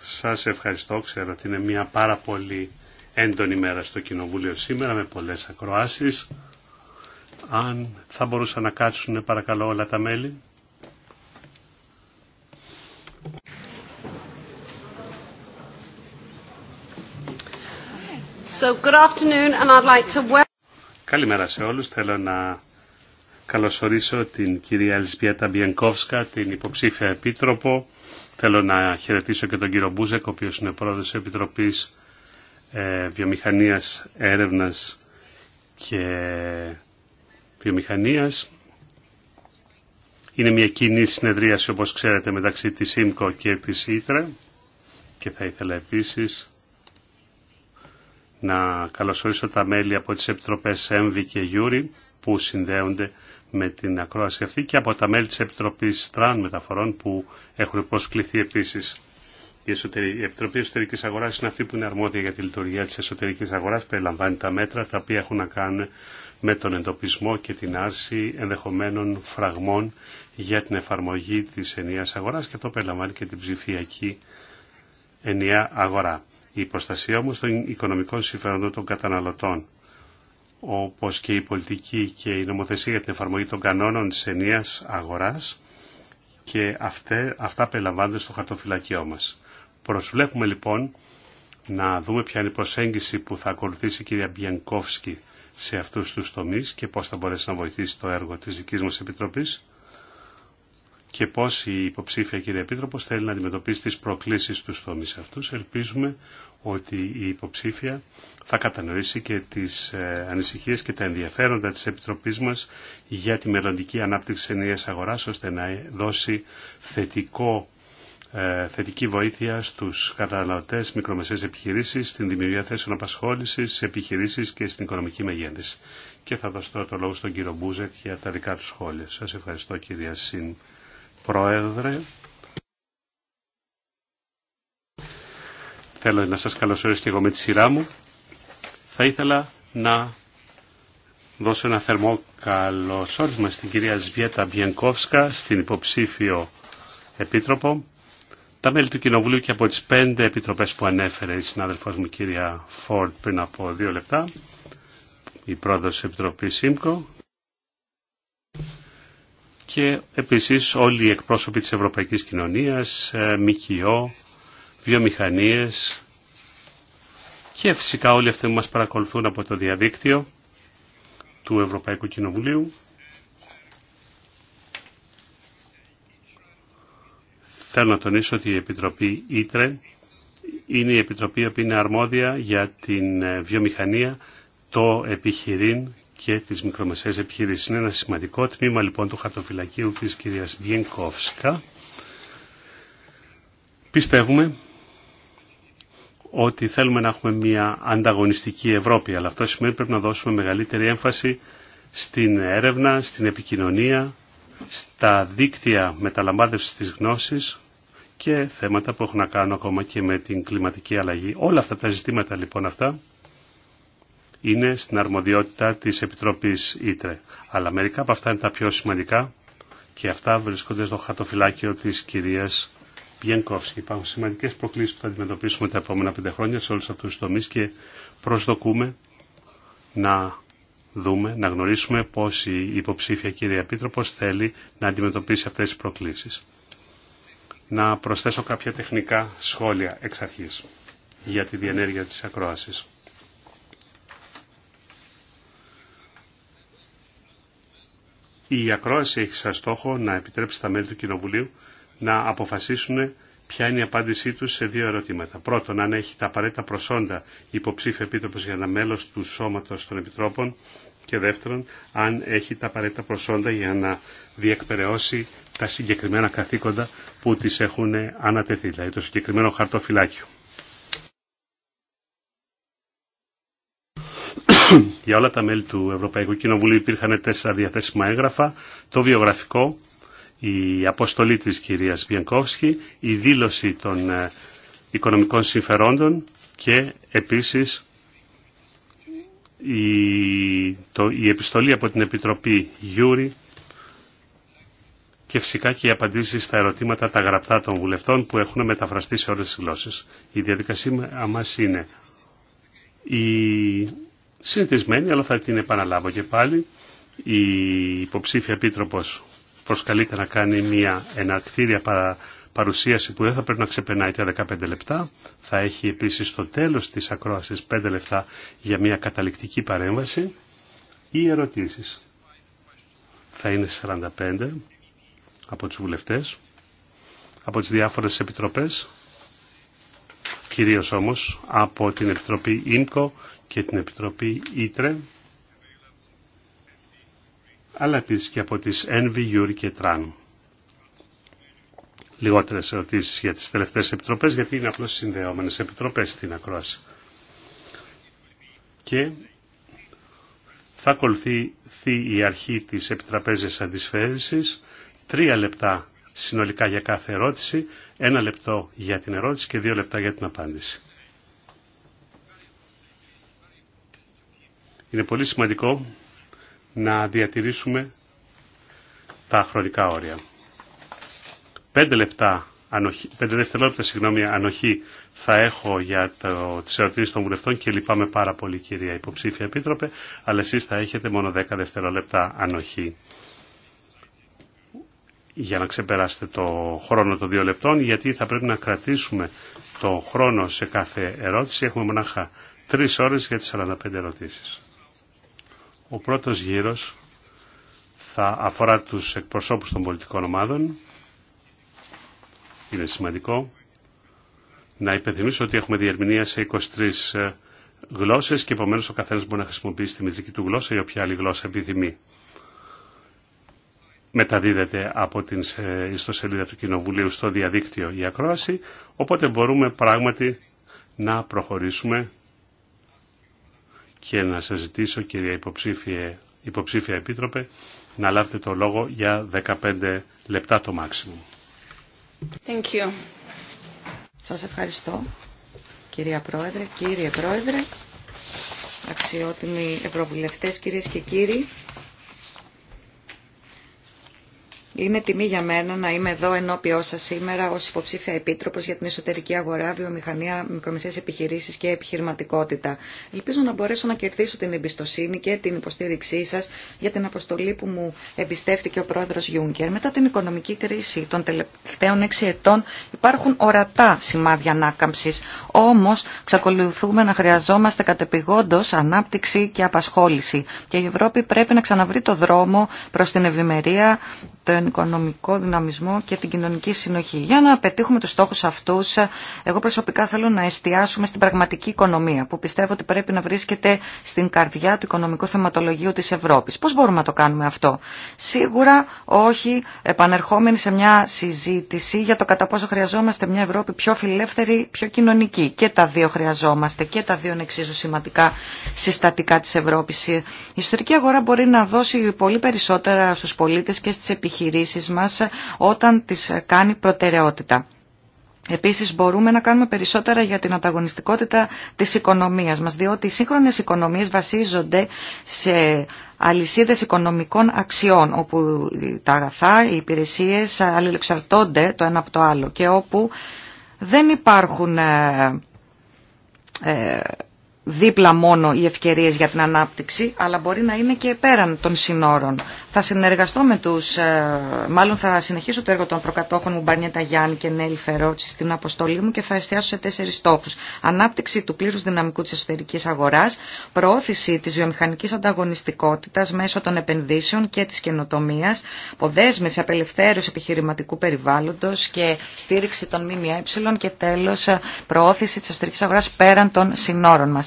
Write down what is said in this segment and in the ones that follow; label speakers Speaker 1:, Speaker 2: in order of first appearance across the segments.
Speaker 1: Σας ευχαριστώ. Ξέρω ότι είναι μια πάρα πολύ έντονη μέρα στο Κοινοβούλιο σήμερα με πολλές ακροάσεις. Αν θα μπορούσαν να κάτσουν παρακαλώ όλα τα μέλη. Καλημέρα σε όλους. Θέλω να καλωσορίσω την κυρία Ελσπιέτα Μπιενκόφσκα, την υποψήφια επίτροπο. Θέλω να χαιρετήσω και τον κύριο Μπούζεκ, ο οποίο είναι πρόεδρος Επιτροπή Επιτροπής ε, Βιομηχανίας Έρευνας και Βιομηχανίας. Είναι μια κοινή συνεδρίαση, όπως ξέρετε, μεταξύ της ΙΜΚΟ και της Ήτρα και θα ήθελα επίσης να καλωσορίσω τα μέλη από τις Επιτροπές ΕΜΒΙ και Γιούρι που συνδέονται με την ακρόαση αυτή και από τα μέλη της Επιτροπής Τραν Μεταφορών που έχουν προσκληθεί επίσης. Η Επιτροπή Εσωτερική Αγορά είναι αυτή που είναι αρμόδια για τη λειτουργία τη εσωτερική αγορά. Περιλαμβάνει τα μέτρα τα οποία έχουν να κάνουν με τον εντοπισμό και την άρση ενδεχομένων φραγμών για την εφαρμογή τη ενιαία αγορά και αυτό περιλαμβάνει και την ψηφιακή ενιαία αγορά. Η προστασία όμω των οικονομικών συμφερόντων των καταναλωτών όπως και η πολιτική και η νομοθεσία για την εφαρμογή των κανόνων της ενίας αγοράς και αυτά, αυτά περιλαμβάνονται στο χαρτοφυλακείο μας. Προσβλέπουμε λοιπόν να δούμε ποια είναι η προσέγγιση που θα ακολουθήσει η κυρία Μπιανκόφσκι σε αυτούς τους τομείς και πώς θα μπορέσει να βοηθήσει το έργο της δικής μας Επιτροπής και πώς η υποψήφια κυρία Επίτροπος θέλει να αντιμετωπίσει τις προκλήσεις του τομείς αυτούς. Ελπίζουμε ότι η υποψήφια θα κατανοήσει και τις ε, ανησυχίες και τα ενδιαφέροντα της Επιτροπής μας για τη μελλοντική ανάπτυξη ενέργεια αγοράς ώστε να δώσει θετικό ε, θετική βοήθεια στους καταναλωτές, μικρομεσαίες επιχειρήσεις, στην δημιουργία θέσεων απασχόλησης, επιχειρήσεις και στην οικονομική μεγέντηση. Και θα δώσω το λόγο στον κύριο Μπούζεκ για τα δικά του σχόλια. Σας ευχαριστώ κυρία Συν. Πρόεδρε. Θέλω να σας καλωσορίσω και εγώ με τη σειρά μου. Θα ήθελα να δώσω ένα θερμό καλωσόρισμα στην κυρία Σβιέτα Μπιενκόφσκα, στην υποψήφιο επίτροπο. Τα μέλη του Κοινοβουλίου και από τις πέντε επιτροπές που ανέφερε η συνάδελφός μου κυρία Φόρτ πριν από δύο λεπτά, η πρόεδρος της Επιτροπής ΣΥΜΚΟ, και επίσης όλοι οι εκπρόσωποι της Ευρωπαϊκής Κοινωνίας, ε, ΜΚΙΟ, βιομηχανίες και φυσικά όλοι αυτοί που μας παρακολουθούν από το διαδίκτυο του Ευρωπαϊκού Κοινοβουλίου. Θέλω να τονίσω ότι η Επιτροπή Ήτρε είναι η Επιτροπή που είναι αρμόδια για την ε, βιομηχανία, το επιχειρήν και τις μικρομεσαίες επιχειρήσεις. Είναι ένα σημαντικό τμήμα λοιπόν του χαρτοφυλακίου της κυρίας Βιενκόφσκα. Πιστεύουμε ότι θέλουμε να έχουμε μια ανταγωνιστική Ευρώπη, αλλά αυτό σημαίνει πρέπει να δώσουμε μεγαλύτερη έμφαση στην έρευνα, στην επικοινωνία, στα δίκτυα μεταλαμπάδευσης της γνώσης και θέματα που έχουν να κάνουν ακόμα και με την κλιματική αλλαγή. Όλα αυτά τα ζητήματα λοιπόν αυτά είναι στην αρμοδιότητα της Επιτροπής Ήτρε. Αλλά μερικά από αυτά είναι τα πιο σημαντικά και αυτά βρίσκονται στο χατοφυλάκιο της κυρίας Πιενκόφσκη. Υπάρχουν σημαντικές προκλήσεις που θα αντιμετωπίσουμε τα επόμενα πέντε χρόνια σε όλους αυτούς τους τομείς και προσδοκούμε να δούμε, να γνωρίσουμε πώς η υποψήφια κυρία Επίτροπος θέλει να αντιμετωπίσει αυτές τις προκλήσεις. Να προσθέσω κάποια τεχνικά σχόλια εξ αρχής για τη διενέργεια της ακρόασης. Η ακρόαση έχει σαν στόχο να επιτρέψει τα μέλη του Κοινοβουλίου να αποφασίσουν ποια είναι η απάντησή του σε δύο ερωτήματα. Πρώτον, αν έχει τα απαραίτητα προσόντα υποψήφιο επίτροπο για ένα μέλο του Σώματο των Επιτρόπων. Και δεύτερον, αν έχει τα απαραίτητα προσόντα για να διεκπαιρεώσει τα συγκεκριμένα καθήκοντα που τη έχουν ανατεθεί, δηλαδή το συγκεκριμένο χαρτοφυλάκιο. για όλα τα μέλη του Ευρωπαϊκού Κοινοβουλίου υπήρχαν τέσσερα διαθέσιμα έγγραφα, το βιογραφικό, η αποστολή της κυρίας Βιενκόφσκη, η δήλωση των ε, οικονομικών συμφερόντων και επίσης η, επιστολή από την Επιτροπή Γιούρη και φυσικά και οι απαντήσει στα ερωτήματα τα γραπτά των βουλευτών που έχουν μεταφραστεί σε όλε τι γλώσσες. Η διαδικασία μας είναι η συνηθισμένη, αλλά θα την επαναλάβω και πάλι. Η υποψήφια επίτροπο προσκαλείται να κάνει μια εναρκτήρια παρα, παρουσίαση που δεν θα πρέπει να ξεπερνάει τα 15 λεπτά. Θα έχει επίσης στο τέλος της ακρόασης 5 λεπτά για μια καταληκτική παρέμβαση ή ερωτήσεις. Θα είναι 45 από τους βουλευτές, από τις διάφορες επιτροπές, κυρίως όμως από την Επιτροπή ΙΝΚΟ και την Επιτροπή Ήτρε, αλλά επίσης και από τις ΕΝΒΙ, Γιούρι και Τράν. Λιγότερες ερωτήσεις για τις τελευταίες επιτροπές, γιατί είναι απλώς συνδεόμενες επιτροπές στην ακρόαση. Και θα ακολουθεί η αρχή της επιτραπέζιας αντισφαίρησης, τρία λεπτά συνολικά για κάθε ερώτηση, ένα λεπτό για την ερώτηση και δύο λεπτά για την απάντηση. Είναι πολύ σημαντικό να διατηρήσουμε τα χρονικά όρια. 5 λεπτά ανοχή, δευτερόλεπτα συγγνώμη, ανοχή θα έχω για το, τις ερωτήσεις των βουλευτών και λυπάμαι πάρα πολύ κυρία υποψήφια επίτροπε, αλλά εσείς θα έχετε μόνο 10 δευτερόλεπτα ανοχή για να ξεπεράσετε το χρόνο των δύο λεπτών, γιατί θα πρέπει να κρατήσουμε το χρόνο σε κάθε ερώτηση. Έχουμε μονάχα τρεις ώρες για τις 45 ερωτήσεις. Ο πρώτος γύρος θα αφορά τους εκπροσώπους των πολιτικών ομάδων. Είναι σημαντικό να υπενθυμίσω ότι έχουμε διερμηνία σε 23 ε, γλώσσες και επομένως ο καθένας μπορεί να χρησιμοποιήσει τη μητρική του γλώσσα ή όποια άλλη γλώσσα επιθυμεί. Μεταδίδεται από την ιστοσελίδα του Κοινοβουλίου στο διαδίκτυο η ακρόαση, οπότε μπορούμε πράγματι να προχωρήσουμε και να σας ζητήσω κυρία υποψήφια, υποψήφια επίτροπε να λάβετε το λόγο για 15 λεπτά το μάξιμο.
Speaker 2: Thank you. Σας ευχαριστώ κυρία Πρόεδρε, κύριε Πρόεδρε, αξιότιμοι ευρωβουλευτές, κυρίες και κύριοι. Είναι τιμή για μένα να είμαι εδώ ενώπιό σα σήμερα ω υποψήφια επίτροπο για την εσωτερική αγορά, βιομηχανία, μικρομεσαίε επιχειρήσει και επιχειρηματικότητα. Ελπίζω να μπορέσω να κερδίσω την εμπιστοσύνη και την υποστήριξή σα για την αποστολή που μου εμπιστεύτηκε ο πρόεδρο Γιούγκερ. Μετά την οικονομική κρίση των τελευταίων έξι ετών υπάρχουν ορατά σημάδια ανάκαμψη. Όμω, ξακολουθούμε να χρειαζόμαστε κατεπηγόντω ανάπτυξη και απασχόληση. Και η Ευρώπη πρέπει να ξαναβρει το δρόμο προ την ευημερία, τον οικονομικό δυναμισμό και την κοινωνική συνοχή. Για να πετύχουμε τους στόχους αυτούς, εγώ προσωπικά θέλω να εστιάσουμε στην πραγματική οικονομία, που πιστεύω ότι πρέπει να βρίσκεται στην καρδιά του οικονομικού θεματολογίου της Ευρώπης. Πώς μπορούμε να το κάνουμε αυτό. Σίγουρα όχι επανερχόμενοι σε μια συζήτηση για το κατά πόσο χρειαζόμαστε μια Ευρώπη πιο φιλεύθερη, πιο κοινωνική. Και τα δύο χρειαζόμαστε και τα δύο είναι εξίσου σημαντικά συστατικά της Ευρώπης. Η ιστορική αγορά μπορεί να δώσει πολύ περισσότερα στους πολίτε και στις επιχείρησεις επιχειρήσεις μας όταν τις κάνει προτεραιότητα. Επίσης μπορούμε να κάνουμε περισσότερα για την ανταγωνιστικότητα της οικονομίας μας, διότι οι σύγχρονες οικονομίες βασίζονται σε αλυσίδες οικονομικών αξιών, όπου τα αγαθά, οι υπηρεσίες αλληλεξαρτώνται το ένα από το άλλο και όπου δεν υπάρχουν ε, ε, δίπλα μόνο οι ευκαιρίες για την ανάπτυξη, αλλά μπορεί να είναι και πέραν των συνόρων. Θα συνεργαστώ με τους, ε, μάλλον θα συνεχίσω το έργο των προκατόχων μου Μπαρνιέτα Γιάννη και Νέλη Φερότσι στην αποστολή μου και θα εστιάσω σε τέσσερις στόχους. Ανάπτυξη του πλήρους δυναμικού της εσωτερικής αγοράς, προώθηση της βιομηχανικής ανταγωνιστικότητας μέσω των επενδύσεων και της καινοτομία, αποδέσμευση απελευθέρωση επιχειρηματικού περιβάλλοντος και στήριξη των ΜΜΕ και τέλο προώθηση της εσωτερική αγορά πέραν των συνόρων μα.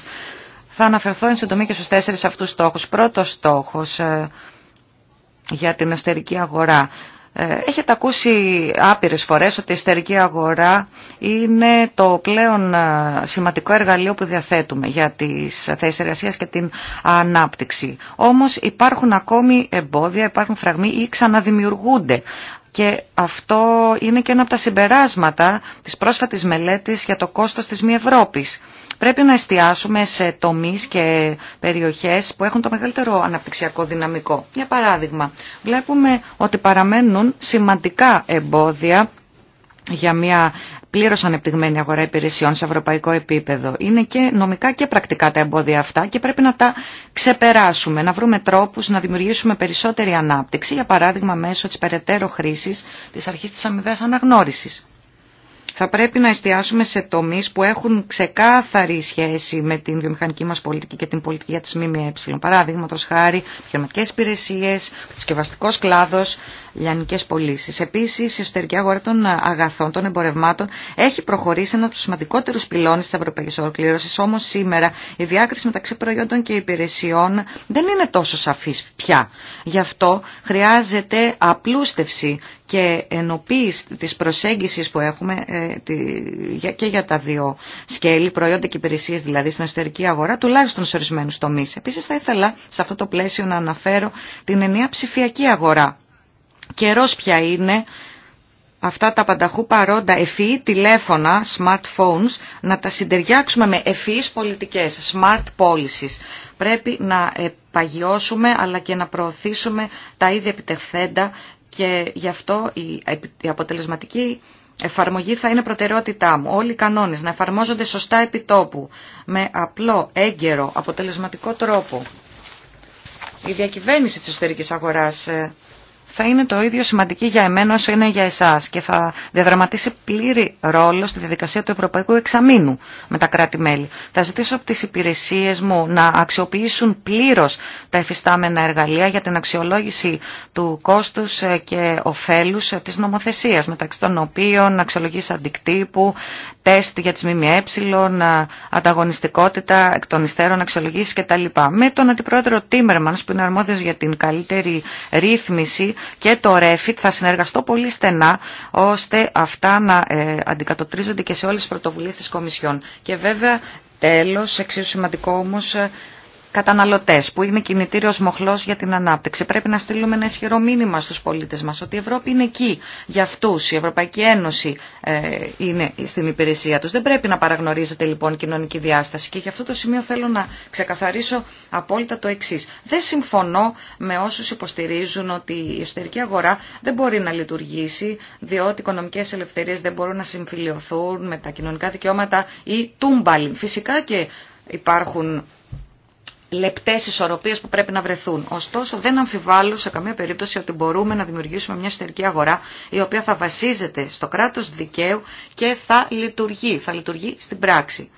Speaker 2: Θα αναφερθώ εν συντομή και στους τέσσερις αυτούς στόχους. Πρώτος στόχος ε, για την εστερική αγορά. Ε, έχετε ακούσει άπειρες φορές ότι η εστερική αγορά είναι το πλέον ε, σημαντικό εργαλείο που διαθέτουμε για τις θέσεις εργασία και την ανάπτυξη. Όμως υπάρχουν ακόμη εμπόδια, υπάρχουν φραγμοί ή ξαναδημιουργούνται. Και αυτό είναι και ένα από τα συμπεράσματα της πρόσφατης μελέτης για το κόστος της μη Ευρώπης. Πρέπει να εστιάσουμε σε τομείς και περιοχές που έχουν το μεγαλύτερο αναπτυξιακό δυναμικό. Για παράδειγμα, βλέπουμε ότι παραμένουν σημαντικά εμπόδια για μια πλήρως ανεπτυγμένη αγορά υπηρεσιών σε ευρωπαϊκό επίπεδο. Είναι και νομικά και πρακτικά τα εμπόδια αυτά και πρέπει να τα ξεπεράσουμε, να βρούμε τρόπους να δημιουργήσουμε περισσότερη ανάπτυξη, για παράδειγμα μέσω της περαιτέρω χρήσης της αρχής της αμοιβαίας αναγνώρισης θα πρέπει να εστιάσουμε σε τομείς που έχουν ξεκάθαρη σχέση με την βιομηχανική μας πολιτική και την πολιτική για τις ΜΜΕ. Παράδειγματος χάρη, επιχειρηματικές υπηρεσίες, σκευαστικό κλάδος, λιανικές πωλήσει. Επίσης, η εσωτερική αγορά των αγαθών, των εμπορευμάτων, έχει προχωρήσει ένα από τους σημαντικότερους πυλώνες της ευρωπαϊκής ολοκλήρωσης, όμως σήμερα η διάκριση μεταξύ προϊόντων και υπηρεσιών δεν είναι τόσο σαφής πια. Γι' αυτό χρειάζεται απλούστευση και ενοποίηση της προσέγγισης που έχουμε ε, και για τα δύο σκέλη, προϊόντα και υπηρεσίες δηλαδή στην εσωτερική αγορά, τουλάχιστον σε ορισμένου τομεί. Επίσης θα ήθελα σε αυτό το πλαίσιο να αναφέρω την ενιαία ψηφιακή αγορά. Καιρός πια είναι αυτά τα πανταχού παρόντα ευφυή τηλέφωνα, smartphones, να τα συντεριάξουμε με ευφυείς πολιτικές, smart policies. Πρέπει να παγιώσουμε αλλά και να προωθήσουμε τα ίδια επιτευθέντα και γι' αυτό η αποτελεσματική εφαρμογή θα είναι προτεραιότητά μου. Όλοι οι κανόνες να εφαρμόζονται σωστά επί τόπου, με απλό, έγκαιρο, αποτελεσματικό τρόπο. Η διακυβέρνηση της εσωτερικής αγοράς ε, θα είναι το ίδιο σημαντική για εμένα όσο είναι για εσάς και θα διαδραματίσει πλήρη ρόλο στη διαδικασία του Ευρωπαϊκού Εξαμήνου με τα κράτη-μέλη. Θα ζητήσω από τις υπηρεσίες μου να αξιοποιήσουν πλήρως τα εφιστάμενα εργαλεία για την αξιολόγηση του κόστους και ωφέλους της νομοθεσίας, μεταξύ των οποίων αξιολογήσει αντικτύπου, τεστ για τις ΜΜΕ, ε, ανταγωνιστικότητα εκ των υστέρων αξιολογήσεις κτλ. Με τον Αντιπρόεδρο Τίμερμανς που είναι αρμόδιος για την καλύτερη ρύθμιση και το REFIT θα συνεργαστώ πολύ στενά ώστε αυτά να ε, αντικατοπτρίζονται και σε όλες τις πρωτοβουλίες της Κομισιόν. Και βέβαια Τέλος, εξίσου σημαντικό όμως ε, που είναι κινητήριο Μοχλό για την ανάπτυξη. Πρέπει να στείλουμε ένα ισχυρό μήνυμα στου πολίτε μα, ότι η Ευρώπη είναι εκεί για αυτού. η Ευρωπαϊκή Ένωση ε, είναι στην υπηρεσία του. Δεν πρέπει να παραγνωρίζεται λοιπόν κοινωνική διάσταση και γι' αυτό το σημείο θέλω να ξεκαθαρίσω απόλυτα το εξή. Δεν συμφωνώ με όσου υποστηρίζουν ότι η εσωτερική αγορά δεν μπορεί να λειτουργήσει διότι οικονομικέ ελευθερίε ελευθερίες δεν μπορούν να συμφιλειωθούν με τα κοινωνικά δικαιώματα ή τούμπαλιν. Φυσικά και υπάρχουν λεπτές ισορροπίες που πρέπει να βρεθούν. Ωστόσο δεν αμφιβάλλω σε καμία περίπτωση ότι μπορούμε να δημιουργήσουμε μια εσωτερική αγορά η οποία θα βασίζεται στο κράτος δικαίου και θα λειτουργεί, θα λειτουργεί στην πράξη.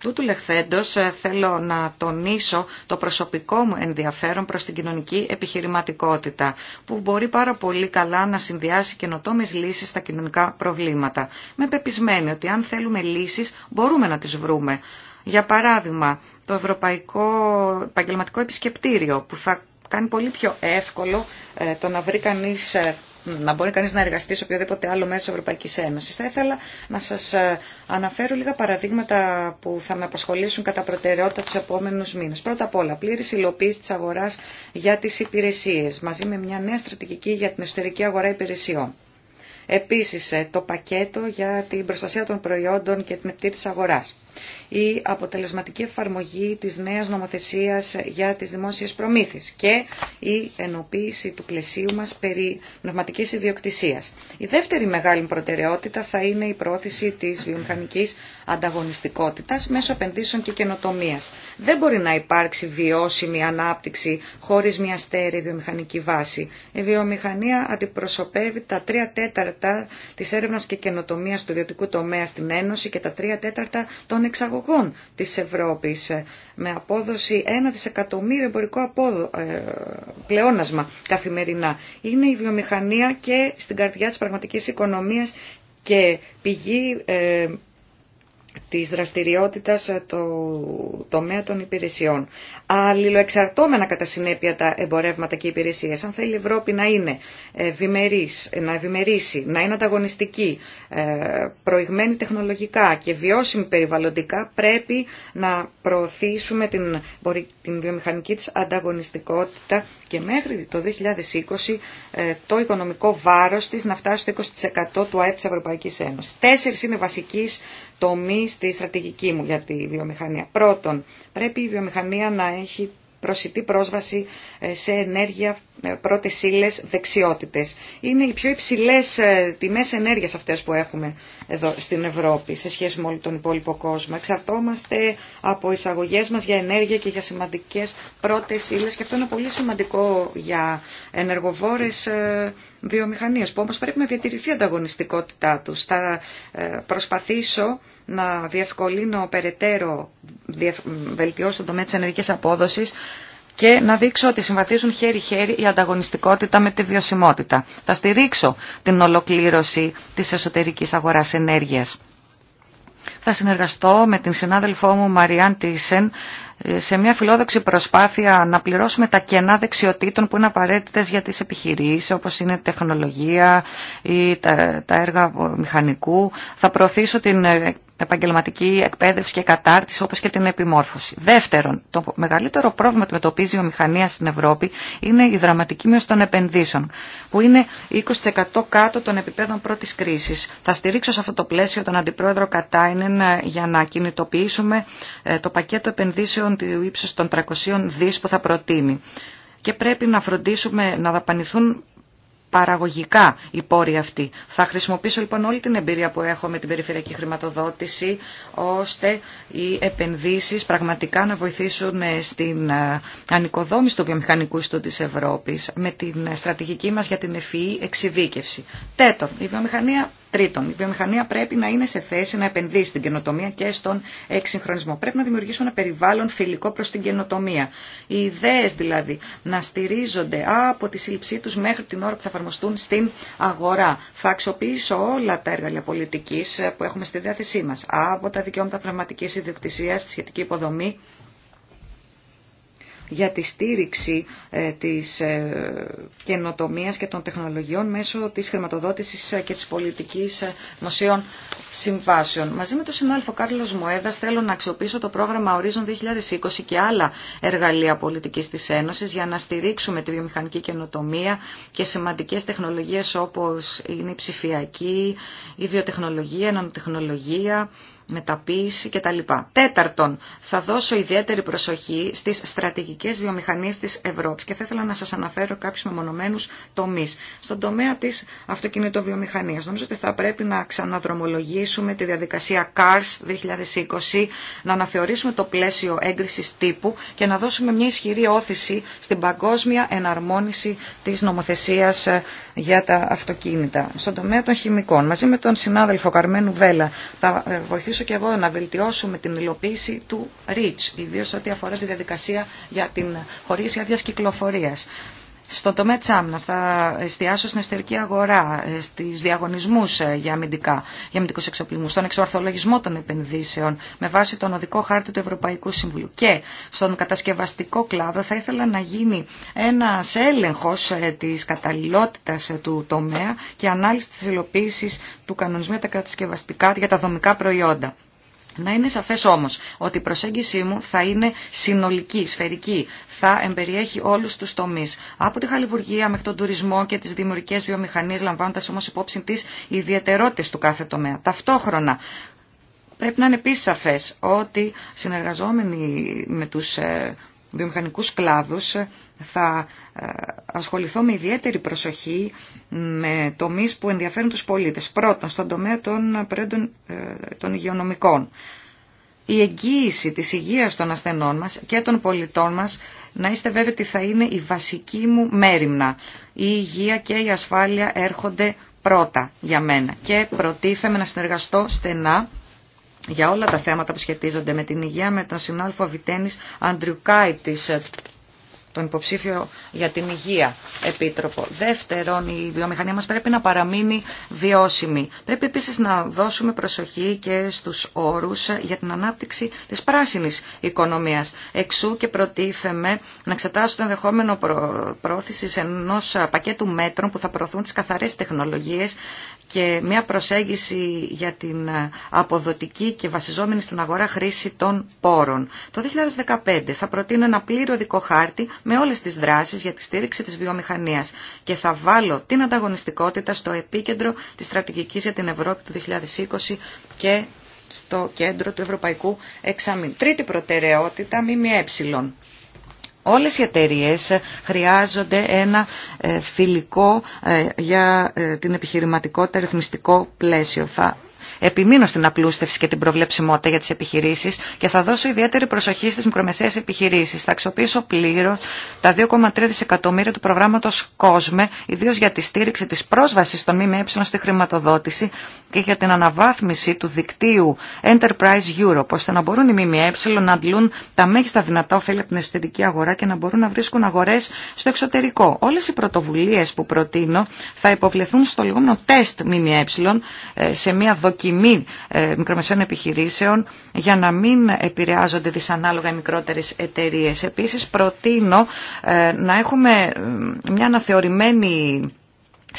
Speaker 2: Τούτου λεχθέντος ε, θέλω να τονίσω το προσωπικό μου ενδιαφέρον προς την κοινωνική επιχειρηματικότητα, που μπορεί πάρα πολύ καλά να συνδυάσει καινοτόμε λύσεις στα κοινωνικά προβλήματα. Με πεπισμένη ότι αν θέλουμε λύσεις μπορούμε να τις βρούμε. Για παράδειγμα, το Ευρωπαϊκό Επαγγελματικό Επισκεπτήριο που θα κάνει πολύ πιο εύκολο ε, το να ε, να μπορεί κανείς να εργαστεί σε οποιοδήποτε άλλο μέσο Ευρωπαϊκής Ένωσης. Θα ήθελα να σας ε, αναφέρω λίγα παραδείγματα που θα με απασχολήσουν κατά προτεραιότητα τους επόμενους μήνες. Πρώτα απ' όλα, πλήρης υλοποίηση της αγοράς για τις υπηρεσίες, μαζί με μια νέα στρατηγική για την εσωτερική αγορά υπηρεσιών. Επίσης, το πακέτο για την προστασία των προϊόντων και την επιτήρηση της αγοράς η αποτελεσματική εφαρμογή της νέας νομοθεσίας για τις δημόσιες προμήθειες και η ενοποίηση του πλαισίου μας περί πνευματικής ιδιοκτησίας. Η δεύτερη μεγάλη προτεραιότητα θα είναι η πρόθεση της βιομηχανικής ανταγωνιστικότητας μέσω επενδύσεων και καινοτομίας. Δεν μπορεί να υπάρξει βιώσιμη ανάπτυξη χωρίς μια στέρεη βιομηχανική βάση. Η βιομηχανία αντιπροσωπεύει τα τρία τέταρτα της έρευνας και καινοτομίας του ιδιωτικού τομέα στην Ένωση και τα τρία τέταρτα των εξαγωγών της Ευρώπης με απόδοση 1 δισεκατομμύριο εμπορικό απόδο, ε, πλεόνασμα καθημερινά. Είναι η βιομηχανία και στην καρδιά της πραγματικής οικονομίας και πηγή ε, της δραστηριότητας ε, το τομέα των υπηρεσιών. Αλληλοεξαρτώμενα κατά συνέπεια τα εμπορεύματα και οι υπηρεσίες. Αν θέλει η Ευρώπη να είναι ευημερής, να ευημερήσει, να είναι ανταγωνιστική, ε, προηγμένη τεχνολογικά και βιώσιμη περιβαλλοντικά, πρέπει να προωθήσουμε την, την βιομηχανική της ανταγωνιστικότητα και μέχρι το 2020 ε, το οικονομικό βάρος της να φτάσει στο 20% του ΑΕΠ της Ευρωπαϊκής Ένωσης. Τέσσερις είναι βασικοί τομείς στη στρατηγική μου για τη βιομηχανία. Πρώτον, πρέπει η βιομηχανία να έχει προσιτή πρόσβαση ε, σε ενέργεια, ε, πρώτε ύλε, δεξιότητε. Είναι οι πιο υψηλέ ε, τιμέ ενέργεια αυτέ που έχουμε εδώ στην Ευρώπη σε σχέση με όλο τον υπόλοιπο κόσμο. Εξαρτόμαστε από εισαγωγέ μα για ενέργεια και για σημαντικέ πρώτε ύλε και αυτό είναι πολύ σημαντικό για ενεργοβόρε βιομηχανίε που όμω πρέπει να διατηρηθεί η ανταγωνιστικότητά του. Θα προσπαθήσω να διευκολύνω περαιτέρω, βελτιώσω το τομέα τη ενεργικής απόδοση και να δείξω ότι συμβαθίζουν χέρι-χέρι η ανταγωνιστικότητα με τη βιωσιμότητα. Θα στηρίξω την ολοκλήρωση της εσωτερική αγοράς ενέργεια. Θα συνεργαστώ με την συνάδελφό μου Μαριάν Τίσεν ε, σε μια φιλόδοξη προσπάθεια να πληρώσουμε τα κενά δεξιοτήτων που είναι απαραίτητε για τις επιχειρήσεις όπως είναι τεχνολογία ή τα, έργα μηχανικού. Θα προωθήσω την ε, επαγγελματική εκπαίδευση και κατάρτιση όπως και την επιμόρφωση. Δεύτερον, το μεγαλύτερο πρόβλημα που αντιμετωπίζει η βιομηχανία στην Ευρώπη είναι η δραματική μείωση των επενδύσεων που είναι 20% κάτω των επιπέδων πρώτης κρίσης. Θα στηρίξω σε αυτό το πλαίσιο τον Αντιπρόεδρο Κατάινεν ε, για να κινητοποιήσουμε ε, το πακέτο επενδύσεων του ύψους των 300 δις που θα προτείνει και πρέπει να φροντίσουμε να δαπανηθούν παραγωγικά οι πόροι αυτοί. Θα χρησιμοποιήσω λοιπόν όλη την εμπειρία που έχω με την περιφερειακή χρηματοδότηση, ώστε οι επενδύσεις πραγματικά να βοηθήσουν ε, στην ε, ανοικοδόμηση του βιομηχανικού ιστού της Ευρώπης, με την στρατηγική μας για την ευφυή e e εξειδίκευση. Τέτον, η βιομηχανία Τρίτον, η βιομηχανία πρέπει να είναι σε θέση να επενδύσει στην καινοτομία και στον εξυγχρονισμό. Πρέπει να δημιουργήσουν ένα περιβάλλον φιλικό προ την καινοτομία. Οι ιδέε δηλαδή να στηρίζονται από τη σύλληψή του μέχρι την ώρα που θα εφαρμοστούν στην αγορά. Θα αξιοποιήσω όλα τα έργα πολιτική που έχουμε στη διάθεσή μα. Από τα δικαιώματα πνευματική ιδιοκτησία, τη σχετική υποδομή για τη στήριξη ε, της ε, καινοτομίας και των τεχνολογιών μέσω της χρηματοδότησης ε, και της πολιτικής νοσίων συμβάσεων. Μαζί με τον συνάδελφο Κάρλος Μοέδας θέλω να αξιοποιήσω το πρόγραμμα Horizon 2020 και άλλα εργαλεία πολιτικής της Ένωσης για να στηρίξουμε τη βιομηχανική καινοτομία και σημαντικές τεχνολογίες όπως είναι η ψηφιακή, η βιοτεχνολογία, η νανοτεχνολογία, μεταποίηση κτλ. Τέταρτον, θα δώσω ιδιαίτερη προσοχή στι στρατηγικέ βιομηχανίε τη Ευρώπη. και θα ήθελα να σα αναφέρω κάποιου μεμονωμένους τομεί Στον τομέα της αυτοκινητοβιομηχανίας, νομίζω ότι θα πρέπει να ξαναδρομολογήσουμε τη διαδικασία CARS 2020, να αναθεωρήσουμε το πλαίσιο έγκριση τύπου και να δώσουμε μια ισχυρή όθηση στην παγκόσμια εναρμόνιση τη νομοθεσία ε, για τα αυτοκίνητα. Στον τομέα των χημικών, μαζί με τον συνάδελφο Καρμένου Βέλα, θα ε, και εγώ να βελτιώσουμε την υλοποίηση του REACH, ιδίω ό,τι αφορά τη διαδικασία για την χωρίς άδεια κυκλοφορίας. Στον τομέα της άμυνας θα εστιάσω στην εσωτερική αγορά, ε, στις διαγωνισμούς ε, για, αμυντικά, για αμυντικούς εξοπλισμούς, στον εξορθολογισμό των επενδύσεων με βάση τον οδικό χάρτη του Ευρωπαϊκού Συμβουλίου και στον κατασκευαστικό κλάδο θα ήθελα να γίνει ένας έλεγχος ε, της καταλληλότητας του τομέα και ανάλυση της υλοποίησης του κανονισμού για τα κατασκευαστικά για τα δομικά προϊόντα. Να είναι σαφές όμως ότι η προσέγγιση μου θα είναι συνολική, σφαιρική, θα εμπεριέχει όλους τους τομείς. Από τη χαλιβουργία μέχρι τον τουρισμό και τις δημιουργικέ βιομηχανίες λαμβάνοντας όμω υπόψη τις ιδιαιτερότητε του κάθε τομέα. Ταυτόχρονα πρέπει να είναι επίση σαφέ ότι συνεργαζόμενοι με τους ε, βιομηχανικούς κλάδους θα ε, ασχοληθώ με ιδιαίτερη προσοχή με τομείς που ενδιαφέρουν τους πολίτες. Πρώτον, στον τομέα των, ε, των υγειονομικών. Η εγγύηση της υγείας των ασθενών μας και των πολιτών μας να είστε βέβαιοι ότι θα είναι η βασική μου μέρημνα. Η υγεία και η ασφάλεια έρχονται πρώτα για μένα και προτίθεμαι να συνεργαστώ στενά για όλα τα θέματα που σχετίζονται με την υγεία με τον συνάδελφο Βιτένης Αντριουκάητης τον υποψήφιο για την υγεία επίτροπο. Δεύτερον, η βιομηχανία μας πρέπει να παραμείνει βιώσιμη. Πρέπει επίσης να δώσουμε προσοχή και στους όρους για την ανάπτυξη της πράσινης οικονομίας. Εξού και προτίθεμε να εξετάσω το ενδεχόμενο πρόθεσης ενός πακέτου μέτρων που θα προωθούν τις καθαρές τεχνολογίες και μια προσέγγιση για την αποδοτική και βασιζόμενη στην αγορά χρήση των πόρων. Το 2015 θα προτείνω ένα πλήρω δικό χάρτη με όλες τις δράσεις για τη στήριξη της βιομηχανίας και θα βάλω την ανταγωνιστικότητα στο επίκεντρο της στρατηγικής για την Ευρώπη του 2020 και στο κέντρο του Ευρωπαϊκού Εξαμήνου. Τρίτη προτεραιότητα, ΜΜΕ. Όλες οι εταιρείε χρειάζονται ένα ε, φιλικό ε, για ε, την επιχειρηματικότητα ρυθμιστικό πλαίσιο επιμείνω στην απλούστευση και την προβλεψιμότητα για τι επιχειρήσει και θα δώσω ιδιαίτερη προσοχή στι μικρομεσαίες επιχειρήσει. Θα αξιοποιήσω πλήρω τα 2,3 δισεκατομμύρια του προγράμματο COSME, ιδίω για τη στήριξη τη πρόσβαση των ΜΜΕ στη χρηματοδότηση και για την αναβάθμιση του δικτύου Enterprise Europe, ώστε να μπορούν οι ΜΜΕ να αντλούν τα μέγιστα δυνατά ωφέλη από την εσωτερική αγορά και να μπορούν να βρίσκουν αγορέ στο εξωτερικό. Όλε οι πρωτοβουλίε που προτείνω θα υποβληθούν στο λεγόμενο τεστ ΜΜΕ ε, σε μια δοκιμή δοκιμή ε, μικρομεσαίων επιχειρήσεων για να μην επηρεάζονται δυσανάλογα οι μικρότερες εταιρείες. Επίσης προτείνω ε, να έχουμε ε, μια αναθεωρημένη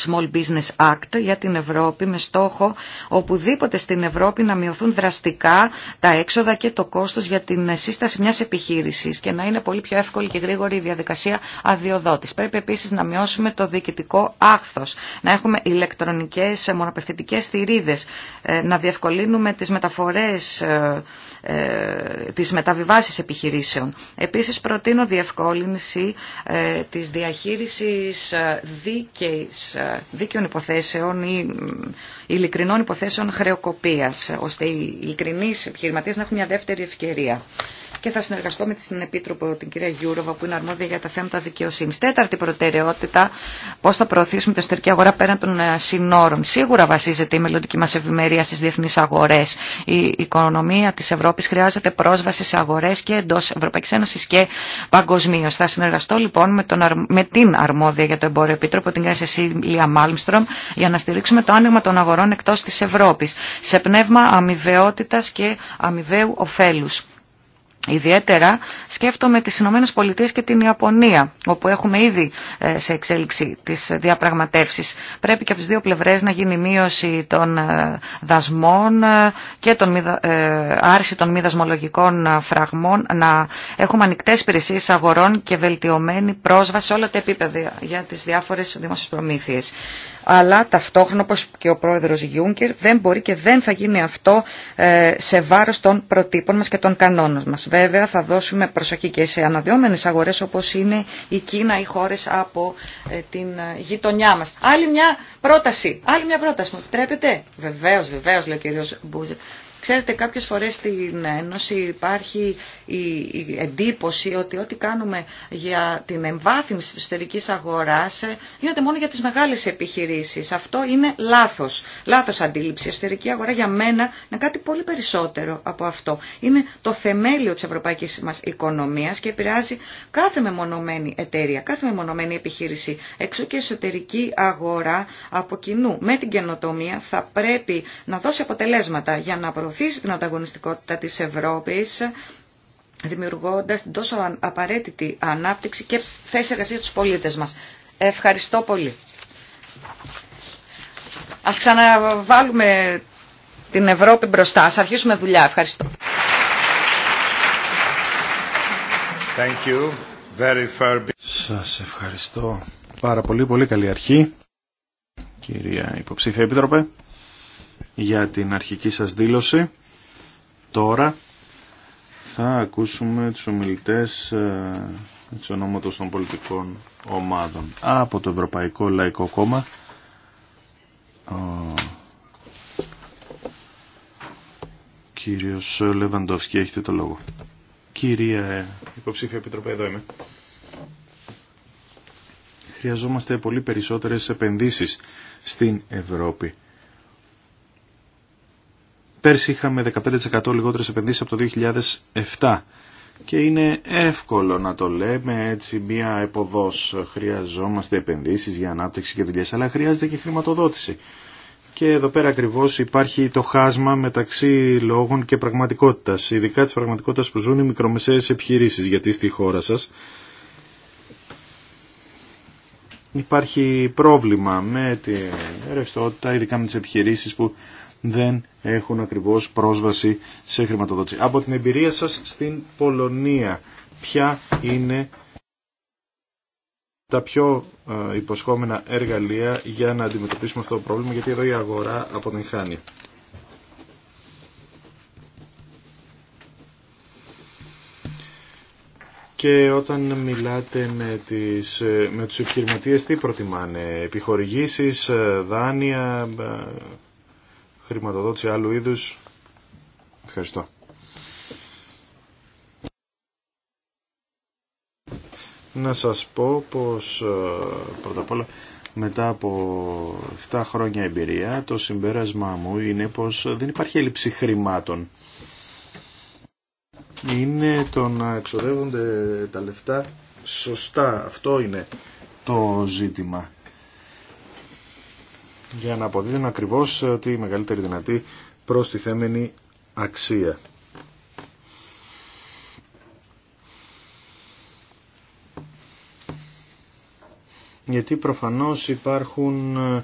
Speaker 2: Small Business Act για την Ευρώπη με στόχο οπουδήποτε στην Ευρώπη να μειωθούν δραστικά τα έξοδα και το κόστος για την σύσταση μιας επιχείρησης και να είναι πολύ πιο εύκολη και γρήγορη η διαδικασία αδειοδότης. Πρέπει επίσης να μειώσουμε το διοικητικό άχθος, να έχουμε ηλεκτρονικές μονοπευθυντικές θηρίδες, ε, να διευκολύνουμε τις μεταφορές, ε, ε, τις μεταβιβάσεις επιχειρήσεων. Επίσης προτείνω διευκόλυνση της διαχείρισης δίκαιης δίκαιων υποθέσεων ή ειλικρινών υποθέσεων χρεοκοπίας, ώστε οι ειλικρινείς επιχειρηματίες να έχουν μια δεύτερη ευκαιρία. Και θα συνεργαστώ με την Επίτροπο, την κυρία Γιούροβα, που είναι αρμόδια για τα θέματα δικαιοσύνη. Τέταρτη προτεραιότητα, πώ θα προωθήσουμε την εσωτερική αγορά πέραν των ε, συνόρων. Σίγουρα βασίζεται η μελλοντική μα ευημερία στι διεθνεί αγορέ. Η οικονομία τη Ευρώπη χρειάζεται πρόσβαση σε αγορέ και εντό Ευρωπαϊκή Ένωση και παγκοσμίω. Θα συνεργαστώ λοιπόν με, τον, με την αρμόδια για το εμπόριο επίτροπο, την κυρία Λία Μάλμστρομ για να στηρίξουμε το άνοιγμα των αγορών εκτός της Ευρώπης σε πνεύμα αμοιβαιότητας και αμοιβαίου ωφέλους. Ιδιαίτερα σκέφτομαι τις Ηνωμένες Πολιτείες και την Ιαπωνία, όπου έχουμε ήδη ε, σε εξέλιξη τις διαπραγματεύσεις. Πρέπει και από τις δύο πλευρές να γίνει μείωση των ε, δασμών ε, και άρση των μη δασμολογικών φραγμών, να έχουμε ανοιχτέ υπηρεσίε αγορών και βελτιωμένη πρόσβαση σε όλα τα επίπεδα για τις διάφορες δημόσιες προμήθειες. Αλλά ταυτόχρονα, όπως και ο πρόεδρος Γιούγκερ, δεν μπορεί και δεν θα γίνει αυτό σε βάρος των προτύπων μας και των κανόνων μας βέβαια θα δώσουμε προσοχή και σε αναδυόμενες αγορές όπως είναι η Κίνα ή χώρες από ε, την ε, γειτονιά μας. Άλλη μια πρόταση, άλλη μια πρόταση, μου επιτρέπετε. Βεβαίως, βεβαίως λέει ο κύριος Μπούζετ. Ξέρετε, κάποιες φορές στην Ένωση υπάρχει η εντύπωση ότι ό,τι κάνουμε για την εμβάθυνση της εσωτερική αγοράς ε, γίνεται μόνο για τις μεγάλες επιχειρήσεις. Αυτό είναι λάθος. Λάθος αντίληψη. Η εσωτερική αγορά για μένα είναι κάτι πολύ περισσότερο από αυτό. Είναι το θεμέλιο της ευρωπαϊκής μας οικονομίας και επηρεάζει κάθε μεμονωμένη εταιρεία, κάθε μεμονωμένη επιχείρηση. Έξω και εσωτερική αγορά από κοινού με την καινοτομία θα πρέπει να δώσει αποτελέσματα για να προωθήσει την ανταγωνιστικότητα της Ευρώπης δημιουργώντας την τόσο απαραίτητη ανάπτυξη και θέση εργασία στους πολίτες μας. Ευχαριστώ πολύ. Ας ξαναβάλουμε την Ευρώπη μπροστά. Ας αρχίσουμε δουλειά. Ευχαριστώ.
Speaker 3: Thank you. Very Σας ευχαριστώ πάρα πολύ. Πολύ καλή αρχή. Κυρία Υποψήφια Επίτροπε για την αρχική σας δήλωση. Τώρα θα ακούσουμε τους ομιλητές ε, της ονόματος των πολιτικών ομάδων. Από το Ευρωπαϊκό Λαϊκό Κόμμα ο κύριος Λεβαντόφσκι έχετε το λόγο. Κυρία Υποψήφια Επιτροπέ, εδώ είμαι. Χρειαζόμαστε πολύ περισσότερες επενδύσεις στην Ευρώπη Πέρσι είχαμε 15% λιγότερες επενδύσεις από το 2007 και είναι εύκολο να το λέμε έτσι μία εποδός. Χρειαζόμαστε επενδύσεις για ανάπτυξη και δουλειές, αλλά χρειάζεται και χρηματοδότηση. Και εδώ πέρα ακριβώς υπάρχει το χάσμα μεταξύ λόγων και πραγματικότητας, ειδικά της πραγματικότητας που ζουν οι μικρομεσαίες επιχειρήσεις, γιατί στη χώρα σας υπάρχει πρόβλημα με τη ρευστότητα, ειδικά με τις επιχειρήσεις που δεν έχουν ακριβώς πρόσβαση σε χρηματοδότηση. Από την εμπειρία σας στην Πολωνία, ποια είναι τα πιο ε, υποσχόμενα εργαλεία για να αντιμετωπίσουμε αυτό το πρόβλημα, γιατί εδώ η αγορά αποτυγχάνει. Και όταν μιλάτε με, τις, ε, με τους επιχειρηματίες, τι προτιμάνε, επιχορηγήσεις, ε, δάνεια, χρηματοδότηση άλλου είδους. Ευχαριστώ. Να σας πω πως ε, πρώτα απ' όλα μετά από 7 χρόνια εμπειρία το συμπέρασμα μου είναι πως δεν υπάρχει έλλειψη χρημάτων. Είναι το να εξοδεύονται τα λεφτά σωστά. Αυτό είναι το ζήτημα για να αποδίδουν ακριβώς ε, τη μεγαλύτερη δυνατή προστιθέμενη αξία. Γιατί προφανώς υπάρχουν ε,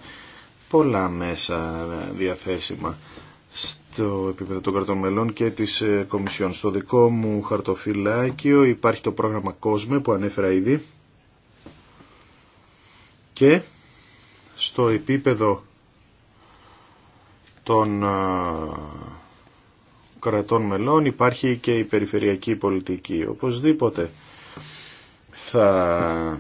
Speaker 3: πολλά μέσα ε, διαθέσιμα στο επίπεδο των κρατομέλων και της Κομισιόν. Στο δικό μου χαρτοφυλάκιο υπάρχει το πρόγραμμα COSME που ανέφερα ήδη και στο επίπεδο των ε, κρατών μελών υπάρχει και η περιφερειακή πολιτική. Οπωσδήποτε θα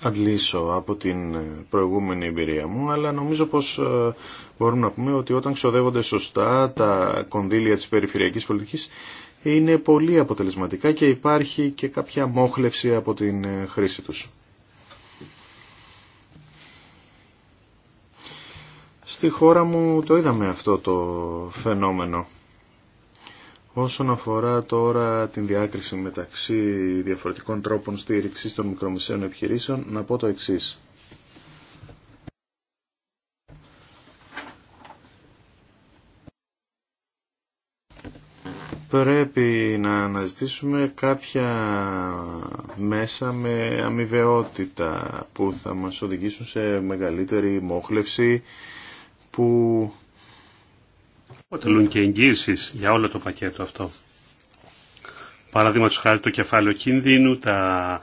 Speaker 3: αντλήσω από την προηγούμενη εμπειρία μου, αλλά νομίζω πως ε, μπορούμε να πούμε ότι όταν ξοδεύονται σωστά τα κονδύλια της περιφερειακής πολιτικής είναι πολύ αποτελεσματικά και υπάρχει και κάποια μόχλευση από την ε, χρήση τους. Στη χώρα μου το είδαμε αυτό το φαινόμενο. Όσον αφορά τώρα την διάκριση μεταξύ διαφορετικών τρόπων στήριξης των μικρομεσαίων επιχειρήσεων, να πω το εξής. πρέπει να αναζητήσουμε κάποια μέσα με αμοιβαιότητα που θα μας οδηγήσουν σε μεγαλύτερη
Speaker 1: μόχλευση, που αποτελούν και εγγύησει για όλο το πακέτο αυτό. του χάρη το κεφάλαιο κινδύνου, τα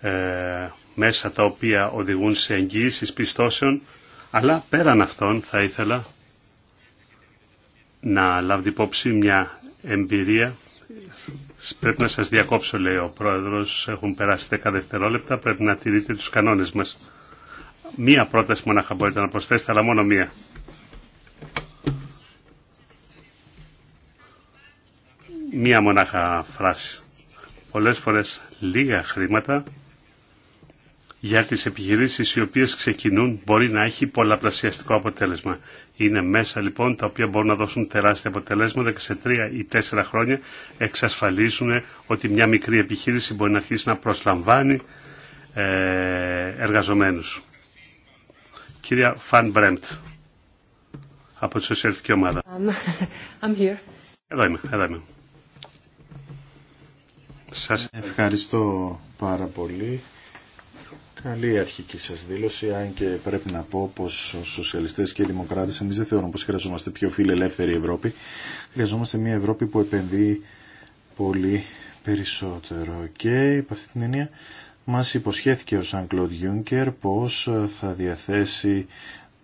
Speaker 1: ε, μέσα τα οποία οδηγούν σε εγγύησει πιστώσεων, αλλά πέραν αυτών θα ήθελα να λάβει υπόψη μια εμπειρία. Πρέπει να σας διακόψω, λέει ο πρόεδρος, έχουν περάσει 10 δευτερόλεπτα, πρέπει να τηρείτε τους κανόνες μας. Μία πρόταση μονάχα μπορείτε να προσθέσετε, αλλά μόνο μία. Μία μονάχα φράση. Πολλές φορές λίγα χρήματα για τις επιχειρήσεις οι οποίες ξεκινούν μπορεί να έχει πολλαπλασιαστικό αποτέλεσμα. Είναι μέσα λοιπόν τα οποία μπορούν να δώσουν τεράστια αποτελέσματα και σε τρία ή τέσσερα χρόνια εξασφαλίζουν ότι μια μικρή επιχείρηση μπορεί να αρχίσει να προσλαμβάνει ε, εργαζομένους. Κυρία Φαν Βρέμπτ, από τη Σοσιαλιστική Ομάδα. Um, εδώ είμαι, εδώ είμαι. Σας ευχαριστώ
Speaker 3: πάρα πολύ. Καλή αρχική σας δήλωση, αν και πρέπει να πω πως οι σοσιαλιστές και οι δημοκράτες εμείς δεν θεωρούμε πως χρειαζόμαστε πιο φιλελεύθερη Ευρώπη. Χρειαζόμαστε μια Ευρώπη που επενδύει πολύ περισσότερο. Και αυτή την έννοια μας υποσχέθηκε ο Σαν Κλοντ Γιούνκερ πως θα διαθέσει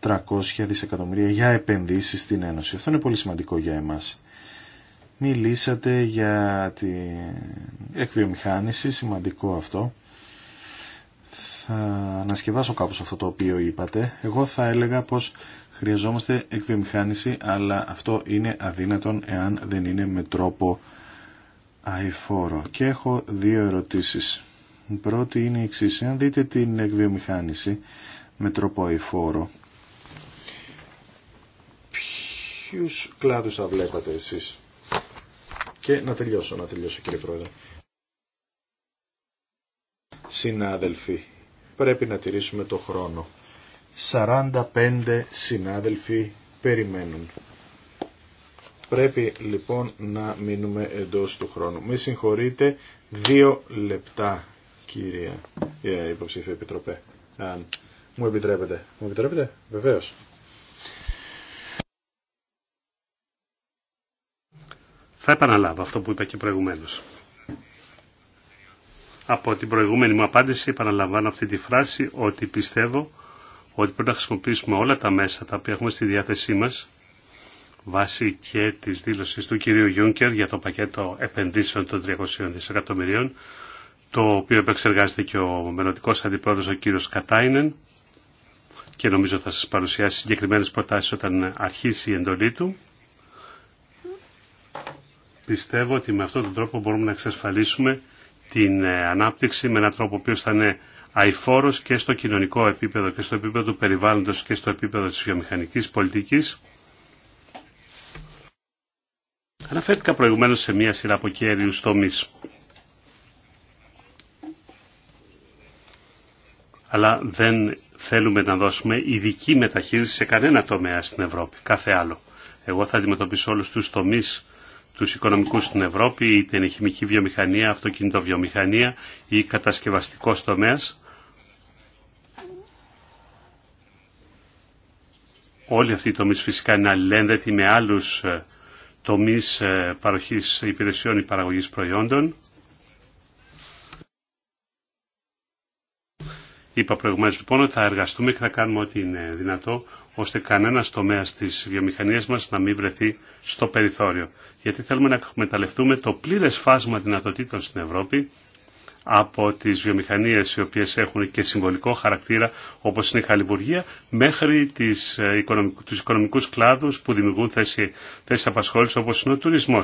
Speaker 3: 300 δισεκατομμύρια για επενδύσεις στην Ένωση. Αυτό είναι πολύ σημαντικό για εμάς. Μιλήσατε για την εκβιομηχάνηση, σημαντικό αυτό. Θα ανασκευάσω κάπως αυτό το οποίο είπατε. Εγώ θα έλεγα πως χρειαζόμαστε εκβιομηχάνηση, αλλά αυτό είναι αδύνατον εάν δεν είναι με τρόπο αηφόρο. Και έχω δύο ερωτήσεις. Η πρώτη είναι η εξής. Αν δείτε την εκβιομηχάνηση με τρόπο αηφόρο, ποιου κλάδους θα βλέπατε εσεί, Και να τελειώσω, να τελειώσω κύριε Πρόεδρε. Συνάδελφοι, πρέπει να τηρήσουμε το χρόνο. 45 συνάδελφοι περιμένουν. Πρέπει λοιπόν να μείνουμε εντός του χρόνου. Με συγχωρείτε, δύο λεπτά κύριε ε, υποψήφιο υποψήφια επιτροπέ. Αν μου επιτρέπετε. Μου επιτρέπετε, βεβαίως.
Speaker 1: Θα επαναλάβω αυτό που είπα και προηγουμένως. Από την προηγούμενη μου απάντηση επαναλαμβάνω αυτή τη φράση ότι πιστεύω ότι πρέπει να χρησιμοποιήσουμε όλα τα μέσα τα οποία έχουμε στη διάθεσή μας βάσει και της δήλωσης του κυρίου Γιούνκερ για το πακέτο επενδύσεων των 300 δισεκατομμυρίων το οποίο επεξεργάζεται και ο μελλοντικό αντιπρόεδρος ο κύριος Κατάινεν και νομίζω θα σας παρουσιάσει συγκεκριμένες προτάσεις όταν αρχίσει η εντολή του. Πιστεύω ότι με αυτόν τον τρόπο μπορούμε να εξασφαλίσουμε την ε, ανάπτυξη με έναν τρόπο ο οποίος θα είναι αηφόρος και στο κοινωνικό επίπεδο και στο επίπεδο του περιβάλλοντος και στο επίπεδο της βιομηχανικής πολιτικής. Αναφέρθηκα προηγουμένως σε μία σειρά από κέριους τομείς. αλλά δεν θέλουμε να δώσουμε ειδική μεταχείριση σε κανένα τομέα στην Ευρώπη, κάθε άλλο. Εγώ θα αντιμετωπίσω όλους τους τομείς τους οικονομικούς στην Ευρώπη, είτε είναι η χημική βιομηχανία, αυτοκινητοβιομηχανία ή κατασκευαστικός τομέας. Όλοι αυτοί οι τομείς φυσικά είναι αλληλένδετοι με άλλους ε, τομείς ε, παροχής υπηρεσιών ή παραγωγής προϊόντων. Είπα προηγουμένως λοιπόν ότι θα εργαστούμε και θα κάνουμε ό,τι είναι δυνατό ώστε κανένα τομέα τη βιομηχανία μα να μην βρεθεί στο περιθώριο. Γιατί θέλουμε να εκμεταλλευτούμε το πλήρε φάσμα δυνατοτήτων στην Ευρώπη από τι βιομηχανίε οι οποίε έχουν και συμβολικό χαρακτήρα όπω είναι η χαλιβουργία μέχρι ε, του οικονομικού κλάδου που δημιουργούν θέσει, απασχόληση όπω είναι ο τουρισμό.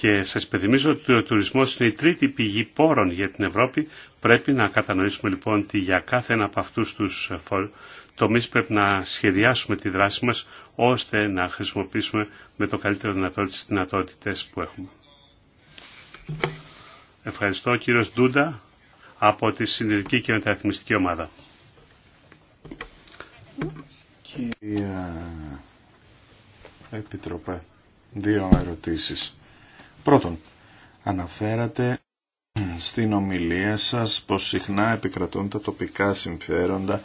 Speaker 1: Και σας υπενθυμίζω ότι ο τουρισμός είναι η τρίτη πηγή πόρων για την Ευρώπη. Πρέπει να κατανοήσουμε λοιπόν ότι για κάθε ένα από αυτούς τους ε, τομείς πρέπει να σχεδιάσουμε τη δράση μας ώστε να χρησιμοποιήσουμε με το καλύτερο δυνατό τις δυνατότητες που έχουμε. Ευχαριστώ κύριος Ντούντα από τη Συνειδητική και Μεταρρυθμιστική Ομάδα.
Speaker 3: Επιτροπέ, δύο ερωτήσεις. Πρώτον, αναφέρατε στην ομιλία σας πως συχνά επικρατούν τα τοπικά συμφέροντα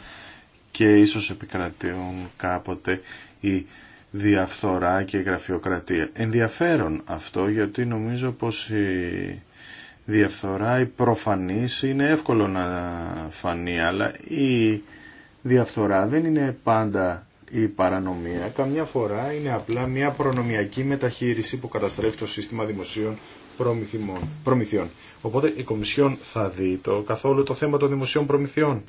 Speaker 3: και ίσως επικρατούν κάποτε η διαφθορά και η γραφειοκρατία. Ενδιαφέρον αυτό γιατί νομίζω πως η διαφθορά, η προφανής είναι εύκολο να φανεί αλλά η διαφθορά δεν είναι πάντα η παρανομία καμιά φορά είναι απλά μια προνομιακή μεταχείριση που καταστρέφει το σύστημα δημοσίων προμηθειών. Οπότε η Κομισιόν θα δει το καθόλου το θέμα των δημοσίων προμηθειών.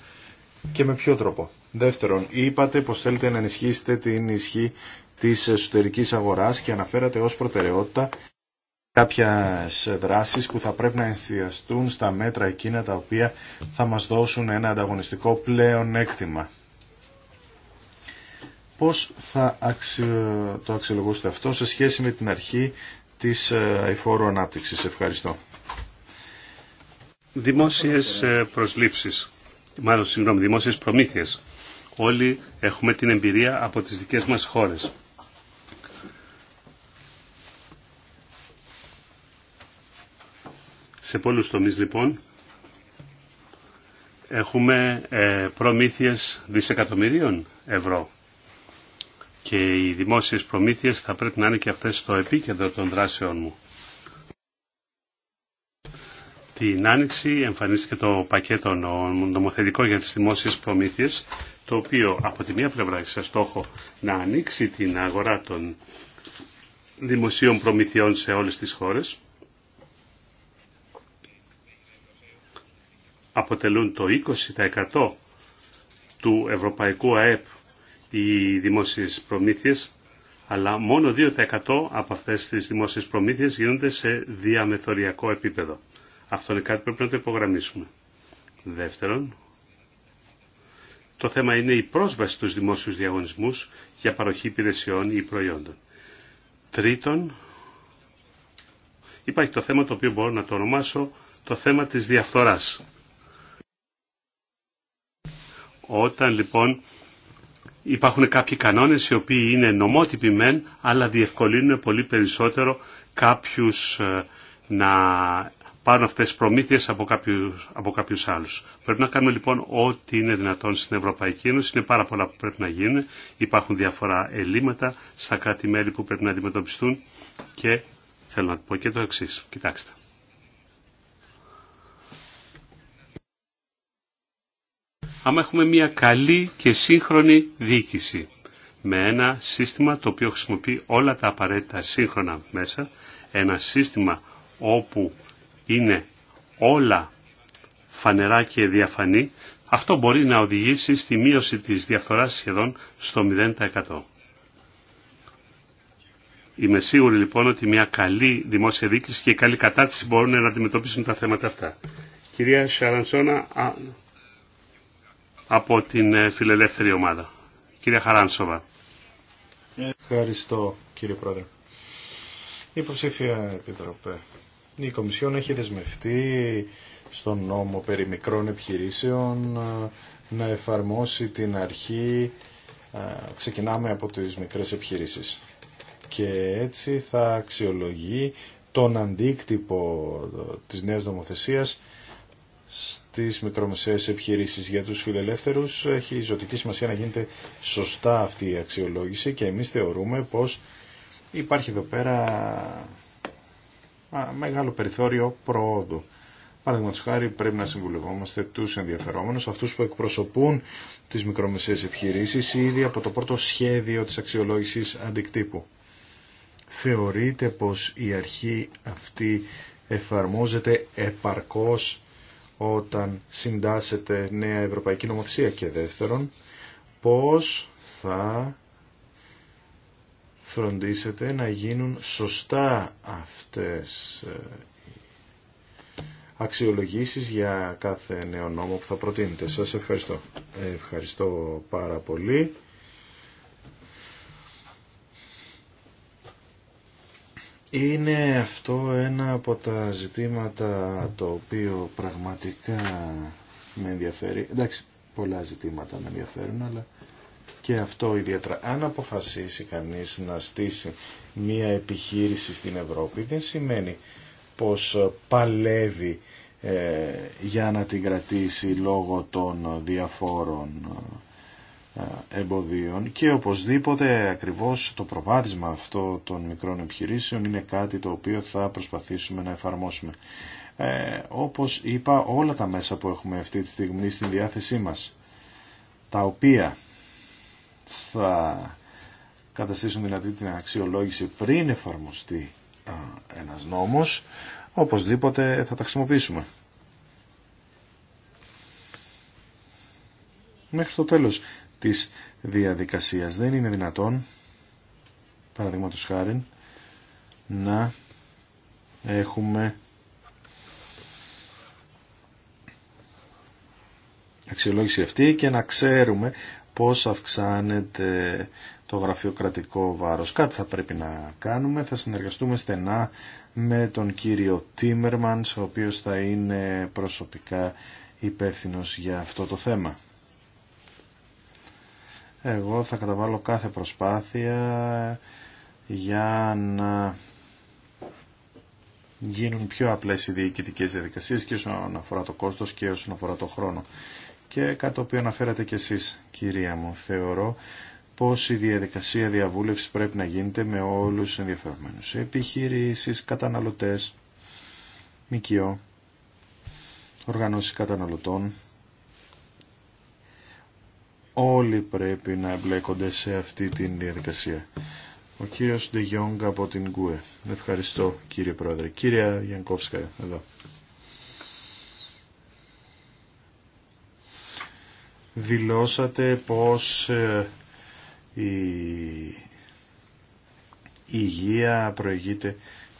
Speaker 3: Και με ποιο τρόπο. Δεύτερον, είπατε πως θέλετε να ενισχύσετε την ισχύ της εσωτερικής αγοράς και αναφέρατε ως προτεραιότητα κάποιες δράσεις που θα πρέπει να ενστιαστούν στα μέτρα εκείνα τα οποία θα μας δώσουν ένα ανταγωνιστικό πλέον έκτημα πώς θα το αξιολογούσετε αυτό σε σχέση με την αρχή της αηφόρου ε, ανάπτυξης. Ευχαριστώ.
Speaker 1: Δημόσιες ε, προσλήψεις, μάλλον συγγνώμη, δημόσιες προμήθειες. Όλοι έχουμε την εμπειρία από τις δικές μας χώρες. Σε πολλούς τομείς λοιπόν έχουμε ε, προμήθειες δισεκατομμυρίων ευρώ και οι δημόσιες προμήθειες θα πρέπει να είναι και αυτές στο επίκεντρο των δράσεών μου. Την Άνοιξη εμφανίστηκε το πακέτο νομοθετικό για τις δημόσιες προμήθειες, το οποίο από τη μία πλευρά έχει σαν στόχο να ανοίξει την αγορά των
Speaker 4: δημοσίων
Speaker 1: προμηθειών σε όλες τις χώρες. Αποτελούν το 20% του ευρωπαϊκού ΑΕΠ οι δημόσιες προμήθειες, αλλά μόνο 2% από αυτές τις δημόσιες προμήθειες γίνονται σε διαμεθοριακό επίπεδο. Αυτό είναι κάτι που πρέπει να το υπογραμμίσουμε. Δεύτερον, το θέμα είναι η πρόσβαση στους δημόσιους διαγωνισμούς για παροχή υπηρεσιών ή προϊόντων. Τρίτον, υπάρχει το θέμα το οποίο μπορώ να το ονομάσω το θέμα της διαφθοράς. Όταν λοιπόν υπάρχουν κάποιοι κανόνες οι οποίοι είναι νομότυποι αλλά διευκολύνουν πολύ περισσότερο κάποιους ε, να πάρουν αυτές τις προμήθειες από κάποιους, από κάποιους άλλους. Πρέπει να κάνουμε λοιπόν ό,τι είναι δυνατόν στην Ευρωπαϊκή Ένωση. Είναι πάρα πολλά που πρέπει να γίνουν. Υπάρχουν διάφορα ελλείμματα στα κράτη-μέλη που πρέπει να αντιμετωπιστούν και θέλω να πω και το εξή. Κοιτάξτε. άμα έχουμε μια καλή και σύγχρονη διοίκηση με ένα σύστημα το οποίο χρησιμοποιεί όλα τα απαραίτητα σύγχρονα μέσα, ένα σύστημα όπου είναι όλα φανερά και διαφανή, αυτό μπορεί να οδηγήσει στη μείωση της διαφθοράς σχεδόν στο 0%. Είμαι σίγουρη λοιπόν ότι μια καλή δημόσια δίκηση και καλή κατάρτιση μπορούν να αντιμετωπίσουν τα θέματα αυτά. Κυρία Σαρανσόνα, από την ε, φιλελεύθερη ομάδα. Κύριε Χαράνσοβα. Ευχαριστώ
Speaker 3: κύριε Πρόεδρε. Υποψήφια Επιτροπέ. Η Κομισιόν έχει δεσμευτεί στον νόμο περί μικρών επιχειρήσεων ε, να εφαρμόσει την αρχή ε, ξεκινάμε από τις μικρές επιχειρήσεις και έτσι θα αξιολογεί τον αντίκτυπο της νέας νομοθεσίας στις μικρομεσαίες επιχειρήσεις. Για τους φιλελεύθερους έχει ζωτική σημασία να γίνεται σωστά αυτή η αξιολόγηση και εμείς θεωρούμε πως υπάρχει εδώ πέρα μεγάλο περιθώριο προόδου. Παραδείγματο χάρη πρέπει να συμβουλευόμαστε τους ενδιαφερόμενους, αυτούς που εκπροσωπούν τις μικρομεσαίες επιχειρήσεις ήδη από το πρώτο σχέδιο της αξιολόγησης αντικτύπου. Θεωρείται πως η αρχή αυτή εφαρμόζεται επαρκώς όταν συντάσσετε νέα ευρωπαϊκή νομοθεσία και δεύτερον πώς θα φροντίσετε να γίνουν σωστά αυτές ε, αξιολογήσεις για κάθε νέο νόμο που θα προτείνετε. Σας ευχαριστώ. Ε, ευχαριστώ πάρα πολύ. Είναι αυτό ένα από τα ζητήματα το οποίο πραγματικά με ενδιαφέρει. Εντάξει, πολλά ζητήματα με ενδιαφέρουν, αλλά και αυτό ιδιαίτερα. Αν αποφασίσει κανείς να στήσει μία επιχείρηση στην Ευρώπη, δεν σημαίνει πως παλεύει ε, για να την κρατήσει λόγω των διαφόρων ε, εμποδίων και οπωσδήποτε ακριβώς το προβάδισμα αυτό των μικρών επιχειρήσεων είναι κάτι το οποίο θα προσπαθήσουμε να εφαρμόσουμε. Ε, όπως είπα όλα τα μέσα που έχουμε αυτή τη στιγμή στην διάθεσή μας τα οποία θα καταστήσουν δυνατή την αξιολόγηση πριν εφαρμοστεί ένας νόμος οπωσδήποτε θα τα χρησιμοποιήσουμε. Μέχρι το τέλος της διαδικασίας. Δεν είναι δυνατόν, παραδείγματος χάρη, να έχουμε αξιολόγηση αυτή και να ξέρουμε πώς αυξάνεται το γραφειοκρατικό βάρος. Κάτι θα πρέπει να κάνουμε. Θα συνεργαστούμε στενά με τον κύριο Τίμερμαν ο οποίος θα είναι προσωπικά υπεύθυνος για αυτό το θέμα εγώ θα καταβάλω κάθε προσπάθεια για να γίνουν πιο απλές οι διοικητικές διαδικασίες και όσον αφορά το κόστος και όσον αφορά το χρόνο. Και κάτι το οποίο αναφέρατε κι εσείς, κυρία μου, θεωρώ πως η διαδικασία διαβούλευσης πρέπει να γίνεται με όλους τους ενδιαφερμένους. Επιχειρήσεις, καταναλωτές, μικιό, οργανώσεις καταναλωτών, όλοι πρέπει να εμπλέκονται σε αυτή την διαδικασία. Ο κύριος Ντεγιόγκ από την ΚΟΕ. Ευχαριστώ κύριε Πρόεδρε. Κύρια Γιανκόφσκα, εδώ. Δηλώσατε πως ε, η υγεία προηγείται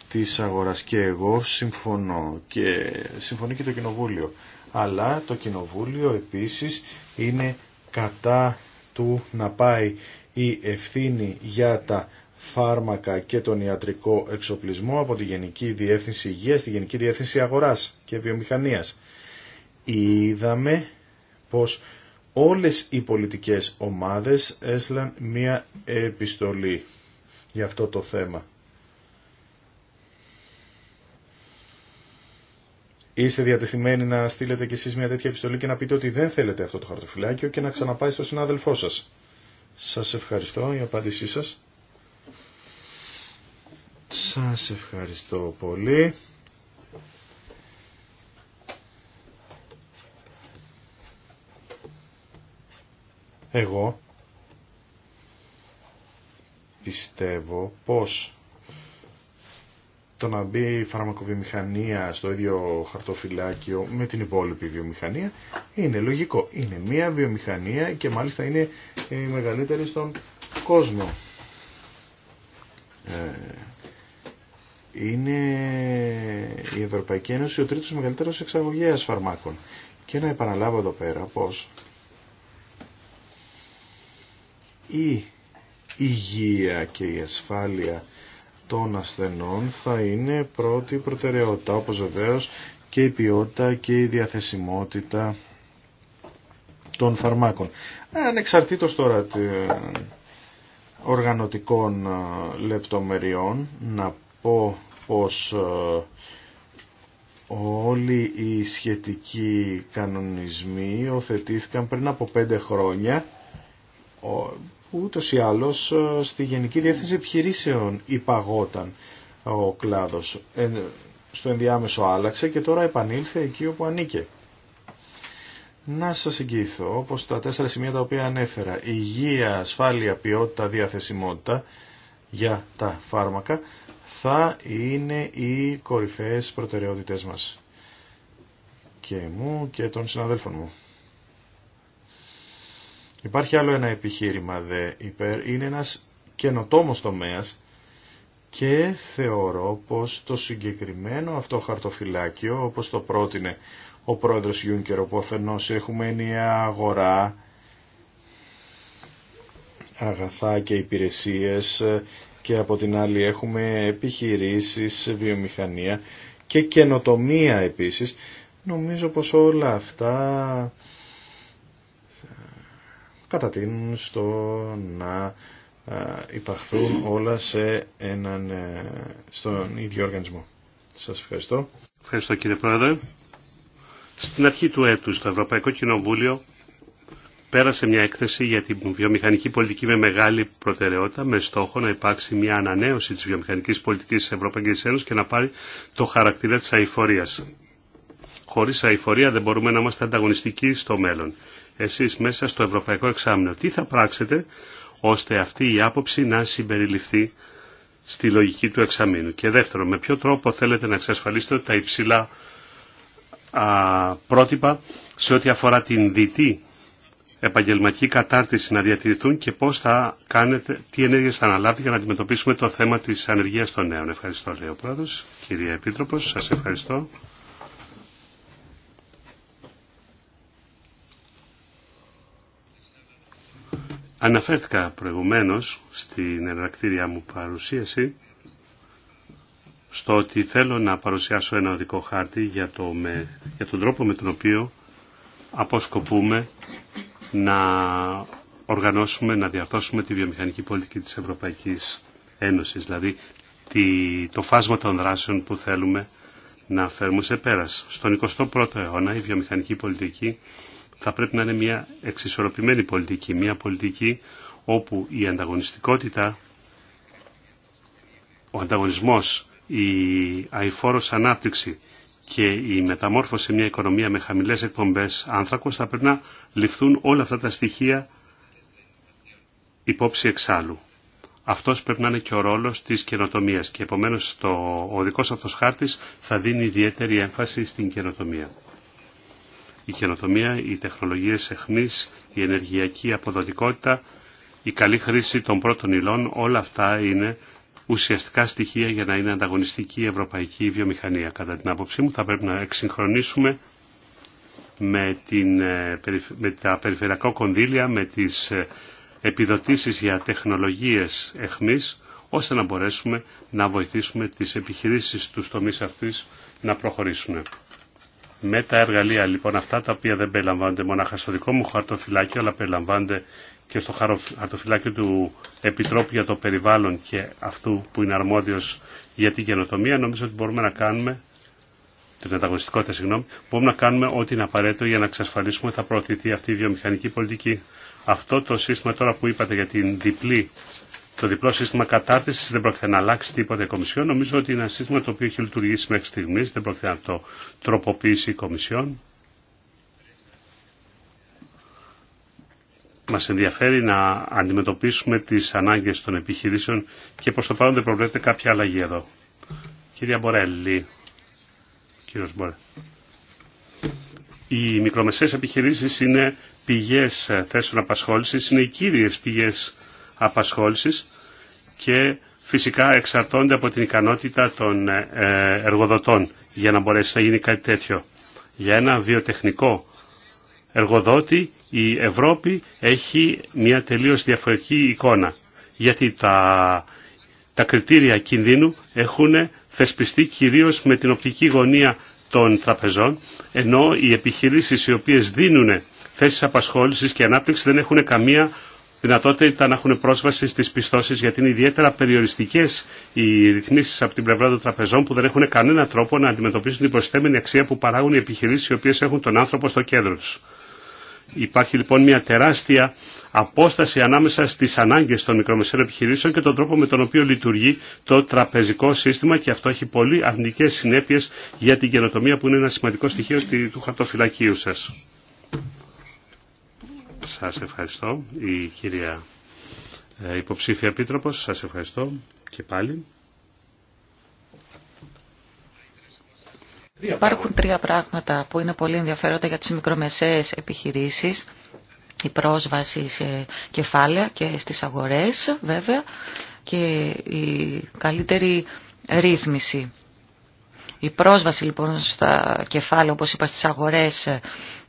Speaker 3: της αγοράς και εγώ συμφωνώ και συμφωνεί και το Κοινοβούλιο. Αλλά το Κοινοβούλιο επίσης είναι κατά του να πάει η ευθύνη για τα φάρμακα και τον ιατρικό εξοπλισμό από τη Γενική Διεύθυνση Υγείας στη Γενική Διεύθυνση Αγοράς και Βιομηχανίας. Είδαμε πως όλες οι πολιτικές ομάδες έστειλαν μία επιστολή για αυτό το θέμα. Είστε διατεθειμένοι να στείλετε κι εσείς μια τέτοια επιστολή και να πείτε ότι δεν θέλετε αυτό το χαρτοφυλάκιο και να ξαναπάει στο συνάδελφό σας. Σας ευχαριστώ για απάντησή σας. Σας ευχαριστώ πολύ. Εγώ πιστεύω πως το να μπει η φαρμακοβιομηχανία στο ίδιο χαρτοφυλάκιο με την υπόλοιπη βιομηχανία είναι λογικό. Είναι μία βιομηχανία και μάλιστα είναι η μεγαλύτερη στον κόσμο. Ε, είναι η Ευρωπαϊκή Ένωση ο τρίτος μεγαλύτερος εξαγωγέας φαρμάκων. Και να επαναλάβω εδώ πέρα πως η υγεία και η ασφάλεια των ασθενών θα είναι πρώτη προτεραιότητα, όπως βεβαίως και η ποιότητα και η διαθεσιμότητα των φαρμάκων. Ε, ανεξαρτήτως τώρα ε, οργανωτικών ε, λεπτομεριών, να πω πως όλοι οι σχετικοί κανονισμοί οθετήθηκαν πριν από πέντε χρόνια ούτως ή άλλως ε, στη Γενική Διεύθυνση Επιχειρήσεων υπαγόταν ο κλάδος. Ε, στο ενδιάμεσο άλλαξε και τώρα επανήλθε εκεί όπου ανήκε. Να σας εγγύθω, όπως τα τέσσερα σημεία τα οποία ανέφερα, υγεία, ασφάλεια, ποιότητα, διαθεσιμότητα για τα φάρμακα, θα είναι οι κορυφαίες προτεραιότητες μας. Και μου και των συναδέλφων μου. Υπάρχει άλλο ένα επιχείρημα δε υπέρ, είναι ένας καινοτόμος τομέας και θεωρώ πως το συγκεκριμένο αυτό χαρτοφυλάκιο, όπως το πρότεινε ο πρόεδρος Γιούνκερ, όπου αφενός έχουμε ενιαία αγορά, αγαθά και υπηρεσίες και από την άλλη έχουμε επιχειρήσεις, βιομηχανία και καινοτομία επίσης. Νομίζω πως όλα αυτά κατατείνουν στο να υπαχθούν όλα σε έναν, ε, στον ίδιο οργανισμό. Σας ευχαριστώ.
Speaker 1: Ευχαριστώ κύριε Πρόεδρε. Στην αρχή του έτους το Ευρωπαϊκό Κοινοβούλιο πέρασε μια έκθεση για την βιομηχανική πολιτική με μεγάλη προτεραιότητα με στόχο να υπάρξει μια ανανέωση της βιομηχανικής πολιτικής της Ευρωπαϊκής Ένωσης και να πάρει το χαρακτήρα της αηφορίας. Χωρίς αηφορία δεν μπορούμε να είμαστε ανταγωνιστικοί στο μέλλον εσείς μέσα στο Ευρωπαϊκό Εξάμεινο. Τι θα πράξετε ώστε αυτή η άποψη να συμπεριληφθεί στη λογική του εξαμήνου. Και δεύτερο, με ποιο τρόπο θέλετε να εξασφαλίσετε τα υψηλά πρότυπα σε ό,τι αφορά την διτή επαγγελματική κατάρτιση να διατηρηθούν και πώς θα κάνετε, τι ενέργειες θα αναλάβετε για να αντιμετωπίσουμε το θέμα της ανεργίας των νέων. Ευχαριστώ, λέει ο Πρόεδρος. Κυρία Επίτροπος, σας ευχαριστώ. Αναφέρθηκα προηγουμένως στην εναρκτήριά μου παρουσίαση στο ότι θέλω να παρουσιάσω ένα οδικό χάρτη για, το με, για τον τρόπο με τον οποίο αποσκοπούμε να οργανώσουμε, να διαρθώσουμε τη βιομηχανική πολιτική της Ευρωπαϊκής Ένωσης, δηλαδή το φάσμα των δράσεων που θέλουμε να φέρουμε σε πέρας. Στον 21ο αιώνα η βιομηχανική πολιτική θα πρέπει να είναι μια εξισορροπημένη πολιτική, μια πολιτική όπου η ανταγωνιστικότητα, ο ανταγωνισμός, η αηφόρος ανάπτυξη και η μεταμόρφωση μιας μια οικονομία με χαμηλές εκπομπές άνθρακος θα πρέπει να ληφθούν όλα αυτά τα στοιχεία υπόψη εξάλλου. Αυτός πρέπει να είναι και ο ρόλος της καινοτομίας και επομένως το, ο δικός αυτός χάρτης θα δίνει ιδιαίτερη έμφαση στην καινοτομία η καινοτομία, οι τεχνολογίες εχμής, η ενεργειακή αποδοτικότητα, η καλή χρήση των πρώτων υλών, όλα αυτά είναι ουσιαστικά στοιχεία για να είναι ανταγωνιστική η ευρωπαϊκή βιομηχανία. Κατά την άποψή μου θα πρέπει να εξυγχρονίσουμε με, την, ε, με τα περιφερειακά κονδύλια, με τις ε, επιδοτήσεις για τεχνολογίες εχμής, ώστε να μπορέσουμε να βοηθήσουμε τις επιχειρήσεις του τομείς αυτής να προχωρήσουν με τα εργαλεία λοιπόν αυτά τα οποία δεν περιλαμβάνονται μονάχα στο δικό μου χαρτοφυλάκιο αλλά περιλαμβάνονται και στο χαρτοφυλάκιο του Επιτρόπου για το Περιβάλλον και αυτού που είναι αρμόδιος για την καινοτομία νομίζω ότι μπορούμε να κάνουμε την ανταγωνιστικότητα, συγγνώμη, μπορούμε να κάνουμε ό,τι είναι απαραίτητο για να εξασφαλίσουμε θα προωθηθεί αυτή η βιομηχανική πολιτική. Αυτό το σύστημα τώρα που είπατε για την διπλή το διπλό σύστημα κατάρτιση δεν πρόκειται να αλλάξει τίποτα η Κομισιόν. Νομίζω ότι είναι ένα σύστημα το οποίο έχει λειτουργήσει μέχρι στιγμή. Δεν πρόκειται να το τροποποιήσει η Κομισιόν. Μας ενδιαφέρει να αντιμετωπίσουμε τις ανάγκες των επιχειρήσεων και προς το παρόν δεν προβλέπεται κάποια αλλαγή εδώ. Κυρία Μπορέλη, κύριος Μπορέλη. Οι μικρομεσαίες επιχειρήσεις είναι πηγές θέσεων απασχόλησης, είναι οι κύριες πηγές απασχόλησης και φυσικά εξαρτώνται από την ικανότητα των ε, εργοδοτών για να μπορέσει να γίνει κάτι τέτοιο. Για ένα βιοτεχνικό εργοδότη η Ευρώπη έχει μια τελείως διαφορετική εικόνα γιατί τα, τα κριτήρια κινδύνου έχουν θεσπιστεί κυρίως με την οπτική γωνία των τραπεζών ενώ οι επιχειρήσεις οι οποίες δίνουν θέσεις απασχόλησης και ανάπτυξη δεν έχουν καμία δυνατότητα να έχουν πρόσβαση στις πιστώσεις γιατί είναι ιδιαίτερα περιοριστικές οι ρυθμίσεις από την πλευρά των τραπεζών που δεν έχουν κανένα τρόπο να αντιμετωπίσουν την προσθέμενη αξία που παράγουν οι επιχειρήσεις οι οποίες έχουν τον άνθρωπο στο κέντρο τους. Υπάρχει λοιπόν μια τεράστια απόσταση ανάμεσα στις ανάγκες των μικρομεσαίων επιχειρήσεων και τον τρόπο με τον οποίο λειτουργεί το τραπεζικό σύστημα και αυτό έχει πολύ αρνητικές συνέπειες για την καινοτομία που είναι ένα σημαντικό στοιχείο του χαρτοφυλακίου σας. Σας ευχαριστώ. Η κυρία ε, υποψήφια επίτροπος, σας ευχαριστώ και πάλι.
Speaker 2: Υπάρχουν τρία πράγματα που είναι πολύ ενδιαφέροντα για τις μικρομεσαίες επιχειρήσεις. Η πρόσβαση σε κεφάλαια και στις αγορές βέβαια και η καλύτερη ρύθμιση. Η πρόσβαση λοιπόν στα κεφάλαια όπως είπα στις αγορές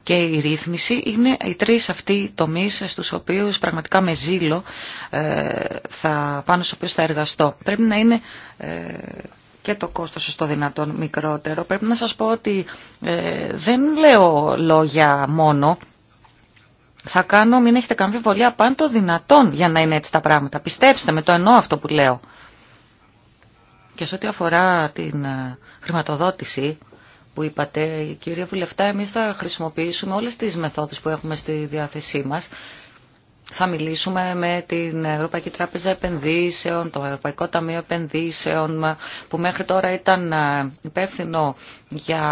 Speaker 2: και η ρύθμιση είναι οι τρεις αυτοί τομείς στους οποίους πραγματικά με ζήλο ε, θα, πάνω στους οποίους θα εργαστώ. Πρέπει να είναι ε, και το κόστος στο δυνατόν μικρότερο. Πρέπει να σας πω ότι ε, δεν λέω λόγια μόνο, θα κάνω, μην έχετε καμία βολιά, πάντο δυνατόν για να είναι έτσι τα πράγματα. Πιστέψτε με, το εννοώ αυτό που λέω. Και σε ό,τι αφορά την χρηματοδότηση, που είπατε, κύριε Βουλευτά, εμείς θα χρησιμοποιήσουμε όλες τις μεθόδους που έχουμε στη διάθεσή μας. Θα μιλήσουμε με την Ευρωπαϊκή Τράπεζα Επενδύσεων, το Ευρωπαϊκό Ταμείο Επενδύσεων, που μέχρι τώρα ήταν ε, υπεύθυνο για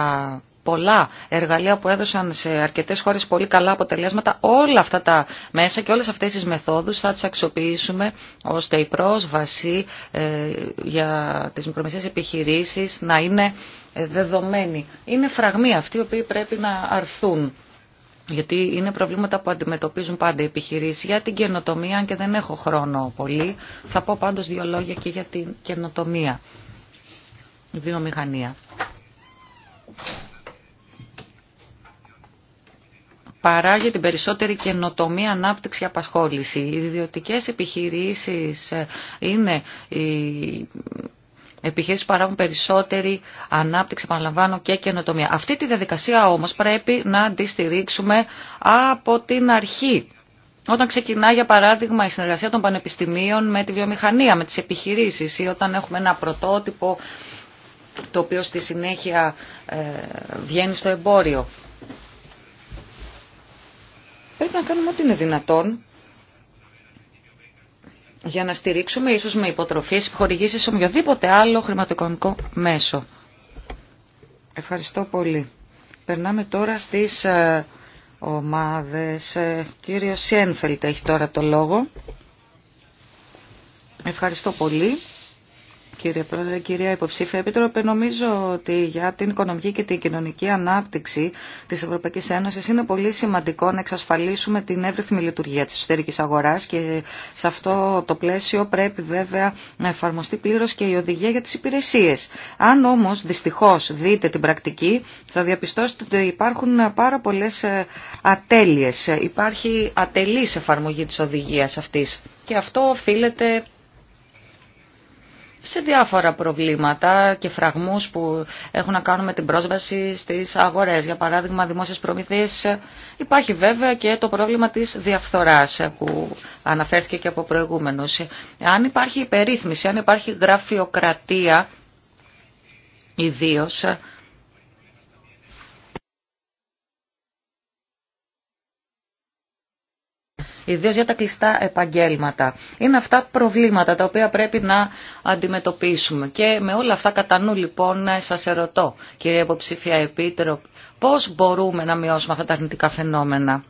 Speaker 2: πολλά εργαλεία που έδωσαν σε αρκετές χώρες πολύ καλά αποτελέσματα. Όλα αυτά τα μέσα και όλες αυτές τις μεθόδους θα τις αξιοποιήσουμε ώστε η πρόσβαση ε, για τις μικρομεσαίες επιχειρήσεις να είναι δεδομένη. Είναι φραγμοί αυτοί οι οποίοι πρέπει να αρθούν. Γιατί είναι προβλήματα που αντιμετωπίζουν πάντα οι επιχειρήσει. Για την καινοτομία, αν και δεν έχω χρόνο πολύ, θα πω πάντω δύο λόγια και για την καινοτομία. βιομηχανία. παράγει την περισσότερη καινοτομία, ανάπτυξη και απασχόληση. Οι ιδιωτικές επιχειρήσεις ε, είναι επιχειρήσει που παράγουν περισσότερη ανάπτυξη, επαναλαμβάνω, και καινοτομία. Αυτή τη διαδικασία όμως πρέπει να τη στηρίξουμε από την αρχή. Όταν ξεκινά, για παράδειγμα, η συνεργασία των πανεπιστημίων με τη βιομηχανία, με τις επιχειρήσεις ή όταν έχουμε ένα πρωτότυπο το οποίο στη συνέχεια ε, βγαίνει στο εμπόριο πρέπει να κάνουμε ό,τι είναι δυνατόν για να στηρίξουμε ίσως με υποτροφίες χορηγήσεις σε οποιοδήποτε άλλο χρηματοοικονομικό μέσο. Ευχαριστώ πολύ. Περνάμε τώρα στις ε, ομάδες. Ε, Κύριο Σιένφελτ έχει τώρα το λόγο. Ευχαριστώ πολύ. Κύριε Πρόεδρε, κυρία Υποψήφια Επίτροπε, νομίζω ότι για την οικονομική και την κοινωνική ανάπτυξη της Ευρωπαϊκής Ένωσης είναι πολύ σημαντικό να εξασφαλίσουμε την εύρυθμη λειτουργία της εσωτερικής αγοράς και σε αυτό το πλαίσιο πρέπει βέβαια να εφαρμοστεί πλήρως και η οδηγία για τις υπηρεσίες. Αν όμως δυστυχώς δείτε την πρακτική θα διαπιστώσετε ότι υπάρχουν πάρα πολλές ε, ατέλειες. Υπάρχει ατελής εφαρμογή της οδηγίας αυτής και αυτό οφείλεται σε διάφορα προβλήματα και φραγμούς που έχουν να κάνουν με την πρόσβαση στις αγορές. Για παράδειγμα, δημόσιες προμηθείες υπάρχει βέβαια και το πρόβλημα της διαφθοράς που αναφέρθηκε και από προηγούμενους. Αν υπάρχει υπερίθμιση, αν υπάρχει γραφειοκρατία ιδίως, ιδίω για τα κλειστά επαγγέλματα. Είναι αυτά προβλήματα τα οποία πρέπει να αντιμετωπίσουμε. Και με όλα αυτά κατά νου λοιπόν σας ερωτώ, κυρία υποψήφια Επίτερο, πώς μπορούμε να μειώσουμε αυτά τα αρνητικά φαινόμενα.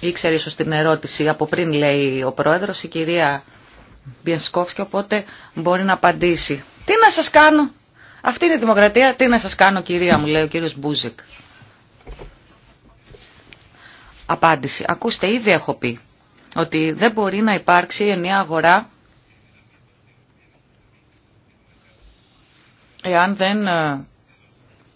Speaker 2: Ήξερε ίσως την ερώτηση από πριν λέει ο πρόεδρος, η κυρία Μπιενσκόφσκι, οπότε μπορεί να απαντήσει. Τι να σας κάνω, αυτή είναι η δημοκρατία, τι να σας κάνω κυρία μου, λέει ο κύριος Μπούζικ. Απάντηση. Ακούστε, ήδη έχω πει ότι δεν μπορεί να υπάρξει ενιαία αγορά εάν δεν ε,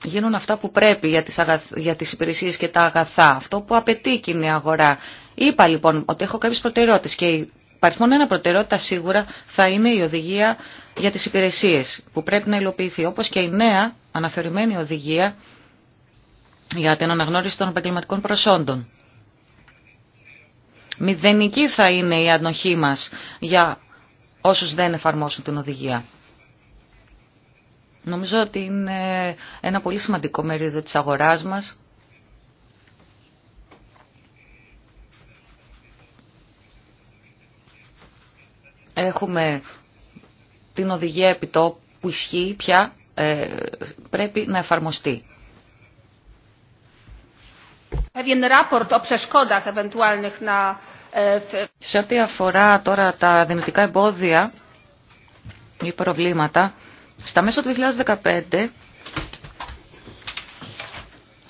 Speaker 2: γίνουν αυτά που πρέπει για τις, αγαθ, για τις υπηρεσίες και τα αγαθά. Αυτό που απαιτεί η κοινή αγορά. Είπα λοιπόν ότι έχω κάποιες προτεραιότητες και υπάρχει ένα προτεραιότητα σίγουρα θα είναι η οδηγία για τις υπηρεσίες που πρέπει να υλοποιηθεί. Όπως και η νέα αναθεωρημένη οδηγία για την αναγνώριση των επαγγελματικών προσόντων. Μηδενική θα είναι η ανοχή μας για όσους δεν εφαρμόσουν την οδηγία. Νομίζω ότι είναι ένα πολύ σημαντικό μερίδιο της αγοράς μας. Έχουμε την οδηγία επιτόπου που ισχύει πια, ε, πρέπει να εφαρμοστεί
Speaker 5: pewien raport o e,
Speaker 2: Σε ό,τι αφορά τώρα τα δυνητικά εμπόδια ή προβλήματα, στα μέσα του 2015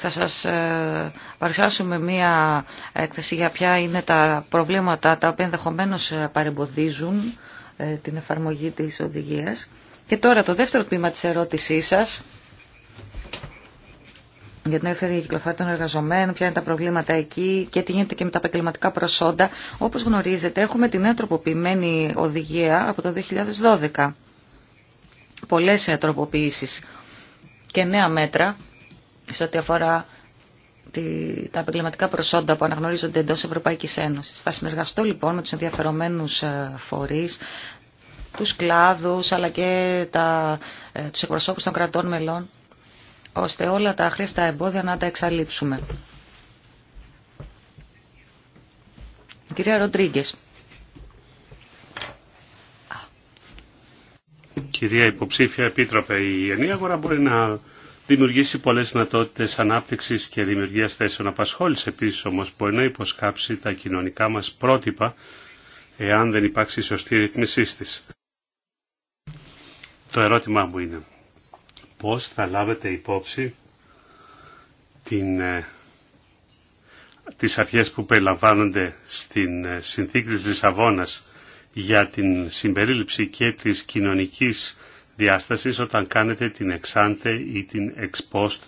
Speaker 2: θα σας ε, παρουσιάσουμε μία έκθεση για ποια είναι τα προβλήματα τα οποία ενδεχομένω ε, παρεμποδίζουν ε, την εφαρμογή της οδηγίας. Και τώρα το δεύτερο τμήμα της ερώτησής σας για την ελεύθερη κυκλοφορία των εργαζομένων, ποια είναι τα προβλήματα εκεί και τι γίνεται και με τα επαγγελματικά προσόντα. Όπως γνωρίζετε, έχουμε την νέα τροποποιημένη οδηγία από το 2012. Πολλές τροποποιήσεις και νέα μέτρα σε ό,τι αφορά τα επαγγελματικά προσόντα που αναγνωρίζονται εντός Ευρωπαϊκής Ένωσης. Θα συνεργαστώ λοιπόν με τους ενδιαφερομένους ε, φορείς, τους κλάδους αλλά και τα, ε, τους εκπροσώπους των κρατών μελών ώστε όλα τα χρήστα εμπόδια να τα εξαλείψουμε. κυρία Ροντρίγκε.
Speaker 1: Κυρία Υποψήφια Επίτροπε, η ενή αγορά μπορεί να δημιουργήσει πολλέ δυνατότητε ανάπτυξη και δημιουργία θέσεων απασχόληση. Επίση, όμω, μπορεί να υποσκάψει τα κοινωνικά μα πρότυπα εάν δεν υπάρξει σωστή ρυθμισή τη. Το ερώτημά μου είναι, πώς θα λάβετε υπόψη την, ε, τις αρχές που περιλαμβάνονται στην ε, συνθήκη της Λισαβόνας για την συμπερίληψη και της κοινωνικής διάστασης όταν κάνετε την εξάντε ή την εξπόστ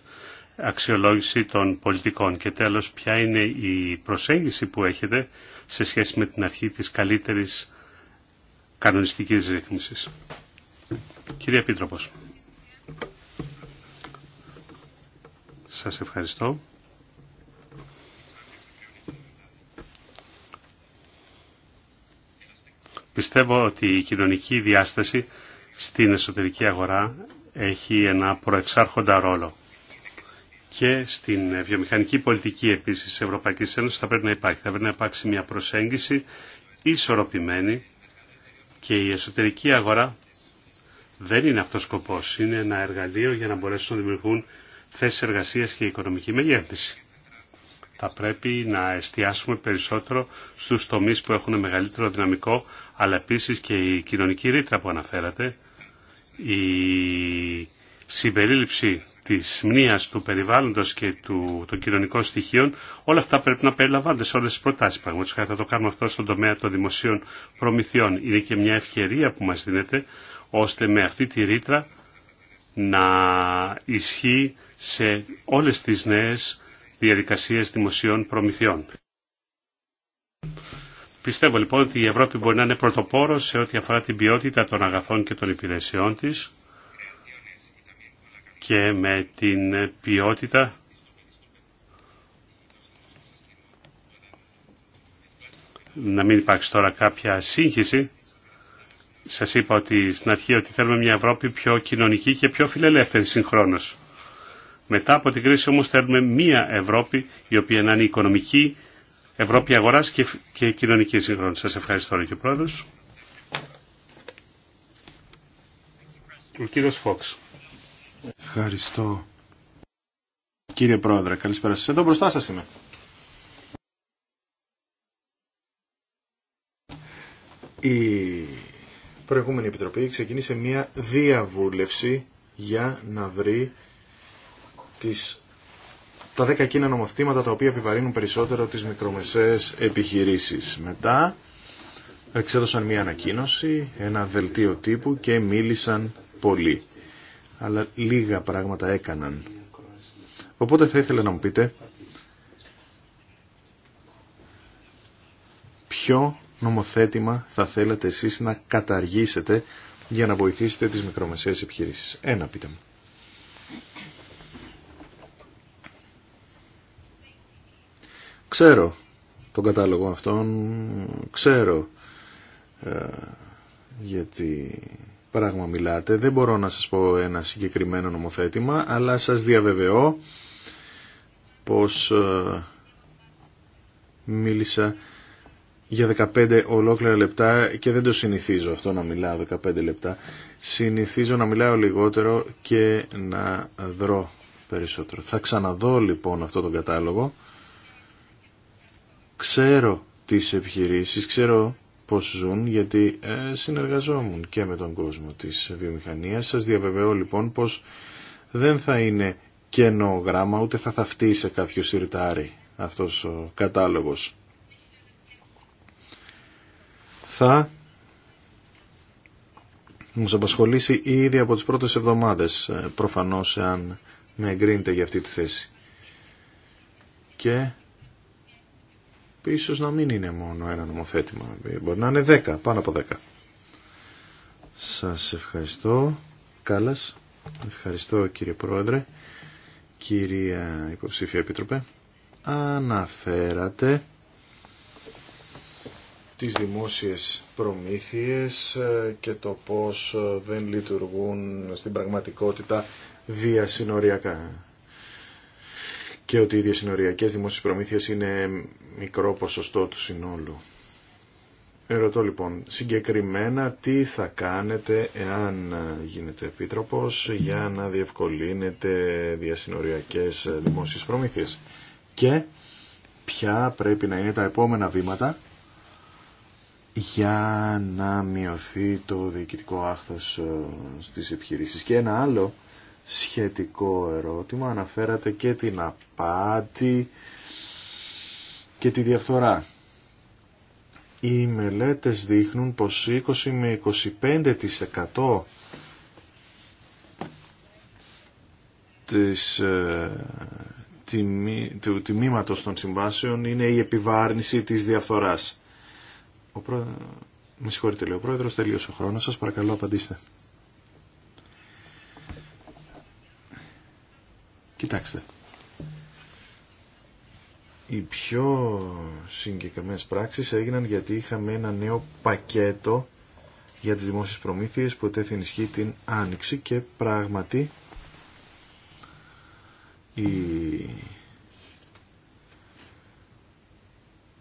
Speaker 1: αξιολόγηση των πολιτικών. Και τέλος, ποια είναι η προσέγγιση που έχετε σε σχέση με την αρχή της καλύτερης κανονιστικής ρύθμισης. Κύριε Επίτροπος. Σας ευχαριστώ. Πιστεύω ότι η κοινωνική διάσταση στην εσωτερική αγορά έχει ένα προεξάρχοντα ρόλο. Και στην βιομηχανική πολιτική επίσης της Ευρωπαϊκής Ένωσης θα πρέπει να υπάρχει. Θα πρέπει να υπάρξει μια προσέγγιση ισορροπημένη και η εσωτερική αγορά δεν είναι αυτός ο σκοπός. Είναι ένα εργαλείο για να μπορέσουν να δημιουργούν θέσεις εργασίας και οικονομική μεγέθυνση. Θα πρέπει να εστιάσουμε περισσότερο στους τομείς που έχουν μεγαλύτερο δυναμικό, αλλά επίσης και η κοινωνική ρήτρα που αναφέρατε, η συμπερίληψη της μνήας του περιβάλλοντος και του, των κοινωνικών στοιχείων, όλα αυτά πρέπει να περιλαμβάνονται σε όλες τις προτάσεις. Πραγματικά θα το κάνουμε αυτό στον τομέα των δημοσίων προμηθειών. Είναι και μια ευκαιρία που μας δίνεται, ώστε με αυτή τη ρήτρα να ισχύει σε όλες τις νέες διαδικασίες δημοσίων προμηθειών. Πιστεύω λοιπόν ότι η Ευρώπη μπορεί να είναι πρωτοπόρο σε ό,τι αφορά την ποιότητα των αγαθών και των υπηρεσιών της και με την ποιότητα να μην υπάρξει τώρα κάποια σύγχυση. Σας είπα ότι στην αρχή ότι θέλουμε μια Ευρώπη πιο κοινωνική και πιο φιλελεύθερη συγχρόνως. Μετά από την κρίση όμως θέλουμε μία Ευρώπη η οποία να είναι οικονομική, Ευρώπη αγοράς και, και κοινωνική συγχρόνη. Σας ευχαριστώ και πρόεδρος. Ο κύριος Φόξ.
Speaker 3: Ευχαριστώ. Κύριε Πρόεδρε, καλησπέρα σας. Εδώ μπροστά σας είμαι. Η προηγούμενη επιτροπή ξεκίνησε μία διαβούλευση για να βρει τις, τα 10 εκείνα νομοθήματα τα οποία επιβαρύνουν περισσότερο τις μικρομεσαίες επιχειρήσεις. Μετά εξέδωσαν μία ανακοίνωση, ένα δελτίο τύπου και μίλησαν πολύ. Αλλά λίγα πράγματα έκαναν. Οπότε θα ήθελα να μου πείτε ποιο νομοθέτημα θα θέλετε εσείς να καταργήσετε για να βοηθήσετε τις μικρομεσαίες επιχειρήσεις. Ένα πείτε μου. Ξέρω τον κατάλογο αυτόν, ξέρω ε, γιατί πράγμα μιλάτε. Δεν μπορώ να σας πω ένα συγκεκριμένο νομοθέτημα, αλλά σας διαβεβαιώ πως ε, μίλησα για 15 ολόκληρα λεπτά και δεν το συνηθίζω αυτό να μιλάω 15 λεπτά. Συνηθίζω να μιλάω λιγότερο και να δρώ περισσότερο. Θα ξαναδώ λοιπόν αυτό τον κατάλογο Ξέρω τις επιχειρήσεις, ξέρω πώς ζουν, γιατί ε, συνεργαζόμουν και με τον κόσμο της βιομηχανίας. Σας διαβεβαιώ λοιπόν πως δεν θα είναι κενό γράμμα, ούτε θα θαυτεί σε κάποιο σιρτάρι αυτός ο κατάλογος. Θα μας απασχολήσει ήδη από τις πρώτες εβδομάδες, ε, προφανώς αν με εγκρίνετε για αυτή τη θέση. Και ίσως να μην είναι μόνο ένα νομοθέτημα. Μπορεί να είναι δέκα, πάνω από δέκα. Σας ευχαριστώ. Κάλλας. Ευχαριστώ κύριε Πρόεδρε. Κυρία Υποψήφια Επίτροπε. Αναφέρατε τις δημόσιες προμήθειες ε, και το πώς ε, δεν λειτουργούν στην πραγματικότητα διασυνοριακά και ότι οι διασυνοριακές δημόσιες προμήθειες είναι μικρό ποσοστό του συνόλου. Ερωτώ λοιπόν συγκεκριμένα τι θα κάνετε εάν γίνετε επίτροπος για να διευκολύνετε διασυνοριακές δημόσιες προμήθειες και ποια πρέπει να είναι τα επόμενα βήματα για να μειωθεί το διοικητικό άχθος ε, στις επιχειρήσεις. Και ένα άλλο σχετικό ερώτημα. Αναφέρατε και την απάτη και τη διαφθορά. Οι μελέτες δείχνουν πως 20 με 25% της, ε, του τιμήματος των συμβάσεων είναι η επιβάρνηση της διαφθοράς. Ο Με συγχωρείτε λέει ο πρόεδρος, τελείωσε ο χρόνος σας, παρακαλώ απαντήστε. Κοιτάξτε. Οι πιο συγκεκριμένες πράξεις έγιναν γιατί είχαμε ένα νέο πακέτο για τις δημόσιες προμήθειες που ετέθη ενισχύει την Άνοιξη και πράγματι οι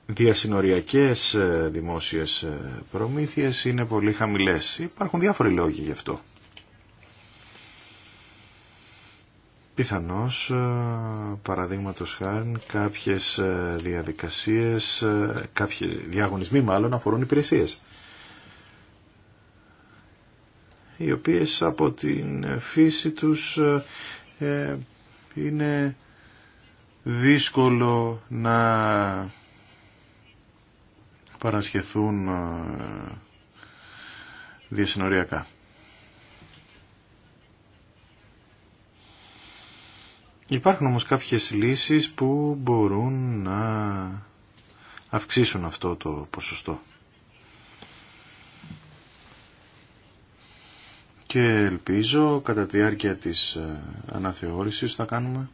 Speaker 3: διασυνοριακές ε, δημόσιες ε, προμήθειες είναι πολύ χαμηλές. Υπάρχουν διάφοροι λόγοι γι' αυτό. πιθανώς ε, παραδείγματος χάρη κάποιες ε, διαδικασίες, ε, κάποιοι διαγωνισμοί μάλλον αφορούν υπηρεσίες οι οποίες από την φύση τους είναι δύσκολο να παρασχεθούν διασυνοριακά. Υπάρχουν όμως κάποιες λύσεις που μπορούν να αυξήσουν αυτό το ποσοστό. Και ελπίζω κατά τη διάρκεια της ε, αναθεώρησης θα κάνουμε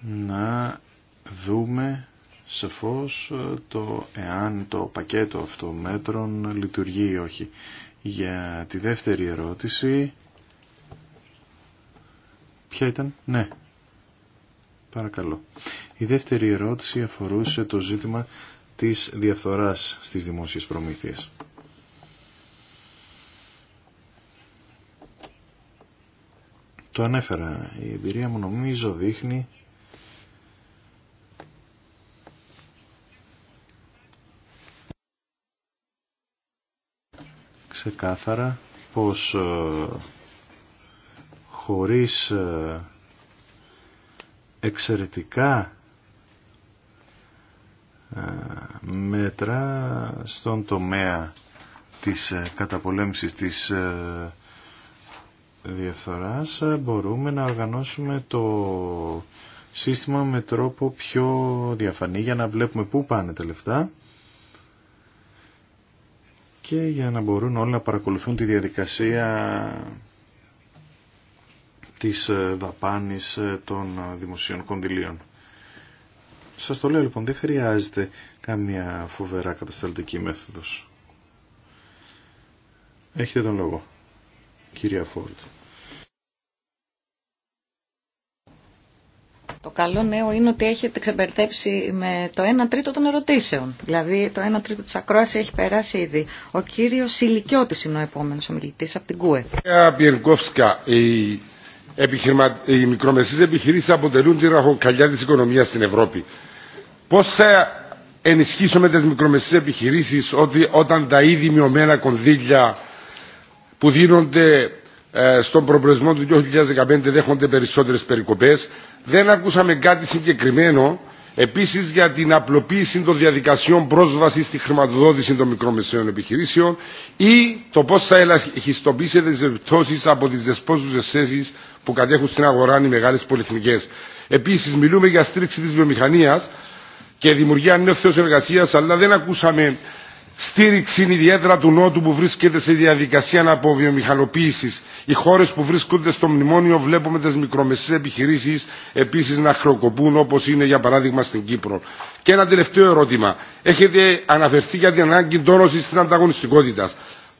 Speaker 3: να δούμε σαφώς ε, το εάν το πακέτο αυτό μέτρων λειτουργεί ή όχι. Για τη δεύτερη ερώτηση Ποια ήταν, ναι. Παρακαλώ. Η δεύτερη ερώτηση αφορούσε το ζήτημα της διαφθοράς στις δημόσιες προμήθειες. Το ανέφερα. Η εμπειρία μου νομίζω δείχνει ξεκάθαρα πως ε, χωρίς ε, εξαιρετικά ε, μέτρα στον τομέα της ε, καταπολέμησης της διαφθοράς μπορούμε να οργανώσουμε το σύστημα με τρόπο πιο διαφανή για να βλέπουμε πού πάνε τα λεφτά και για να μπορούν όλοι να παρακολουθούν τη διαδικασία της ε, δαπάνης ε, των ε, δημοσίων κονδυλίων. Σας το λέω λοιπόν, δεν χρειάζεται καμία φοβερά κατασταλτική μέθοδος. Έχετε τον λόγο, κυρία Φόρτ.
Speaker 2: Το καλό νέο είναι ότι έχετε ξεμπερδέψει με το 1 τρίτο των ερωτήσεων. Δηλαδή το 1 τρίτο της ακρόαση έχει περάσει ήδη. Ο κύριος Σιλικιώτης είναι ο επόμενος ομιλητής από την ΚΟΕ
Speaker 4: οι μικρομεσαίες επιχειρήσεις αποτελούν τη ραχοκαλιά της οικονομίας στην Ευρώπη. Πώς θα ενισχύσουμε τις μικρομεσαίες επιχειρήσεις ότι όταν τα ήδη μειωμένα κονδύλια που δίνονται ε, στον προπολογισμό του 2015 δέχονται περισσότερες περικοπές. Δεν ακούσαμε κάτι συγκεκριμένο επίσης για την απλοποίηση των διαδικασιών πρόσβασης στη χρηματοδότηση των μικρομεσαίων επιχειρήσεων ή το πώς θα ελαχιστοποιήσετε τις επιπτώσει από τι δεσπόζουσες θέσει που κατέχουν στην αγορά οι μεγάλε πολυεθνικέ. Επίση, μιλούμε για στήριξη τη βιομηχανία και δημιουργία νέων θέσεων εργασία, αλλά δεν ακούσαμε στήριξη ιδιαίτερα του Νότου που βρίσκεται σε διαδικασία αποβιομηχανοποίηση. Οι χώρε που βρίσκονται στο μνημόνιο βλέπουμε τι μικρομεσαίε επιχειρήσει επίση να χρεοκοπούν όπω είναι για παράδειγμα στην Κύπρο. Και ένα τελευταίο ερώτημα. Έχετε αναφερθεί για την ανάγκη τόνωση τη ανταγωνιστικότητα.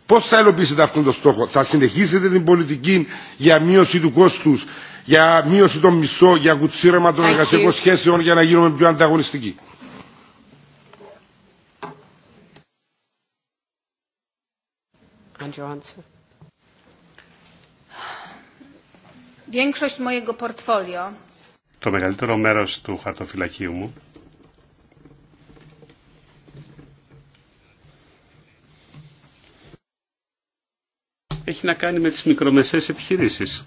Speaker 4: Πώς θα ελοπίσετε αυτόν τον στόχο. Θα συνεχίσετε την πολιτική για μείωση του κόστους, για μείωση των μισθών, για κουτσίρεμα των εργασιακών σχέσεων για να γίνουμε πιο ανταγωνιστικοί.
Speaker 1: Το μεγαλύτερο μέρος του χαρτοφυλακίου μου έχει να κάνει με τις μικρομεσαίες επιχειρήσεις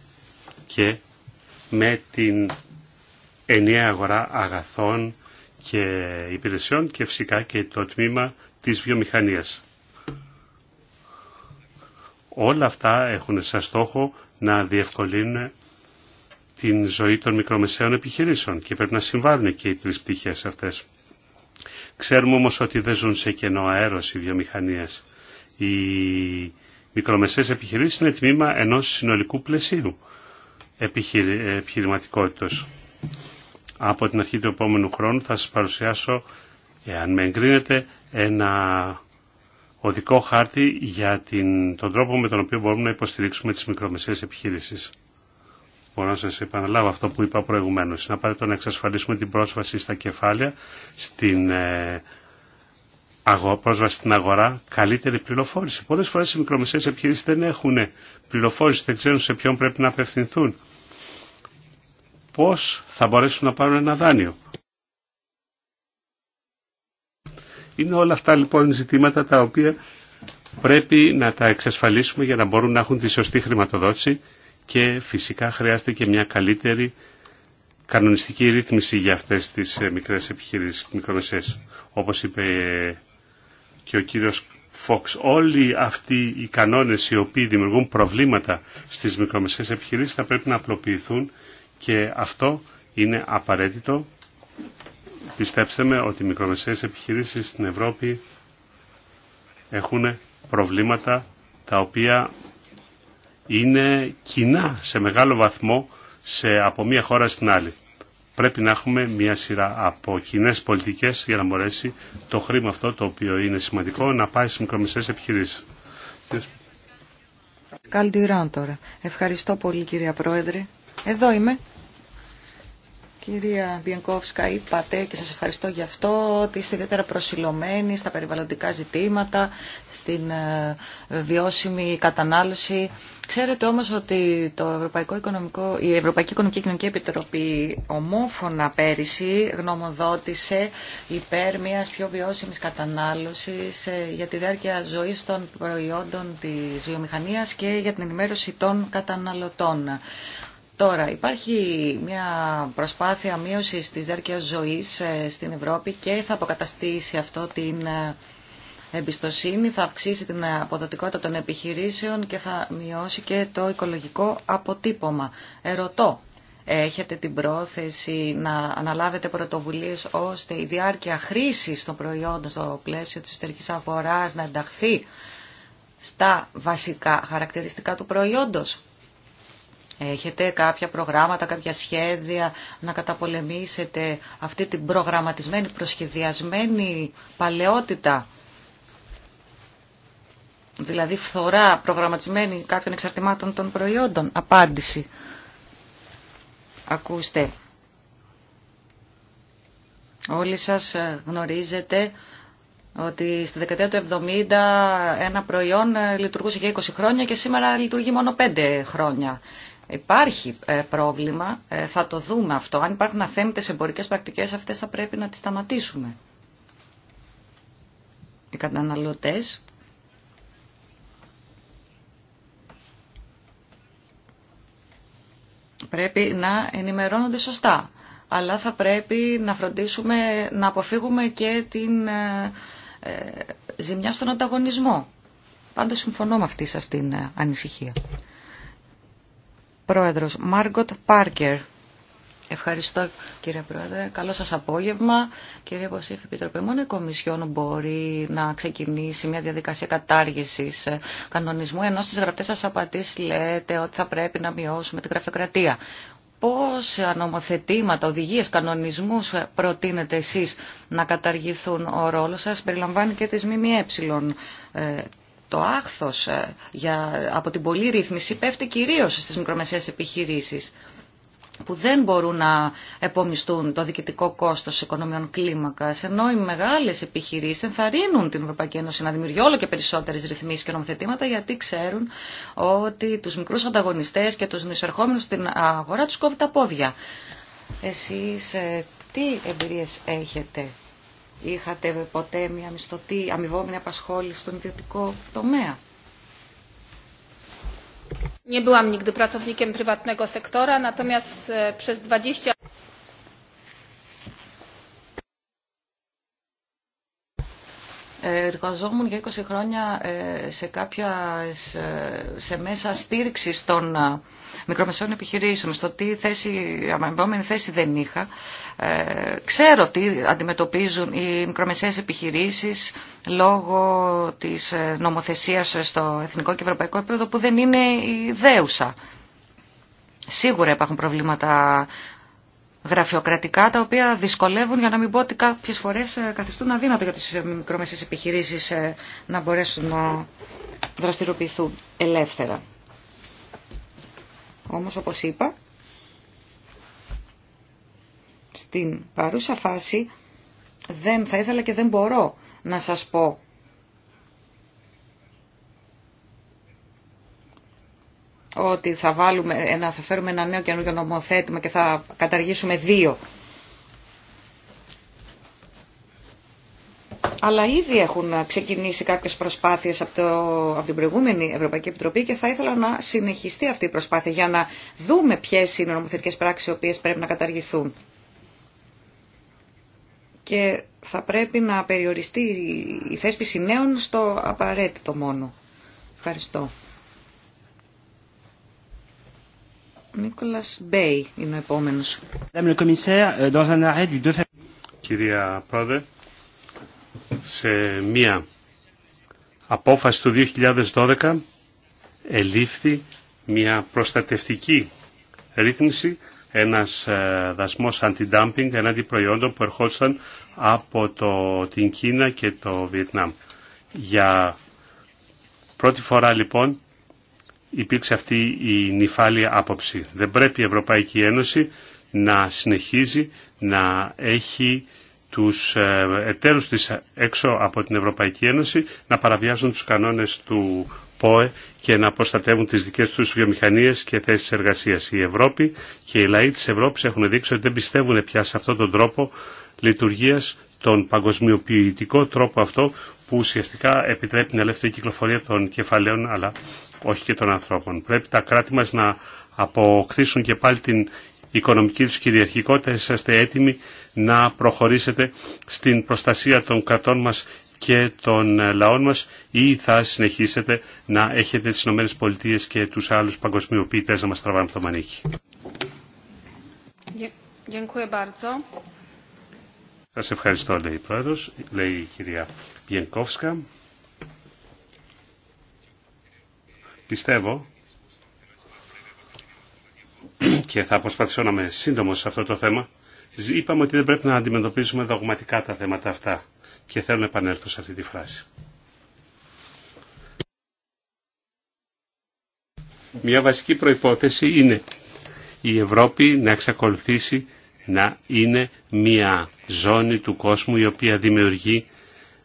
Speaker 1: και με την ενιαία αγορά αγαθών και υπηρεσιών και φυσικά και το τμήμα της βιομηχανίας. Όλα αυτά έχουν σαν στόχο να διευκολύνουν την ζωή των μικρομεσαίων επιχειρήσεων και πρέπει να συμβάλλουν και οι τρεις πτυχές αυτές. Ξέρουμε όμως ότι δεν ζουν σε κενό αέρος οι βιομηχανίες μικρομεσαίες επιχειρήσεις είναι τμήμα ενός συνολικού πλαισίου επιχειρηματικότητα. Από την αρχή του επόμενου χρόνου θα σας παρουσιάσω, εάν με εγκρίνετε, ένα οδικό χάρτη για την, τον τρόπο με τον οποίο μπορούμε να υποστηρίξουμε τις μικρομεσαίες επιχειρήσεις. Μπορώ να σας επαναλάβω αυτό που είπα προηγουμένως. Είναι απαραίτητο να εξασφαλίσουμε την πρόσβαση στα κεφάλαια, στην ε, πρόσβαση στην αγορά, καλύτερη πληροφόρηση. Πολλέ φορέ οι μικρομεσαίε επιχειρήσει δεν έχουν πληροφόρηση, δεν ξέρουν σε ποιον πρέπει να απευθυνθούν. Πώ θα μπορέσουν να πάρουν ένα δάνειο. Είναι όλα αυτά λοιπόν ζητήματα τα οποία πρέπει να τα εξασφαλίσουμε για να μπορούν να έχουν τη σωστή χρηματοδότηση και φυσικά χρειάζεται και μια καλύτερη κανονιστική ρύθμιση για αυτές τις ε, μικρές επιχειρήσεις, μικρομεσές. Όπως είπε και ο κύριος Φόξ. Όλοι αυτοί οι κανόνες οι οποίοι δημιουργούν προβλήματα στις μικρομεσαίες επιχειρήσεις θα πρέπει να απλοποιηθούν και αυτό είναι απαραίτητο. Πιστέψτε με ότι οι μικρομεσαίες επιχειρήσεις στην Ευρώπη έχουν προβλήματα τα οποία είναι κοινά σε μεγάλο βαθμό σε, από μία χώρα στην άλλη πρέπει να έχουμε μια σειρά από κοινέ πολιτικέ για να μπορέσει το χρήμα αυτό το οποίο είναι σημαντικό να πάει στι μικρομεσαίε επιχειρήσει.
Speaker 2: τώρα. Ευχαριστώ πολύ κυρία Πρόεδρε. Εδώ είμαι. Κυρία Μπιενκόφσκα, είπατε και σας ευχαριστώ γι' αυτό ότι είστε ιδιαίτερα προσιλωμένοι στα περιβαλλοντικά ζητήματα, στην ε, βιώσιμη κατανάλωση. Ξέρετε όμως ότι το Ευρωπαϊκό Οικονομικό, η Ευρωπαϊκή Οικονομική Κοινωνική Επιτροπή ομόφωνα πέρυσι γνωμοδότησε υπέρ μιας πιο βιώσιμης κατανάλωσης ε, για τη διάρκεια ζωής των προϊόντων της βιομηχανίας και για την ενημέρωση των καταναλωτών. Τώρα, υπάρχει μια προσπάθεια μείωσης της διάρκεια ζωής ε, στην Ευρώπη και θα αποκαταστήσει αυτό την ε, εμπιστοσύνη, θα αυξήσει την αποδοτικότητα των επιχειρήσεων και θα μειώσει και το οικολογικό αποτύπωμα. Ερωτώ, έχετε την πρόθεση να αναλάβετε πρωτοβουλίες ώστε η διάρκεια χρήσης των προϊόντων στο πλαίσιο της εσωτερικής αγοράς να ενταχθεί στα βασικά χαρακτηριστικά του προϊόντος. Έχετε κάποια προγράμματα, κάποια σχέδια να καταπολεμήσετε αυτή την προγραμματισμένη, προσχεδιασμένη παλαιότητα. Δηλαδή φθορά προγραμματισμένη κάποιων εξαρτημάτων των προϊόντων. Απάντηση. Ακούστε. Όλοι σας γνωρίζετε ότι στη δεκαετία του 70 ένα προϊόν λειτουργούσε για 20 χρόνια και σήμερα λειτουργεί μόνο 5 χρόνια. Υπάρχει ε, πρόβλημα, ε, θα το δούμε αυτό. Αν υπάρχουν αθέμητες εμπορικές πρακτικές, αυτές θα πρέπει να τις σταματήσουμε. Οι καταναλωτές πρέπει να ενημερώνονται σωστά. Αλλά θα πρέπει να φροντίσουμε να αποφύγουμε και την ε, ζημιά στον ανταγωνισμό. Πάντως συμφωνώ με αυτή σας την ανησυχία. Πρόεδρος Μάργκοτ Πάρκερ. Ευχαριστώ κύριε Πρόεδρε. Καλό σας απόγευμα. Κύριε Ποσίφη Επιτροπή, μόνο η Κομισιόν μπορεί να ξεκινήσει μια διαδικασία κατάργησης ε, κανονισμού, ενώ στις γραπτές σας απαντήσεις λέτε ότι θα πρέπει να μειώσουμε την γραφειοκρατία. Πόσα νομοθετήματα, οδηγίες, κανονισμούς προτείνετε εσείς να καταργηθούν ο ρόλος σας, περιλαμβάνει και τις ΜΜΕ. Ε, το άχθος ε, για, από την πολλή ρύθμιση πέφτει κυρίως στις μικρομεσαίες επιχειρήσεις που δεν μπορούν να επομιστούν το διοικητικό κόστος οικονομιών κλίμακας, ενώ οι μεγάλες επιχειρήσεις ενθαρρύνουν την Ευρωπαϊκή Ένωση να δημιουργεί όλο και περισσότερες ρυθμίσεις και νομοθετήματα, γιατί ξέρουν ότι τους μικρούς ανταγωνιστές και τους νησερχόμενους στην αγορά τους κόβει τα πόδια. Εσείς ε, τι εμπειρίες έχετε είχατε ποτέ μια μισθωτή αμοιβόμενη απασχόληση στον ιδιωτικό τομέα.
Speaker 5: Nie byłam nigdy pracownikiem prywatnego sektora, natomiast e, przez 20 e,
Speaker 2: Εργαζόμουν για 20 χρόνια ε, σε κάποια ε, σε μέσα στήριξη των μικρομεσαίων επιχειρήσεων, στο τι θέση, αμαμβόμενη θέση δεν είχα. Ε, ξέρω τι αντιμετωπίζουν οι μικρομεσαίες επιχειρήσεις λόγω της ε, νομοθεσίας στο εθνικό και ευρωπαϊκό επίπεδο που δεν είναι η δέουσα. Σίγουρα υπάρχουν προβλήματα γραφειοκρατικά τα οποία δυσκολεύουν για να μην πω ότι κάποιες φορές ε, καθιστούν αδύνατο για τις μικρομεσαίες επιχειρήσεις να μπορέσουν να δραστηριοποιηθούν ελεύθερα. Όμως όπως είπα, στην παρούσα φάση δεν θα ήθελα και δεν μπορώ να σας πω ότι θα, βάλουμε, θα φέρουμε ένα νέο καινούργιο νομοθέτημα και θα καταργήσουμε δύο αλλά ήδη έχουν ξεκινήσει κάποιες προσπάθειες από, το, από την προηγούμενη Ευρωπαϊκή Επιτροπή και θα ήθελα να συνεχιστεί αυτή η προσπάθεια για να δούμε ποιες είναι οι νομοθετικές πράξεις οι οποίες πρέπει να καταργηθούν. Και θα πρέπει να περιοριστεί η θέσπιση νέων στο απαραίτητο μόνο. Ευχαριστώ. Νίκολας Μπέι είναι ο επόμενος. Euh,
Speaker 1: Κυρία Πρόεδρε, σε μία απόφαση του 2012 ελήφθη μία προστατευτική ρύθμιση ένας ε, δασμός αντι-dumping εναντί προϊόντων που ερχόντουσαν από το, την Κίνα και το Βιετνάμ. Για πρώτη φορά λοιπόν υπήρξε αυτή η νυφάλια άποψη. Δεν πρέπει η Ευρωπαϊκή Ένωση να συνεχίζει να έχει τους ε, εταίρους της έξω από την Ευρωπαϊκή Ένωση να παραβιάζουν τους κανόνες του ΠΟΕ και να προστατεύουν τις δικές τους βιομηχανίες και θέσεις εργασίας. Η Ευρώπη και οι λαοί της Ευρώπης έχουν δείξει ότι δεν πιστεύουν πια σε αυτόν τον τρόπο λειτουργίας, τον παγκοσμιοποιητικό τρόπο αυτό που ουσιαστικά επιτρέπει την ελεύθερη κυκλοφορία των κεφαλαίων αλλά όχι και των ανθρώπων. Πρέπει τα κράτη μας να αποκτήσουν και πάλι την οικονομική τους κυριαρχικότητα, είσαστε έτοιμοι να προχωρήσετε στην προστασία των κρατών μας και των ε, λαών μας ή θα συνεχίσετε να έχετε τις Ηνωμένες Πολιτείες και τους άλλους παγκοσμιοποιητές να μας τραβάνε από το μανίκι. Σας ευχαριστώ, λέει η Πρόεδρος, λέει η κυρία Πιενκόφσκα. Πιστεύω και θα προσπαθήσω να είμαι σύντομο σε αυτό το θέμα. Είπαμε ότι δεν πρέπει να αντιμετωπίσουμε δογματικά τα θέματα αυτά και θέλω να επανέλθω σε αυτή τη φράση. Μια βασική προϋπόθεση είναι η Ευρώπη να εξακολουθήσει να είναι μια ζώνη του κόσμου η οποία δημιουργεί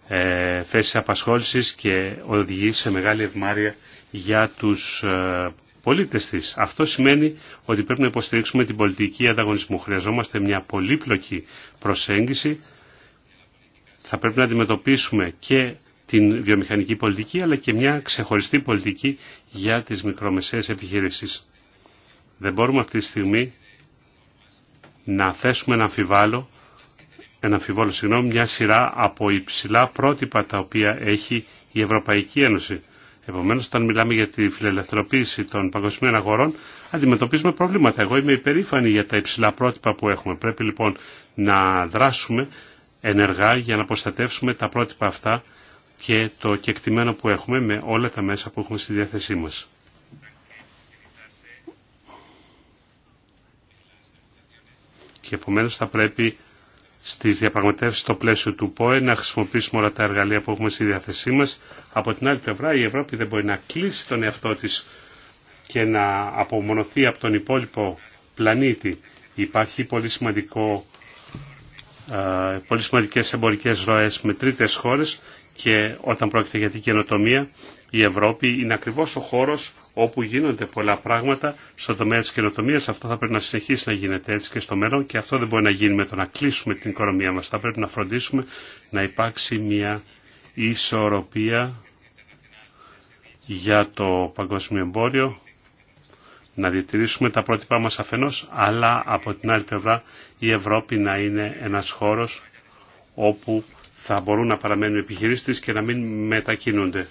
Speaker 1: ε, θέσεις απασχόλησης και οδηγεί σε μεγάλη ευμάρεια για τους ε, αυτό σημαίνει ότι πρέπει να υποστηρίξουμε την πολιτική ανταγωνισμού. Χρειαζόμαστε μια πολύπλοκη προσέγγιση. Θα πρέπει να αντιμετωπίσουμε και την βιομηχανική πολιτική αλλά και μια ξεχωριστή πολιτική για τις μικρομεσαίες επιχειρήσεις. Δεν μπορούμε αυτή τη στιγμή να θέσουμε ένα ένα αμφιβόλο, συγγνώμη, μια σειρά από υψηλά πρότυπα τα οποία έχει η Ευρωπαϊκή Ένωση. Επομένως, όταν μιλάμε για τη φιλελευθερωποίηση των παγκοσμίων αγορών, αντιμετωπίζουμε προβλήματα. Εγώ είμαι υπερήφανη για τα υψηλά πρότυπα που έχουμε. Πρέπει λοιπόν να δράσουμε ενεργά για να προστατεύσουμε τα πρότυπα αυτά και το κεκτημένο που έχουμε με όλα τα μέσα που έχουμε στη διάθεσή μας. Και επομένως θα πρέπει στι διαπραγματεύσει στο πλαίσιο του ΠΟΕ, να χρησιμοποιήσουμε όλα τα εργαλεία που έχουμε στη διάθεσή μα. Από την άλλη πλευρά η Ευρώπη δεν μπορεί να κλείσει τον εαυτό της και να απομονωθεί από τον υπόλοιπο πλανήτη. Υπάρχει πολύ σημαντικό ε, πολύ σημαντικές εμπορικές ροές με τρίτες χώρες και όταν πρόκειται για την καινοτομία η Ευρώπη είναι ακριβώς ο χώρος όπου γίνονται πολλά πράγματα στο τομέα της καινοτομία. Αυτό θα πρέπει να συνεχίσει να γίνεται έτσι και στο μέλλον και αυτό δεν μπορεί να γίνει με το να κλείσουμε την οικονομία μας. Θα πρέπει να φροντίσουμε να υπάρξει μια ισορροπία για το παγκόσμιο εμπόριο, να διατηρήσουμε τα πρότυπά μας αφενός, αλλά από την άλλη πλευρά η Ευρώπη να είναι ένας χώρος όπου θα μπορούν να παραμένουν επιχειρήσεις και να μην μετακινούνται.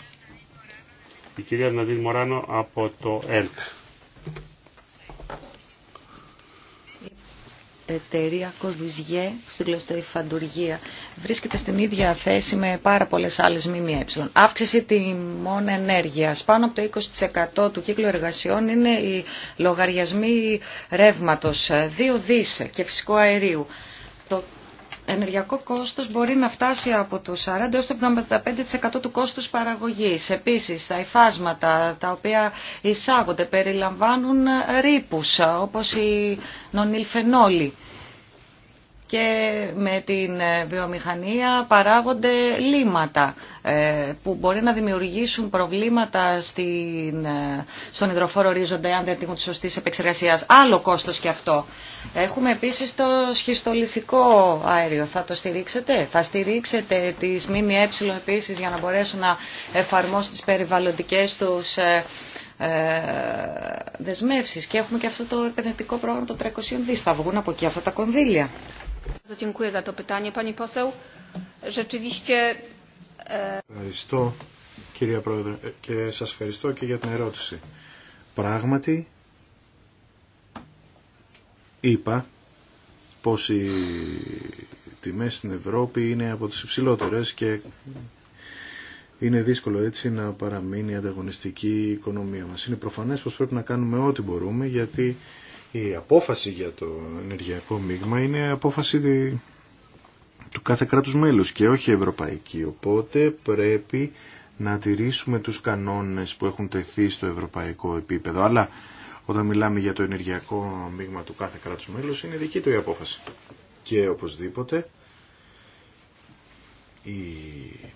Speaker 1: Η κυρία Ναδίν Μωράνο από το ΕΛΚ.
Speaker 2: εταιρεία Κορβιζιέ στη Φαντουργία, βρίσκεται στην ίδια θέση με πάρα πολλέ άλλε ΜΜΕ. Αύξηση τιμών ενέργεια. Πάνω από το 20% του κύκλου εργασιών είναι οι λογαριασμοί ρεύματο, δύο δι και φυσικό αερίου. Το ενεργειακό κόστος μπορεί να φτάσει από το 40% έως το 75% του κόστους παραγωγής. Επίσης, τα υφάσματα τα οποία εισάγονται περιλαμβάνουν ρήπους, όπως η νονιλφενόλη. Και με την βιομηχανία παράγονται λίματα. Ε, που μπορεί να δημιουργήσουν προβλήματα στην, ε, στον υδροφόρο ορίζοντα αν δεν τύχουν τη σωστή επεξεργασία. Άλλο κόστο και αυτό. Έχουμε επίση το σχιστολιθικό αέριο. Θα το στηρίξετε, θα στηρίξετε τι ΜΜΕ επίση για να μπορέσουν να εφαρμόσουν τι περιβαλλοντικέ του ε, δεσμεύσεις και έχουμε και αυτό το επενδυτικό πρόγραμμα των 300 δις. Θα βγουν από εκεί αυτά τα κονδύλια.
Speaker 3: Ευχαριστώ κυρία Πρόεδρε ε, και σας ευχαριστώ και για την ερώτηση. Πράγματι είπα πως οι τιμές στην Ευρώπη είναι από τις υψηλότερες και είναι δύσκολο έτσι να παραμείνει η ανταγωνιστική η οικονομία μας. Είναι προφανές πως πρέπει να κάνουμε ό,τι μπορούμε γιατί η απόφαση για το ενεργειακό μείγμα είναι απόφαση του κάθε κράτους μέλους και όχι ευρωπαϊκή. Οπότε πρέπει να τηρήσουμε τους κανόνες που έχουν τεθεί στο ευρωπαϊκό επίπεδο. Αλλά όταν μιλάμε για το ενεργειακό μείγμα του κάθε κράτους μέλους είναι δική του η απόφαση. Και οπωσδήποτε η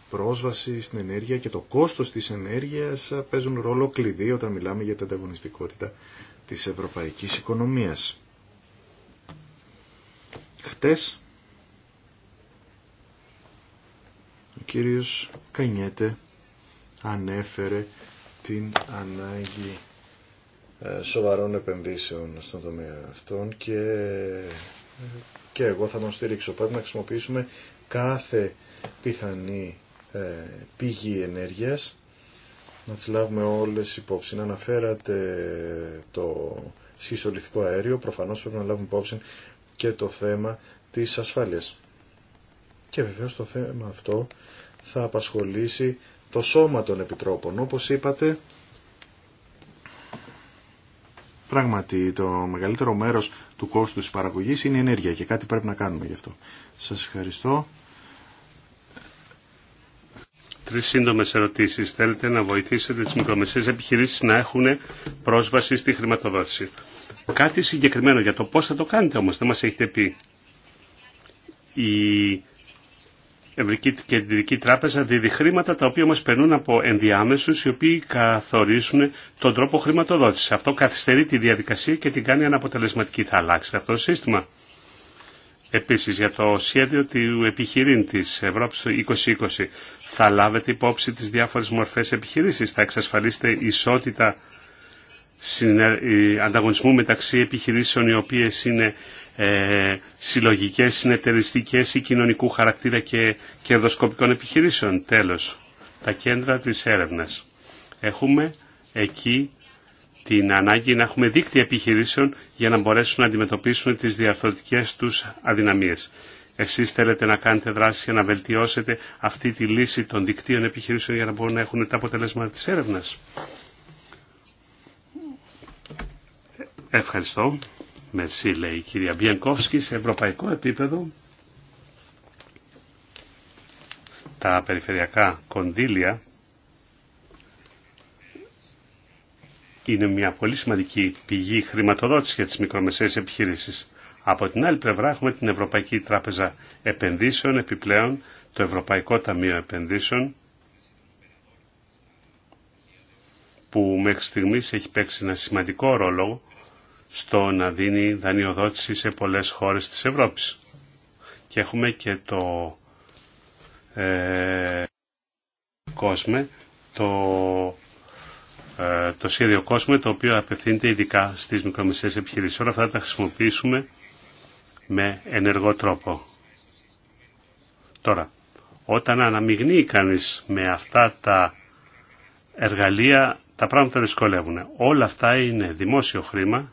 Speaker 3: πρόσβαση στην ενέργεια και το κόστος της ενέργειας παίζουν ρόλο κλειδί όταν μιλάμε για την ανταγωνιστικότητα της ευρωπαϊκής οικονομίας. Χτες κύριος Κανιέτε ανέφερε την ανάγκη ε, σοβαρών επενδύσεων στον τομέα αυτών και, ε, και εγώ θα τον στηρίξω. Πρέπει να χρησιμοποιήσουμε κάθε πιθανή ε, πηγή ενέργειας, να τις λάβουμε όλες υπόψη. Να αναφέρατε το σχιστολιθικό αέριο, προφανώς πρέπει να λάβουμε υπόψη και το θέμα της ασφάλειας. Και βεβαίως το θέμα αυτό θα απασχολήσει το σώμα των επιτρόπων. Όπως είπατε, Πράγματι, το μεγαλύτερο μέρος του κόστου της παραγωγής είναι η ενέργεια και κάτι πρέπει να κάνουμε γι' αυτό.
Speaker 1: Σας ευχαριστώ. Τρεις σύντομες ερωτήσεις. Θέλετε να βοηθήσετε τις μικρομεσαίες επιχειρήσεις να έχουν πρόσβαση στη χρηματοδότηση. Κάτι συγκεκριμένο για το πώς θα το κάνετε όμως, δεν μας έχετε πει. Ευρική Κεντρική Τράπεζα δίδει χρήματα τα οποία μας περνούν από ενδιάμεσους οι οποίοι καθορίσουν τον τρόπο χρηματοδότησης. Αυτό καθυστερεί τη διαδικασία και την κάνει αναποτελεσματική. Θα αλλάξετε αυτό το σύστημα. Επίσης για το σχέδιο του επιχειρήν της Ευρώπης 2020 θα λάβετε υπόψη τις διάφορες μορφές επιχειρήσεις, θα εξασφαλίσετε ισότητα ανταγωνισμού μεταξύ επιχειρήσεων οι οποίες είναι ε, συλλογικές, συνεταιριστικές ή κοινωνικού χαρακτήρα και κερδοσκοπικών επιχειρήσεων. Τέλος, τα κέντρα της έρευνας. Έχουμε εκεί την ανάγκη να έχουμε δίκτυα επιχειρήσεων για να μπορέσουν να αντιμετωπίσουν τις διαρθρωτικές τους αδυναμίες. Εσείς θέλετε να κάνετε δράση για να βελτιώσετε αυτή τη λύση των δικτύων επιχειρήσεων για να μπορούν να έχουν τα αποτελέσματα της έρευνας. Ευχαριστώ. Μερσή λέει η κυρία Μπιενκόφσκη σε ευρωπαϊκό επίπεδο. Τα περιφερειακά κονδύλια είναι μια πολύ σημαντική πηγή χρηματοδότηση για τις μικρομεσαίες επιχειρήσεις. Από την άλλη πλευρά έχουμε την Ευρωπαϊκή Τράπεζα Επενδύσεων, επιπλέον το Ευρωπαϊκό Ταμείο Επενδύσεων, που μέχρι στιγμής έχει παίξει ένα σημαντικό ρόλο στο να δίνει δανειοδότηση σε πολλές χώρες της Ευρώπης. Και έχουμε και το ε, κόσμε, το, ε, το σχέδιο κόσμο το οποίο απευθύνεται ειδικά στις μικρομεσαίες επιχειρήσεις. Όλα αυτά τα χρησιμοποιήσουμε με ενεργό τρόπο. Τώρα, όταν αναμειγνύει κανείς με αυτά τα εργαλεία, τα πράγματα δυσκολεύουν. Όλα αυτά είναι δημόσιο χρήμα,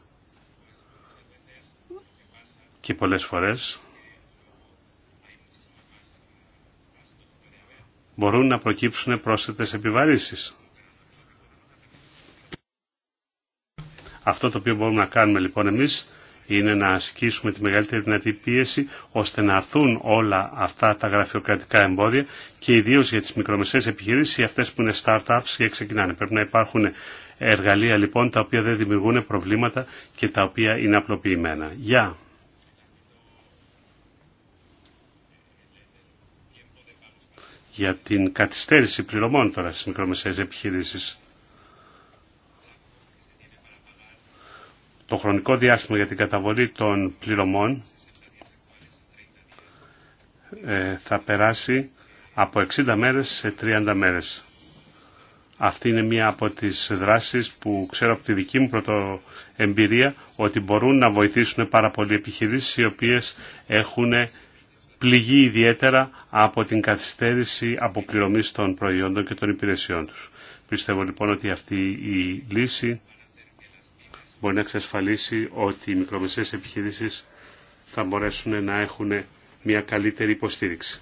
Speaker 1: και πολλές φορές μπορούν να προκύψουν πρόσθετες επιβαρύσεις. Αυτό το οποίο μπορούμε να κάνουμε λοιπόν εμείς είναι να ασκήσουμε τη μεγαλύτερη δυνατή πίεση ώστε να αρθούν όλα αυτά τα γραφειοκρατικά εμπόδια και ιδίως για τις μικρομεσαίες επιχειρήσεις ή αυτές που είναι startups και ξεκινάνε. Πρέπει να υπάρχουν εργαλεία λοιπόν τα οποία δεν δημιουργούν προβλήματα και τα οποία είναι απλοποιημένα. Γεια! για την καθυστέρηση πληρωμών τώρα στις μικρομεσαίες επιχειρήσεις. Το χρονικό διάστημα για την καταβολή των πληρωμών ε, θα περάσει από 60 μέρες σε 30 μέρες. Αυτή είναι μία από τις δράσεις που ξέρω από τη δική μου πρωτοεμπειρία ότι μπορούν να βοηθήσουν πάρα πολλοί επιχειρήσεις οι οποίες έχουν πληγεί ιδιαίτερα από την καθυστέρηση αποπληρωμή των προϊόντων και των υπηρεσιών τους. Πιστεύω λοιπόν ότι αυτή η λύση μπορεί να εξασφαλίσει ότι οι μικρομεσαίες επιχειρήσεις θα μπορέσουν να έχουν μια καλύτερη υποστήριξη.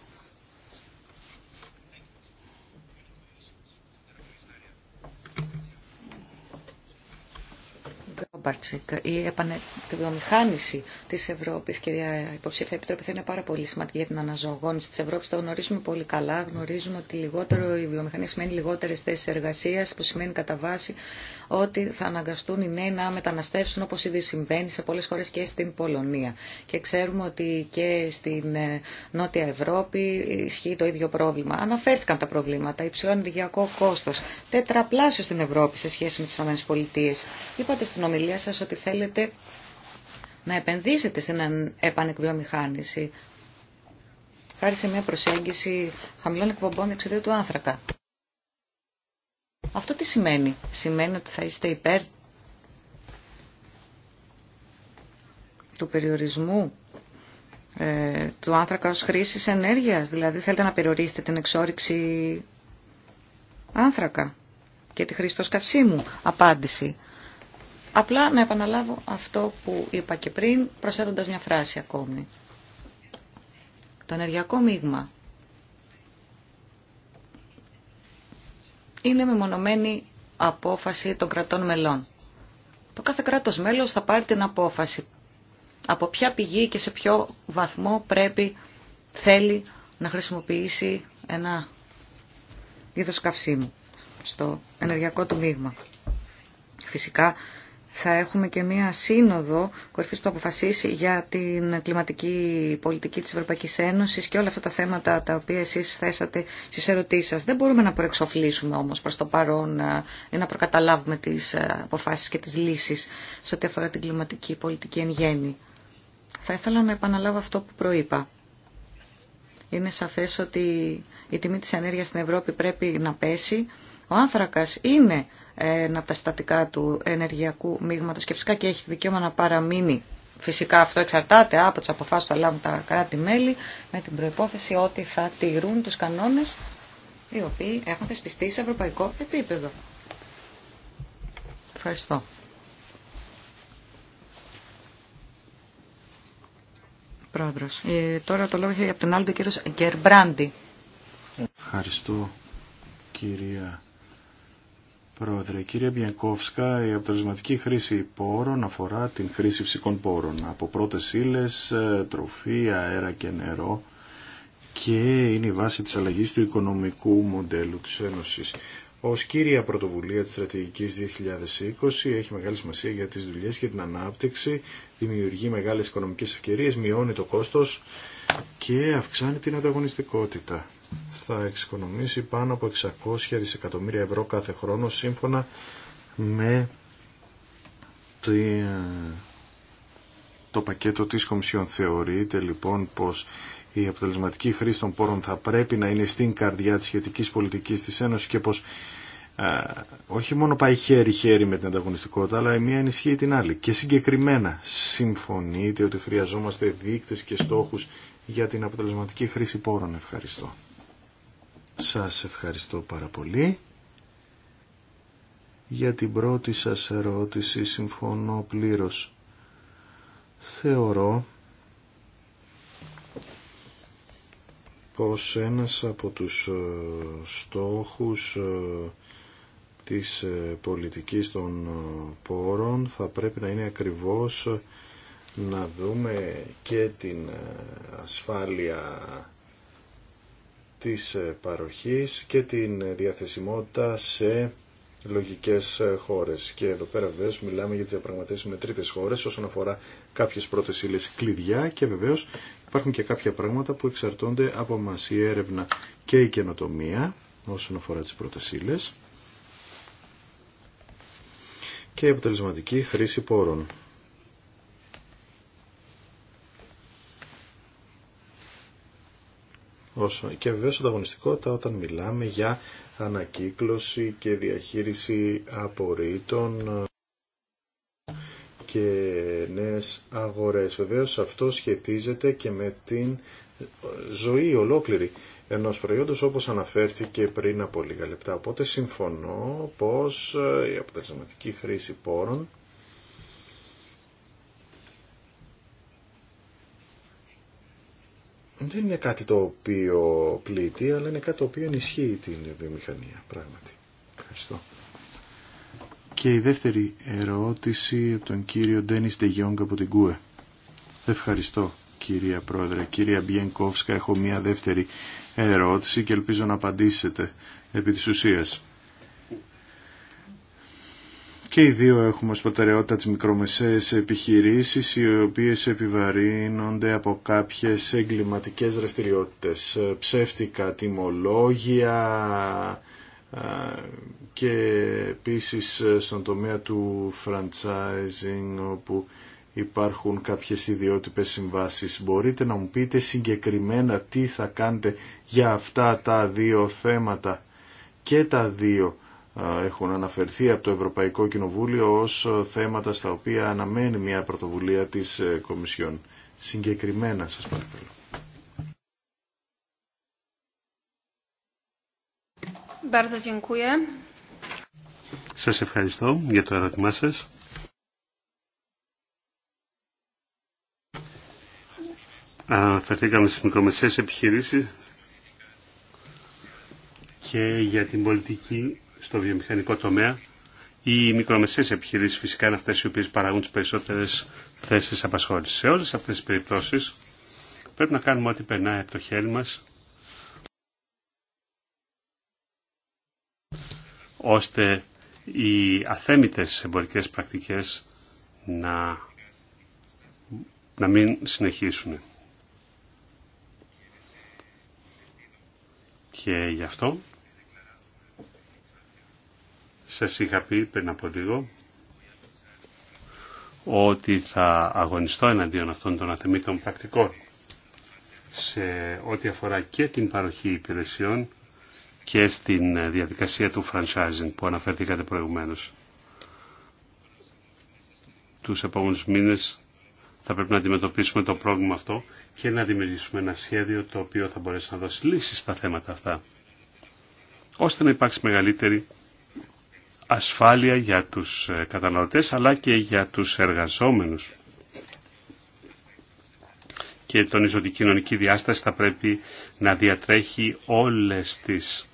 Speaker 2: Η επανεκβιομηχάνηση τη Ευρώπη, κυρία Υποψήφια Επιτροπή, θα είναι πάρα πολύ σημαντική για την αναζωογόνηση τη Ευρώπη. Το γνωρίζουμε πολύ καλά. Γνωρίζουμε ότι λιγότερο η βιομηχανία σημαίνει λιγότερε θέσει εργασία, που σημαίνει κατά βάση ότι θα αναγκαστούν οι νέοι να μεταναστεύσουν όπω ήδη συμβαίνει σε πολλέ χώρε και στην Πολωνία. Και ξέρουμε ότι και στην ε, Νότια Ευρώπη ισχύει το ίδιο πρόβλημα. Αναφέρθηκαν τα προβλήματα. Υψηλό ενεργειακό κόστο. Τετραπλάσιο στην Ευρώπη σε σχέση με τι ΗΠΑ. Είπατε στην ομιλία ομιλία σας ότι θέλετε να επενδύσετε έναν επανεκβιομηχάνηση χάρη σε μια προσέγγιση χαμηλών εκπομπών εξαιτία του άνθρακα. Αυτό τι σημαίνει. Σημαίνει ότι θα είστε υπέρ του περιορισμού ε, του άνθρακα ως χρήσης ενέργειας. Δηλαδή θέλετε να περιορίσετε την εξόριξη άνθρακα και τη χρήση του Απάντηση. Απλά να επαναλάβω αυτό που είπα και πριν, προσθέτοντας μια φράση ακόμη. Το ενεργειακό μείγμα είναι μεμονωμένη απόφαση των κρατών μελών. Το κάθε κράτος μέλος θα πάρει την απόφαση από ποια πηγή και σε ποιο βαθμό πρέπει, θέλει να χρησιμοποιήσει ένα είδος καυσίμου στο ενεργειακό του μείγμα. Φυσικά θα έχουμε και μία σύνοδο κορυφής που αποφασίσει για την κλιματική πολιτική της Ευρωπαϊκής Ένωσης και όλα αυτά τα θέματα τα οποία εσείς θέσατε στις ερωτήσεις σας. Δεν μπορούμε να προεξοφλήσουμε όμως προς το παρόν ε, ή να προκαταλάβουμε τις ε, αποφάσεις και τις λύσεις σε ό,τι αφορά την κλιματική πολιτική εν γέννη. Θα ήθελα να επαναλάβω αυτό που προείπα. Είναι σαφές ότι η τιμή της ενέργειας στην Ευρώπη πρέπει να πέσει ο άνθρακας είναι ένα από τα συστατικά του ενεργειακού μείγματος και φυσικά και έχει δικαίωμα να παραμείνει. Φυσικά αυτό εξαρτάται από τις αποφάσεις που θα λάβουν τα κράτη-μέλη με την προϋπόθεση ότι θα τηρούν τους κανόνες οι οποίοι έχουν θεσπιστεί σε ευρωπαϊκό επίπεδο. Ευχαριστώ. Πρόεδρος. Ε, τώρα το λόγο έχει από τον άλλο τον κύριο Γκερμπράντι.
Speaker 3: Ευχαριστώ κυρία Πρόεδρε, κύριε Μπιανκόφσκα, η αποτελεσματική χρήση πόρων αφορά την χρήση φυσικών πόρων από πρώτες ύλε, ε, τροφή, αέρα και νερό και είναι η βάση της αλλαγής του οικονομικού μοντέλου της Ένωσης. Ω κύρια πρωτοβουλία της στρατηγικής 2020 έχει μεγάλη σημασία για τις δουλειές και την ανάπτυξη, δημιουργεί μεγάλες οικονομικές ευκαιρίες, μειώνει το κόστος και αυξάνει την ανταγωνιστικότητα θα εξοικονομήσει πάνω από 600 δισεκατομμύρια ευρώ κάθε χρόνο σύμφωνα με ε, το πακέτο της Κομισιόν. Θεωρείται λοιπόν πως η αποτελεσματική χρήση των πόρων θα πρέπει να είναι στην καρδιά της σχετικής πολιτικής της Ένωσης και πως ε, όχι μόνο πάει χέρι-χέρι με την ανταγωνιστικότητα, αλλά η μία ενισχύει την άλλη. Και συγκεκριμένα συμφωνείτε ότι χρειαζόμαστε δείκτες και στόχους για την αποτελεσματική χρήση πόρων. Ευχαριστώ. Σας ευχαριστώ πάρα πολύ. Για την πρώτη σας ερώτηση συμφωνώ πλήρως. Θεωρώ πως ένας από τους ε, στόχους ε, της ε, πολιτικής των πόρων θα πρέπει να είναι ακριβώς να δούμε και την ασφάλεια της ε, παροχής και την ε, διαθεσιμότητα σε λογικές ε, χώρες. Και εδώ πέρα βεβαίως μιλάμε για τις διαπραγματεύσεις με τρίτες χώρες όσον αφορά κάποιες πρώτες ύλες κλειδιά και βεβαίως υπάρχουν και κάποια πράγματα που εξαρτώνται από μας η έρευνα και η καινοτομία όσον αφορά τις πρώτες ύλες και η αποτελεσματική χρήση πόρων. Όσο... Και βεβαίως ανταγωνιστικότητα όταν μιλάμε για ανακύκλωση και διαχείριση απορρίτων και νέες αγορές. Βεβαίως αυτό σχετίζεται και με την ζωή ολόκληρη ενός προϊόντος όπως αναφέρθηκε πριν από λίγα λεπτά. Οπότε συμφωνώ πως η αποτελεσματική χρήση πόρων δεν είναι κάτι το οποίο πλήττει, αλλά είναι κάτι το οποίο ενισχύει την βιομηχανία, πράγματι. Ευχαριστώ. Και η δεύτερη ερώτηση από τον κύριο Ντένις Τεγιόγκ από την ΚΟΕ. Ευχαριστώ κυρία Πρόεδρε. Κυρία Μπιενκόφσκα, έχω μία δεύτερη ερώτηση και ελπίζω να απαντήσετε επί της ουσίας. Και οι δύο έχουμε ως προτεραιότητα τις μικρομεσαίες επιχειρήσεις οι οποίες επιβαρύνονται από κάποιες εγκληματικές δραστηριότητες. Ε, ψεύτικα τιμολόγια ε, και επίσης ε, στον τομέα του franchising όπου υπάρχουν κάποιες ιδιότυπες συμβάσεις. Μπορείτε να μου πείτε συγκεκριμένα τι θα κάνετε για αυτά τα δύο θέματα και τα δύο έχουν αναφερθεί από το Ευρωπαϊκό Κοινοβούλιο ως θέματα στα οποία αναμένει μια πρωτοβουλία της ε, Κομισιόν. Συγκεκριμένα σας παρακαλώ.
Speaker 1: Σας ευχαριστώ για το ερώτημά σας. Αναφερθήκαμε στις μικρομεσαίες επιχειρήσεις και για την πολιτική στο βιομηχανικό τομέα. Οι μικρομεσαίες επιχειρήσεις φυσικά είναι αυτές οι οποίες παράγουν τις περισσότερες θέσεις απασχόλησης. Σε όλες αυτές τις περιπτώσεις πρέπει να κάνουμε ό,τι περνάει από το χέρι μας ώστε οι αθέμητες εμπορικές πρακτικές να, να μην συνεχίσουν. Και γι' αυτό σας είχα πει πριν από λίγο ότι θα αγωνιστώ εναντίον αυτών των αθεμήτων πρακτικών σε ό,τι αφορά και την παροχή υπηρεσιών και στην ε, διαδικασία του franchising που αναφέρθηκατε προηγουμένως. Τους επόμενους μήνες θα πρέπει να αντιμετωπίσουμε το πρόβλημα αυτό και να δημιουργήσουμε ένα σχέδιο το οποίο θα μπορέσει να δώσει λύσεις στα θέματα αυτά, ώστε να υπάρξει μεγαλύτερη ασφάλεια για τους ε, καταναλωτές αλλά και για τους εργαζόμενους. Και τονίζω ότι η κοινωνική διάσταση θα πρέπει να διατρέχει όλες τις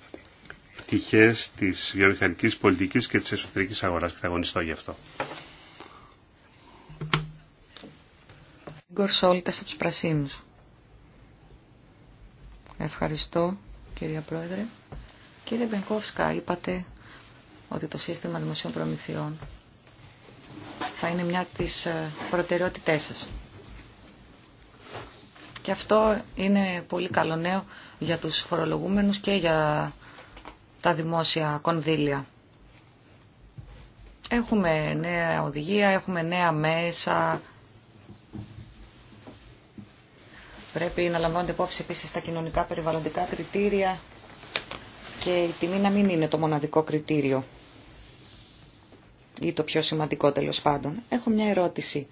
Speaker 1: πτυχές της βιομηχανικής πολιτικής και της εσωτερικής αγοράς και θα αγωνιστώ γι' αυτό.
Speaker 2: Ευχαριστώ κυρία Πρόεδρε. Κύριε Μπενκόφσκα, είπατε ότι το σύστημα δημοσίων προμηθειών θα είναι μια της τις ε, προτεραιότητές σας. Και αυτό είναι πολύ καλό νέο για τους φορολογούμενους και για τα δημόσια κονδύλια. Έχουμε νέα οδηγία, έχουμε νέα μέσα. Πρέπει να λαμβάνονται υπόψη επίσης τα κοινωνικά περιβαλλοντικά κριτήρια και η τιμή να μην είναι το μοναδικό κριτήριο ή το πιο σημαντικό τέλο πάντων. Έχω μια ερώτηση.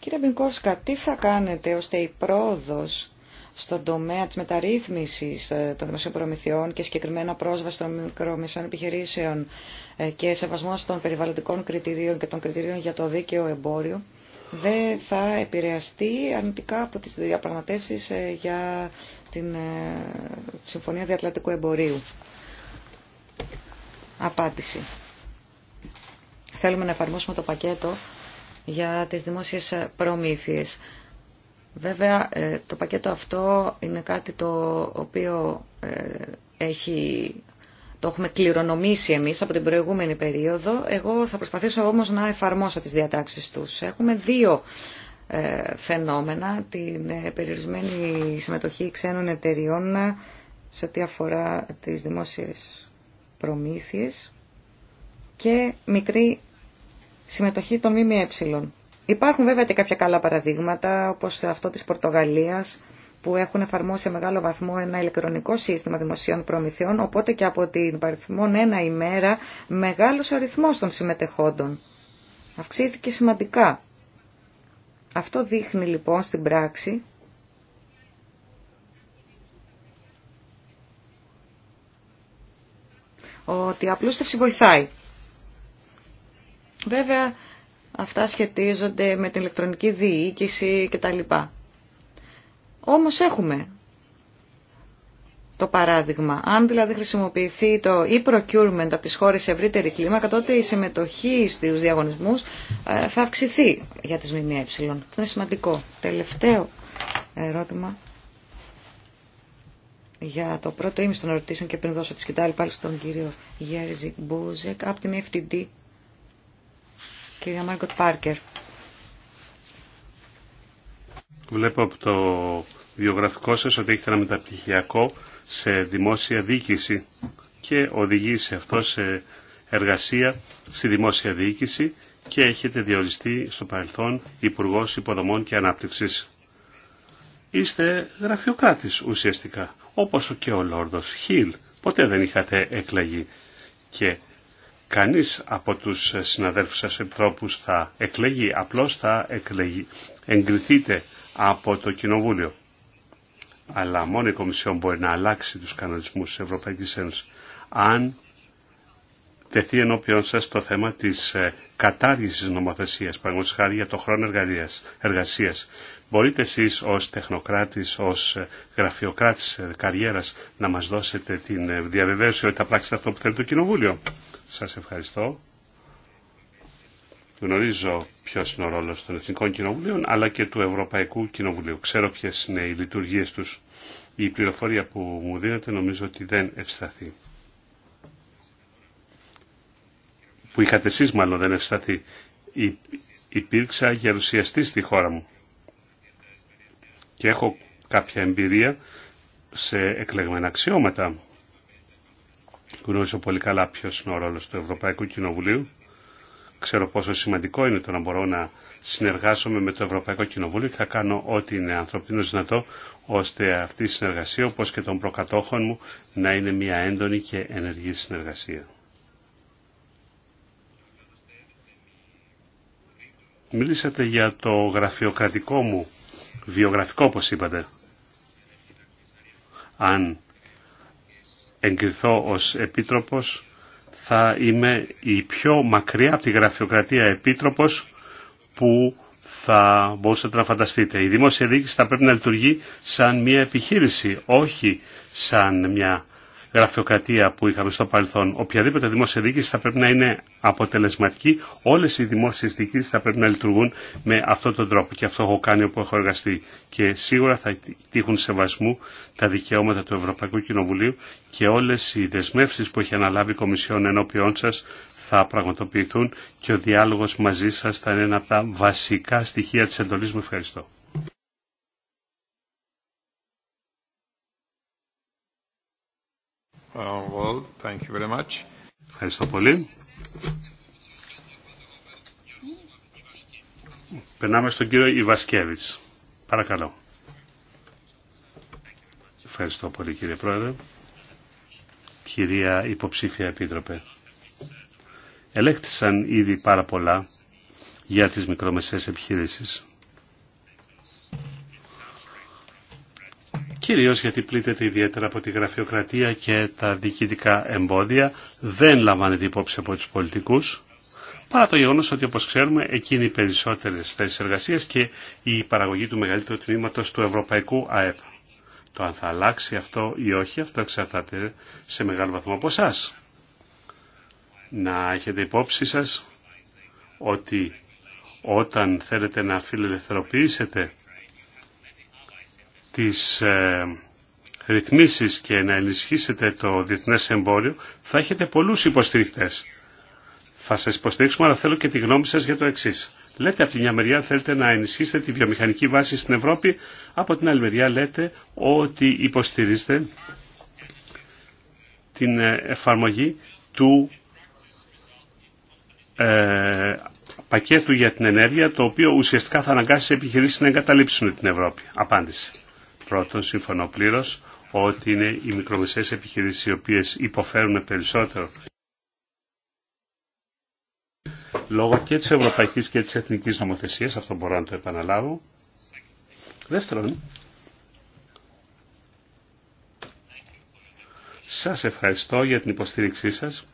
Speaker 2: Κύριε Μπινκόσκα, τι θα κάνετε ώστε η πρόοδος στον τομέα της μεταρρύθμισης ε, των δημοσίων προμηθειών και συγκεκριμένα πρόσβαση των μικρομεσαίων επιχειρήσεων ε, και σεβασμός των περιβαλλοντικών κριτηρίων και των κριτηρίων για το δίκαιο εμπόριο δεν θα επηρεαστεί αρνητικά από τις διαπραγματεύσεις ε, για την Συμφωνία Διατλαντικού Εμπορίου. Απάντηση θέλουμε να εφαρμόσουμε το πακέτο για τις δημόσιες προμήθειες. Βέβαια, ε, το πακέτο αυτό είναι κάτι το οποίο ε, έχει, το έχουμε κληρονομήσει εμείς από την προηγούμενη περίοδο. Εγώ θα προσπαθήσω όμως να εφαρμόσω τις διατάξεις τους. Έχουμε δύο ε, φαινόμενα, την περιορισμένη συμμετοχή ξένων εταιριών σε ό,τι αφορά τις δημόσιες προμήθειες και μικρή συμμετοχή των ΜΜΕ. Υπάρχουν βέβαια και κάποια καλά παραδείγματα, όπως αυτό της Πορτογαλίας, που έχουν εφαρμόσει σε μεγάλο βαθμό ένα ηλεκτρονικό σύστημα δημοσίων προμηθειών, οπότε και από την παριθμόν ένα ημέρα μεγάλος αριθμό των συμμετεχόντων. Αυξήθηκε σημαντικά. Αυτό δείχνει λοιπόν στην πράξη ότι η απλούστευση βοηθάει Βέβαια, αυτά σχετίζονται με την ηλεκτρονική διοίκηση κτλ. Όμως έχουμε το παράδειγμα. Αν δηλαδή χρησιμοποιηθεί το e-procurement από τις χώρες σε ευρύτερη κλίμακα, τότε η συμμετοχή στους διαγωνισμούς ε, θα αυξηθεί για τις ΜΜΕ. Αυτό είναι σημαντικό. Τελευταίο ερώτημα για το πρώτο ήμιση των ερωτήσεων και πριν δώσω τη σκητάλη πάλι στον κύριο Γέρζη Μπούζεκ από την FTD Κυρία Μάργκοτ Πάρκερ.
Speaker 1: Βλέπω από το βιογραφικό σας ότι έχετε ένα μεταπτυχιακό σε δημόσια διοίκηση και οδηγεί σε αυτό σε εργασία στη δημόσια διοίκηση και έχετε διοριστεί στο παρελθόν υπουργό Υποδομών και Ανάπτυξης. Είστε γραφειοκράτης ουσιαστικά, όπως και ο Λόρδος Χιλ. Ποτέ δεν είχατε εκλαγεί και Κανείς από τους συναδέλφους σας επιτρόπους θα εκλεγεί, απλώς θα εκλεγεί, εγκριθείτε από το Κοινοβούλιο. Αλλά μόνο η Κομισιόν μπορεί να αλλάξει τους κανονισμούς της Ευρωπαϊκής Ένωσης αν τεθεί ενώπιον σα το θέμα της ε, κατάργηση νομοθεσία, παραγωγής χάρη για το χρόνο εργασία. Μπορείτε εσεί ω τεχνοκράτη, ως ε, γραφειοκράτης ε, καριέρα, να μα δώσετε την διαβεβαίωση ότι θα πράξετε αυτό που θέλει το Κοινοβούλιο. Σα ευχαριστώ. Γνωρίζω ποιο είναι ο ρόλο των Εθνικών Κοινοβουλίων αλλά και του Ευρωπαϊκού Κοινοβουλίου. Ξέρω ποιε είναι οι λειτουργίε του. Η πληροφορία που μου δίνετε νομίζω ότι δεν ευσταθεί. που είχατε εσείς μάλλον δεν ευσταθεί. Υπήρξα γερουσιαστή στη χώρα μου και έχω κάποια εμπειρία σε εκλεγμένα αξιώματα. Γνωρίζω πολύ καλά ποιο είναι ο ρόλο του Ευρωπαϊκού Κοινοβουλίου. Ξέρω πόσο σημαντικό είναι το να μπορώ να συνεργάζομαι με το Ευρωπαϊκό Κοινοβούλιο και θα κάνω ό,τι είναι ανθρωπίνο δυνατό ώστε αυτή η συνεργασία, όπω και των προκατόχων μου, να είναι μια έντονη και ενεργή συνεργασία. Μιλήσατε για το γραφειοκρατικό μου βιογραφικό, όπως είπατε. Αν εγκριθώ ως επίτροπος, θα είμαι η πιο μακριά από τη γραφειοκρατία επίτροπος που θα μπορούσατε να φανταστείτε. Η δημόσια διοίκηση θα πρέπει να λειτουργεί σαν μια επιχείρηση, όχι σαν μια γραφειοκρατία που είχαμε στο παρελθόν. Οποιαδήποτε δημόσια διοίκηση θα πρέπει να είναι αποτελεσματική. Όλε οι δημόσιε διοικήσει θα πρέπει να λειτουργούν με αυτόν τον τρόπο. Και αυτό έχω κάνει όπου έχω εργαστεί. Και σίγουρα θα τύχουν σεβασμού τα δικαιώματα του Ευρωπαϊκού Κοινοβουλίου και όλε οι δεσμεύσει που έχει αναλάβει η Κομισιόν ενώπιον σα θα πραγματοποιηθούν και ο διάλογος μαζί σας θα είναι ένα από τα βασικά στοιχεία της εντολής μου. Ευχαριστώ.
Speaker 4: Uh,
Speaker 1: Ευχαριστώ πολύ. Περνάμε στον κύριο Ιβασκέβιτς. Παρακαλώ. Ευχαριστώ πολύ κύριε Πρόεδρε. Κυρία Υποψήφια Επίτροπε. Ελέγχθησαν ήδη πάρα πολλά για τις μικρομεσαίες επιχειρήσεις. κυρίως γιατί πλήττεται ιδιαίτερα από τη γραφειοκρατία και τα διοικητικά εμπόδια, δεν λαμβάνεται υπόψη από τους πολιτικούς, παρά το γεγονός ότι όπως ξέρουμε εκείνοι οι περισσότερες θέσεις εργασίας και η παραγωγή του μεγαλύτερου τμήματος του ευρωπαϊκού ΑΕΠ. Το αν θα αλλάξει αυτό ή όχι, αυτό εξαρτάται σε μεγάλο βαθμό από εσά. Να έχετε υπόψη σας ότι όταν θέλετε να φιλελευθερωποιήσετε τις ε, ρυθμίσεις και να ενισχύσετε το διεθνές εμπόριο, θα έχετε πολλούς υποστηρικτές. Θα σας υποστηρίξουμε, αλλά θέλω και τη γνώμη σας για το εξή. Λέτε από τη μια μεριά θέλετε να ενισχύσετε τη βιομηχανική βάση στην Ευρώπη, από την άλλη μεριά λέτε ότι υποστηρίζετε την ε, εφαρμογή του ε, πακέτου για την ενέργεια, το οποίο ουσιαστικά θα αναγκάσει τις επιχειρήσεις να εγκαταλείψουν την Ευρώπη. Απάντηση. Πρώτον, συμφωνώ πλήρω ότι είναι οι μικρομεσαίες επιχειρήσεις οι οποίες υποφέρουν περισσότερο λόγω και της ευρωπαϊκής και της εθνικής νομοθεσίας, αυτό μπορώ να το επαναλάβω. Δεύτερον, σας ευχαριστώ για την υποστήριξή σας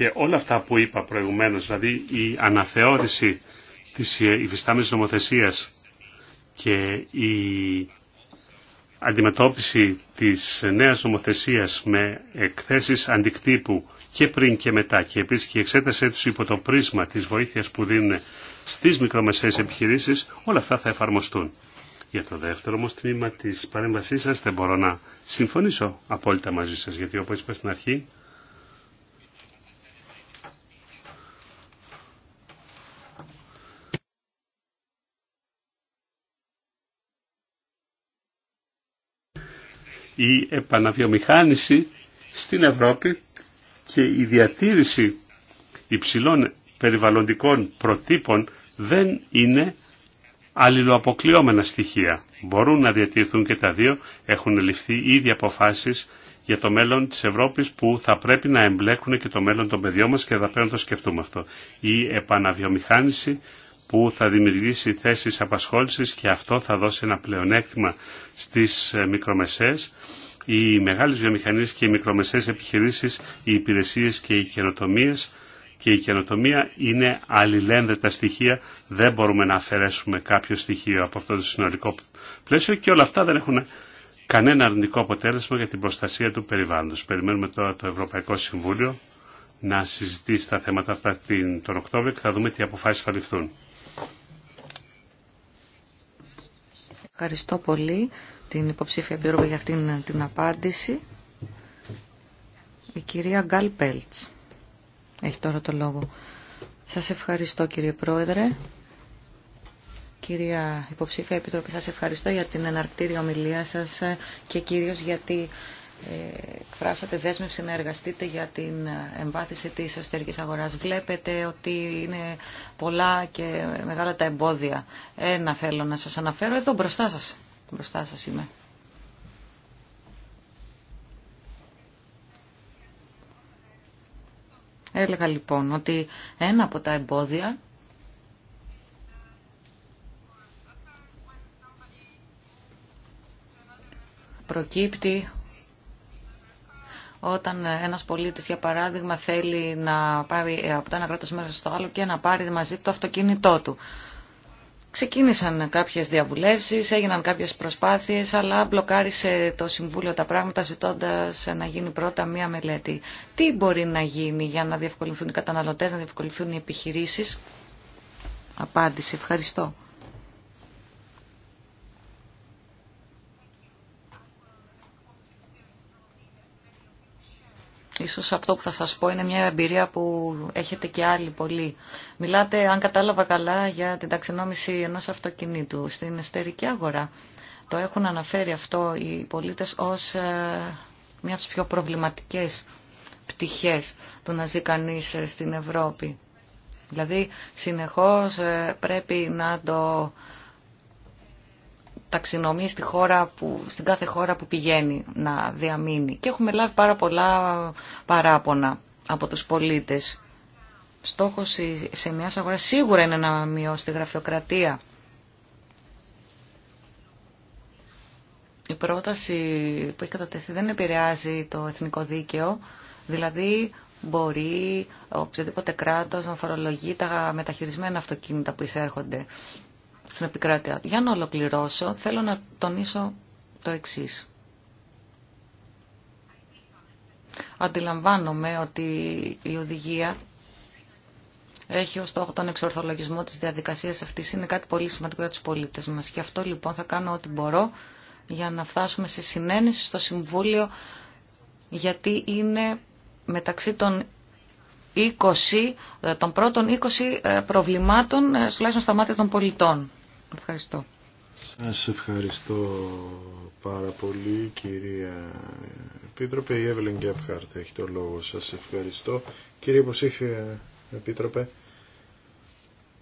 Speaker 1: και όλα αυτά που είπα προηγουμένως, δηλαδή η αναθεώρηση της υφιστάμενης νομοθεσίας και η αντιμετώπιση της νέας νομοθεσίας με εκθέσεις αντικτύπου και πριν και μετά και επίσης και η εξέτασή τους υπό το πρίσμα της βοήθειας που δίνουν στις μικρομεσαίες επιχειρήσεις, όλα αυτά θα εφαρμοστούν. Για το δεύτερο όμως τμήμα της παρέμβασής σας δεν μπορώ να συμφωνήσω απόλυτα μαζί σας, γιατί όπως είπα στην αρχή, η επαναβιομηχάνηση στην Ευρώπη και η διατήρηση υψηλών περιβαλλοντικών προτύπων δεν είναι αλληλοαποκλειόμενα στοιχεία. Μπορούν να διατηρηθούν και τα δύο, έχουν ληφθεί ήδη αποφάσεις για το μέλλον της Ευρώπης που θα πρέπει να εμπλέκουν και το μέλλον των παιδιών μας και θα πρέπει να το σκεφτούμε αυτό. Η επαναβιομηχάνηση που θα δημιουργήσει θέσεις απασχόλησης και αυτό θα δώσει ένα πλεονέκτημα στις ε, μικρομεσαίες. Οι μεγάλες βιομηχανίες και οι μικρομεσαίες επιχειρήσεις, οι υπηρεσίες και οι καινοτομίες και η καινοτομία είναι αλληλένδετα στοιχεία. Δεν μπορούμε να αφαιρέσουμε κάποιο στοιχείο από αυτό το συνολικό πλαίσιο και όλα αυτά δεν έχουν κανένα αρνητικό αποτέλεσμα για την προστασία του περιβάλλοντος. Περιμένουμε τώρα το Ευρωπαϊκό Συμβούλιο να συζητήσει τα θέματα αυτά τον Οκτώβριο και θα δούμε τι αποφάσεις θα ληφθούν.
Speaker 2: Ευχαριστώ πολύ την υποψήφια επιτροπή για αυτήν την απάντηση. Η κυρία Γκάλ Πέλτς έχει τώρα το λόγο. Σας ευχαριστώ κύριε Πρόεδρε. Κυρία Υποψήφια Επιτροπή, σας ευχαριστώ για την εναρκτήρια ομιλία σας και κυρίως γιατί εκφράσατε δέσμευση να εργαστείτε για την εμβάθυνση της εσωτερικής αγοράς. Βλέπετε ότι είναι πολλά και μεγάλα τα εμπόδια. Ένα θέλω να σας αναφέρω εδώ μπροστά σας. Μπροστά σας είμαι. Έλεγα λοιπόν ότι ένα από τα εμπόδια προκύπτει όταν ένας πολίτη, για παράδειγμα, θέλει να πάρει από το ένα κράτο μέρο στο άλλο και να πάρει μαζί το αυτοκίνητό του. Ξεκίνησαν κάποιες διαβουλεύσεις, έγιναν κάποιες προσπάθειες, αλλά μπλοκάρισε το Συμβούλιο τα πράγματα ζητώντας να γίνει πρώτα μία μελέτη. Τι μπορεί να γίνει για να διευκολυνθούν οι καταναλωτές, να διευκολυνθούν οι επιχειρήσεις. Απάντηση. Ευχαριστώ. Ίσως αυτό που θα σας πω είναι μια εμπειρία που έχετε και άλλοι πολλοί. Μιλάτε, αν κατάλαβα καλά, για την ταξινόμηση ενός αυτοκινήτου στην εστερική αγορά. Το έχουν αναφέρει αυτό οι πολίτες ως ε, μια από τις πιο προβληματικές πτυχές του να ζει κανείς ε, στην Ευρώπη. Δηλαδή συνεχώς ε, πρέπει να το ταξινομεί στη χώρα που, στην κάθε χώρα που πηγαίνει να διαμείνει. Και έχουμε λάβει πάρα πολλά παράπονα από τους πολίτες. Στόχος σε μια αγορά σίγουρα είναι να μειώσει τη γραφειοκρατία. Η πρόταση που έχει κατατεθεί δεν επηρεάζει το εθνικό δίκαιο, δηλαδή μπορεί οποιοδήποτε κράτος να φορολογεί τα μεταχειρισμένα αυτοκίνητα που εισέρχονται στην επικράτειά Για να ολοκληρώσω, θέλω να τονίσω το εξής. Αντιλαμβάνομαι ότι η οδηγία έχει ως στόχο τον εξορθολογισμό της διαδικασίας αυτής. Είναι κάτι πολύ σημαντικό για τους πολίτες μας. Και αυτό λοιπόν θα κάνω ό,τι μπορώ για να φτάσουμε σε συνένεση στο Συμβούλιο γιατί είναι μεταξύ των 20, ε, των πρώτων 20 ε, προβλημάτων, ε, τουλάχιστον στα μάτια των πολιτών. Ευχαριστώ.
Speaker 3: Σας ευχαριστώ πάρα πολύ κυρία Επίτροπε. Η Εύελεν Γκέπχαρτ έχει το λόγο. Σας ευχαριστώ. Κύριε Υποψήφια Επίτροπε,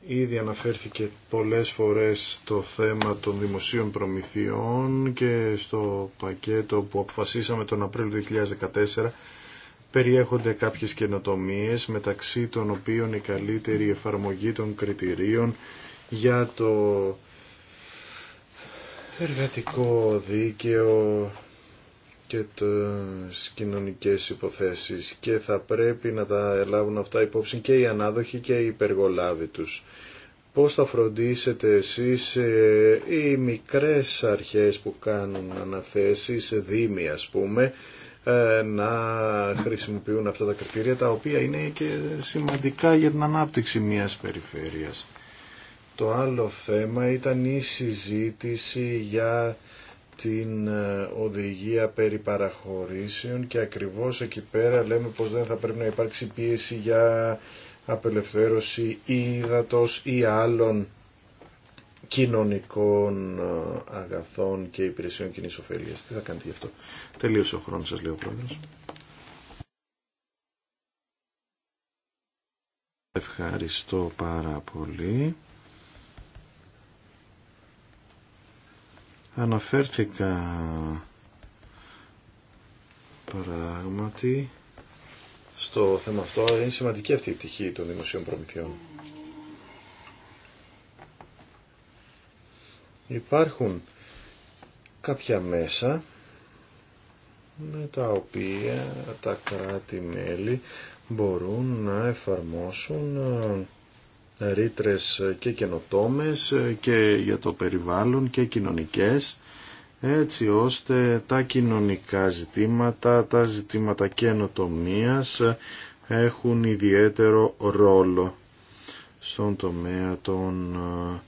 Speaker 3: ήδη αναφέρθηκε πολλές φορές το θέμα των δημοσίων προμηθειών και στο πακέτο που αποφασίσαμε τον Απρίλιο 2014 περιέχονται κάποιες καινοτομίες μεταξύ των οποίων η καλύτερη εφαρμογή των κριτηρίων για το εργατικό δίκαιο και τις κοινωνικές υποθέσεις και θα πρέπει να τα ελάβουν αυτά υπόψη και οι ανάδοχοι και οι υπεργολάβοι τους. Πώς θα φροντίσετε εσείς ε, οι μικρές αρχές που κάνουν αναθέσεις, δήμοι ας πούμε, ε, να χρησιμοποιούν αυτά τα κριτήρια τα οποία είναι και σημαντικά για την ανάπτυξη μιας περιφέρειας. Το άλλο θέμα ήταν η συζήτηση για την ε, οδηγία περί παραχωρήσεων και ακριβώς εκεί πέρα λέμε πως δεν θα πρέπει να υπάρξει πίεση για απελευθέρωση ή ή άλλων κοινωνικών ε, αγαθών και υπηρεσιών κοινή ωφέλεια. Τι θα κάνετε γι' αυτό. Τελείωσε ο χρόνος σας λέει ο πρόεδρος. Ευχαριστώ πάρα πολύ. Αναφέρθηκα πράγματι στο θέμα αυτό, είναι σημαντική αυτή η πτυχή των δημοσίων προμηθειών. Υπάρχουν κάποια μέσα με τα οποία τα κράτη-μέλη μπορούν να εφαρμόσουν ρήτρε και καινοτόμες και για το περιβάλλον και κοινωνικές έτσι ώστε τα κοινωνικά ζητήματα, τα ζητήματα καινοτομία έχουν ιδιαίτερο ρόλο στον τομέα των ε,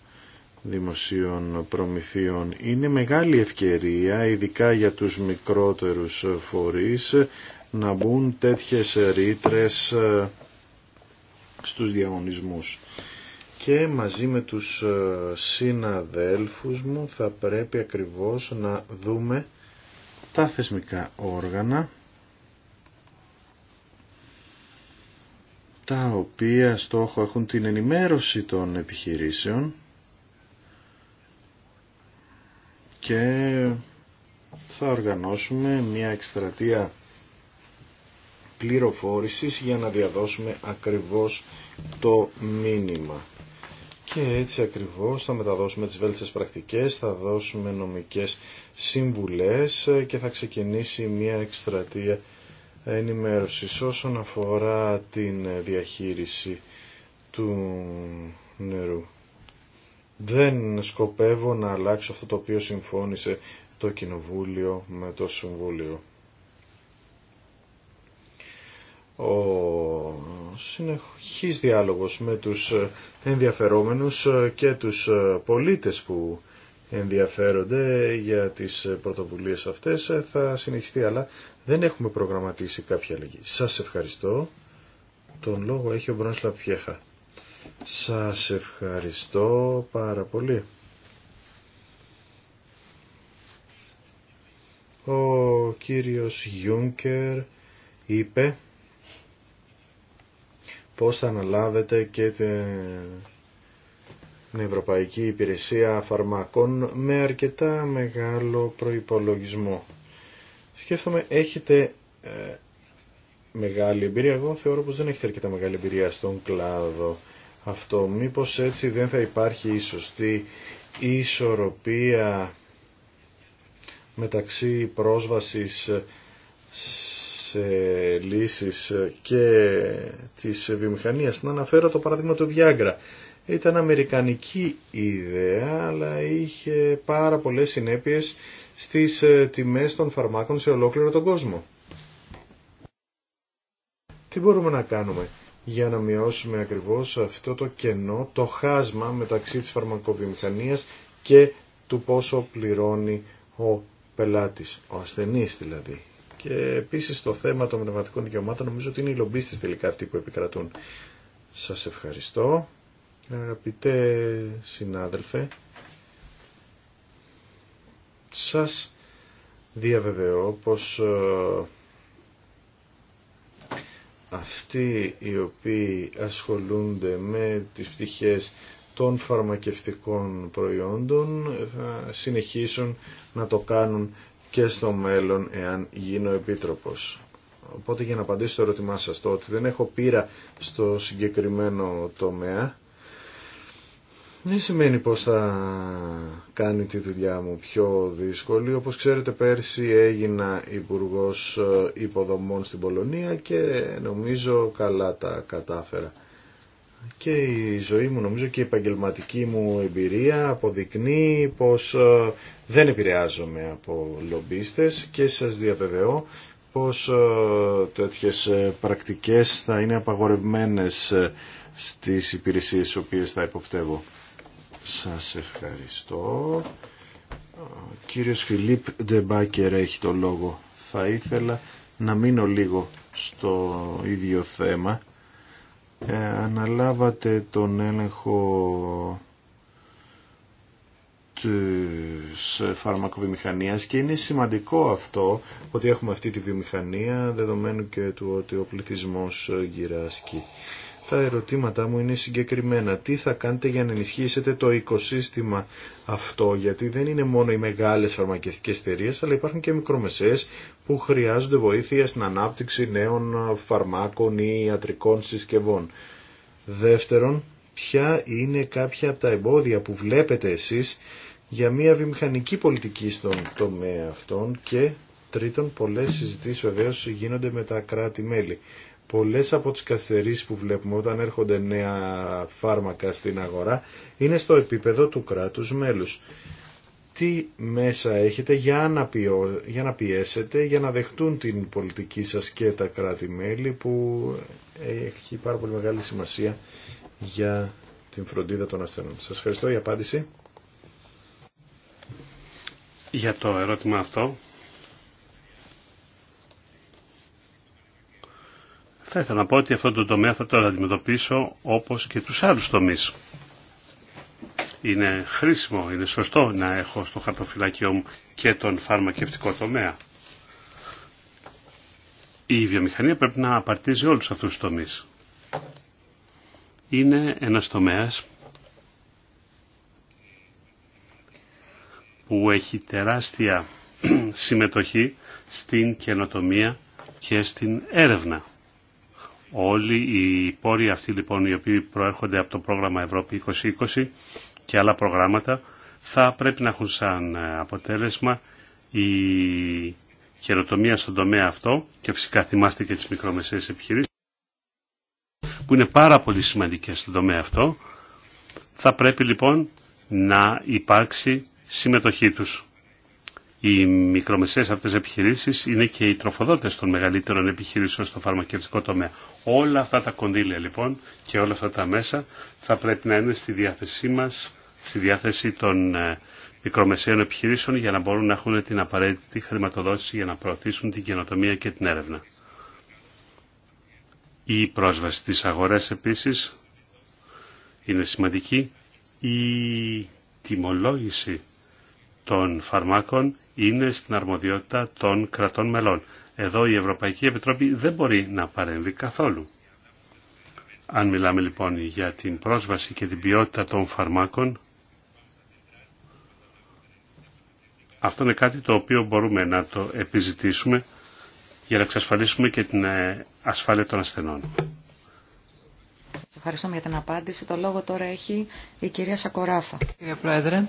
Speaker 3: δημοσίων προμηθείων. Είναι μεγάλη ευκαιρία, ειδικά για τους μικρότερους φορείς, να μπουν τέτοιες ρήτρες ε, στους διαγωνισμούς. Και μαζί με τους ε, συναδέλφους μου θα πρέπει ακριβώς να δούμε τα θεσμικά όργανα τα οποία στόχο έχουν την ενημέρωση των επιχειρήσεων και θα οργανώσουμε μια εκστρατεία πληροφόρησης για να διαδώσουμε ακριβώς το μήνυμα. Και έτσι ακριβώς θα μεταδώσουμε τις βέλτιστες πρακτικές, θα δώσουμε νομικές συμβουλές και θα ξεκινήσει μια εκστρατεία ενημέρωσης όσον αφορά την διαχείριση του νερού. Δεν σκοπεύω να αλλάξω αυτό το οποίο συμφώνησε το Κοινοβούλιο με το Συμβούλιο. ο συνεχής διάλογος με τους ενδιαφερόμενους και τους πολίτες που ενδιαφέρονται για τις πρωτοβουλίες αυτές θα συνεχιστεί αλλά δεν έχουμε προγραμματίσει κάποια αλλαγή. Σας ευχαριστώ. Τον λόγο έχει ο Μπρόνσλα Πιέχα. Σας ευχαριστώ πάρα πολύ. Ο κύριος Γιούνκερ είπε πώς θα αναλάβετε και την Ευρωπαϊκή Υπηρεσία Φαρμάκων με αρκετά μεγάλο προϋπολογισμό. Σκέφτομαι, έχετε ε, μεγάλη εμπειρία. Εγώ θεωρώ πως δεν έχετε αρκετά μεγάλη εμπειρία στον κλάδο αυτό. Μήπως έτσι δεν θα υπάρχει η σωστή ισορροπία μεταξύ πρόσβασης σε λύσεις ε, και της βιομηχανίας. Να αναφέρω το παράδειγμα του Viagra. Ήταν αμερικανική ιδέα, αλλά είχε πάρα πολλές συνέπειες στις ε, τιμές των φαρμάκων σε ολόκληρο τον κόσμο. Τι μπορούμε να κάνουμε για να μειώσουμε ακριβώς αυτό το κενό, το χάσμα μεταξύ της φαρμακοβιομηχανίας και του πόσο πληρώνει ο πελάτης, ο ασθενής δηλαδή. Και επίση το θέμα των πνευματικών δικαιωμάτων νομίζω ότι είναι οι λομπίστε τελικά αυτοί που επικρατούν. Σας ευχαριστώ. Αγαπητέ συνάδελφε, σας διαβεβαιώ πως ε, αυτοί οι οποίοι ασχολούνται με τις πτυχές των φαρμακευτικών προϊόντων θα συνεχίσουν να το κάνουν και στο μέλλον εάν γίνω επίτροπος. Οπότε για να απαντήσω στο ερώτημά σας το ότι δεν έχω πείρα στο συγκεκριμένο τομέα δεν σημαίνει πως θα κάνει τη δουλειά μου πιο δύσκολη. Όπως ξέρετε πέρσι έγινα υπουργός ε, Υποδομών στην Πολωνία και νομίζω καλά τα κατάφερα και η ζωή μου νομίζω και η επαγγελματική μου εμπειρία αποδεικνύει πως ε, δεν επηρεάζομαι από λομπίστες και σας διαβεβαιώ πως ε, τέτοιες ε, πρακτικές θα είναι απαγορευμένες στις υπηρεσίες στις οποίες θα υποπτεύω. Σας ευχαριστώ. Ο κύριος Φιλίπ Ντεμπάκερ έχει το λόγο. Θα ήθελα να μείνω λίγο στο ίδιο θέμα ε, αναλάβατε τον έλεγχο της φαρμακοβιομηχανίας και είναι σημαντικό αυτό ότι έχουμε αυτή τη βιομηχανία δεδομένου και του ότι ο πληθυσμός γυράσκει. Τα ερωτήματά μου είναι συγκεκριμένα. Τι θα κάνετε για να ενισχύσετε το οικοσύστημα αυτό, γιατί δεν είναι μόνο οι μεγάλες φαρμακευτικές εταιρείε, αλλά υπάρχουν και μικρομεσαίες που χρειάζονται βοήθεια στην ανάπτυξη νέων φαρμάκων ή ιατρικών συσκευών. Δεύτερον, ποια είναι κάποια από τα εμπόδια που βλέπετε εσείς για μια βιομηχανική πολιτική στον τομέα αυτών και τρίτον πολλές συζητήσεις βεβαίως γίνονται με τα κράτη-μέλη πολλές από τις καθυστερήσεις που βλέπουμε όταν έρχονται νέα φάρμακα στην αγορά είναι στο επίπεδο του κράτους μέλους. Τι μέσα έχετε για να, πιω... για να πιέσετε, για να δεχτούν την πολιτική σας και τα κράτη-μέλη που έχει πάρα πολύ μεγάλη σημασία για την φροντίδα των ασθενών. Σας ευχαριστώ για απάντηση.
Speaker 1: Για το ερώτημα αυτό Θα ήθελα να πω ότι αυτό το τομέα θα το αντιμετωπίσω όπως και τους άλλους τομείς. Είναι χρήσιμο, είναι σωστό να έχω στο χαρτοφυλάκιό μου και τον φαρμακευτικό τομέα. Η βιομηχανία πρέπει να απαρτίζει όλους αυτούς τους τομείς. Είναι ένας τομέας που έχει τεράστια συμμετοχή στην καινοτομία και στην έρευνα. Όλοι οι πόροι αυτοί λοιπόν οι οποίοι προέρχονται από το πρόγραμμα Ευρώπη 2020 και άλλα προγράμματα θα πρέπει να έχουν σαν ε, αποτέλεσμα η χειροτομία στον τομέα αυτό και φυσικά θυμάστε και τις μικρομεσαίες επιχειρήσεις που είναι πάρα πολύ σημαντικές στον τομέα αυτό θα πρέπει λοιπόν να υπάρξει συμμετοχή τους οι μικρομεσαίες αυτές επιχειρήσεις είναι και οι τροφοδότες των μεγαλύτερων επιχειρήσεων στο φαρμακευτικό τομέα. Όλα αυτά τα κονδύλια λοιπόν και όλα αυτά τα μέσα θα πρέπει να είναι στη διάθεσή μας, στη διάθεση των ε, μικρομεσαίων επιχειρήσεων για να μπορούν να έχουν την απαραίτητη χρηματοδότηση για να προωθήσουν την καινοτομία και την έρευνα. Η πρόσβαση στις αγορές επίσης είναι σημαντική. Η τιμολόγηση των φαρμάκων είναι στην αρμοδιότητα των κρατών μελών. Εδώ η Ευρωπαϊκή Επιτροπή δεν μπορεί να παρέμβει καθόλου. Αν μιλάμε λοιπόν για την πρόσβαση και την ποιότητα των φαρμάκων, αυτό είναι κάτι το οποίο μπορούμε να το επιζητήσουμε για να εξασφαλίσουμε και την ε, ασφάλεια των ασθενών.
Speaker 2: Σας ευχαριστώ για την απάντηση. Το λόγο τώρα έχει η κυρία Σακοράφα. Κύριε Πρόεδρε,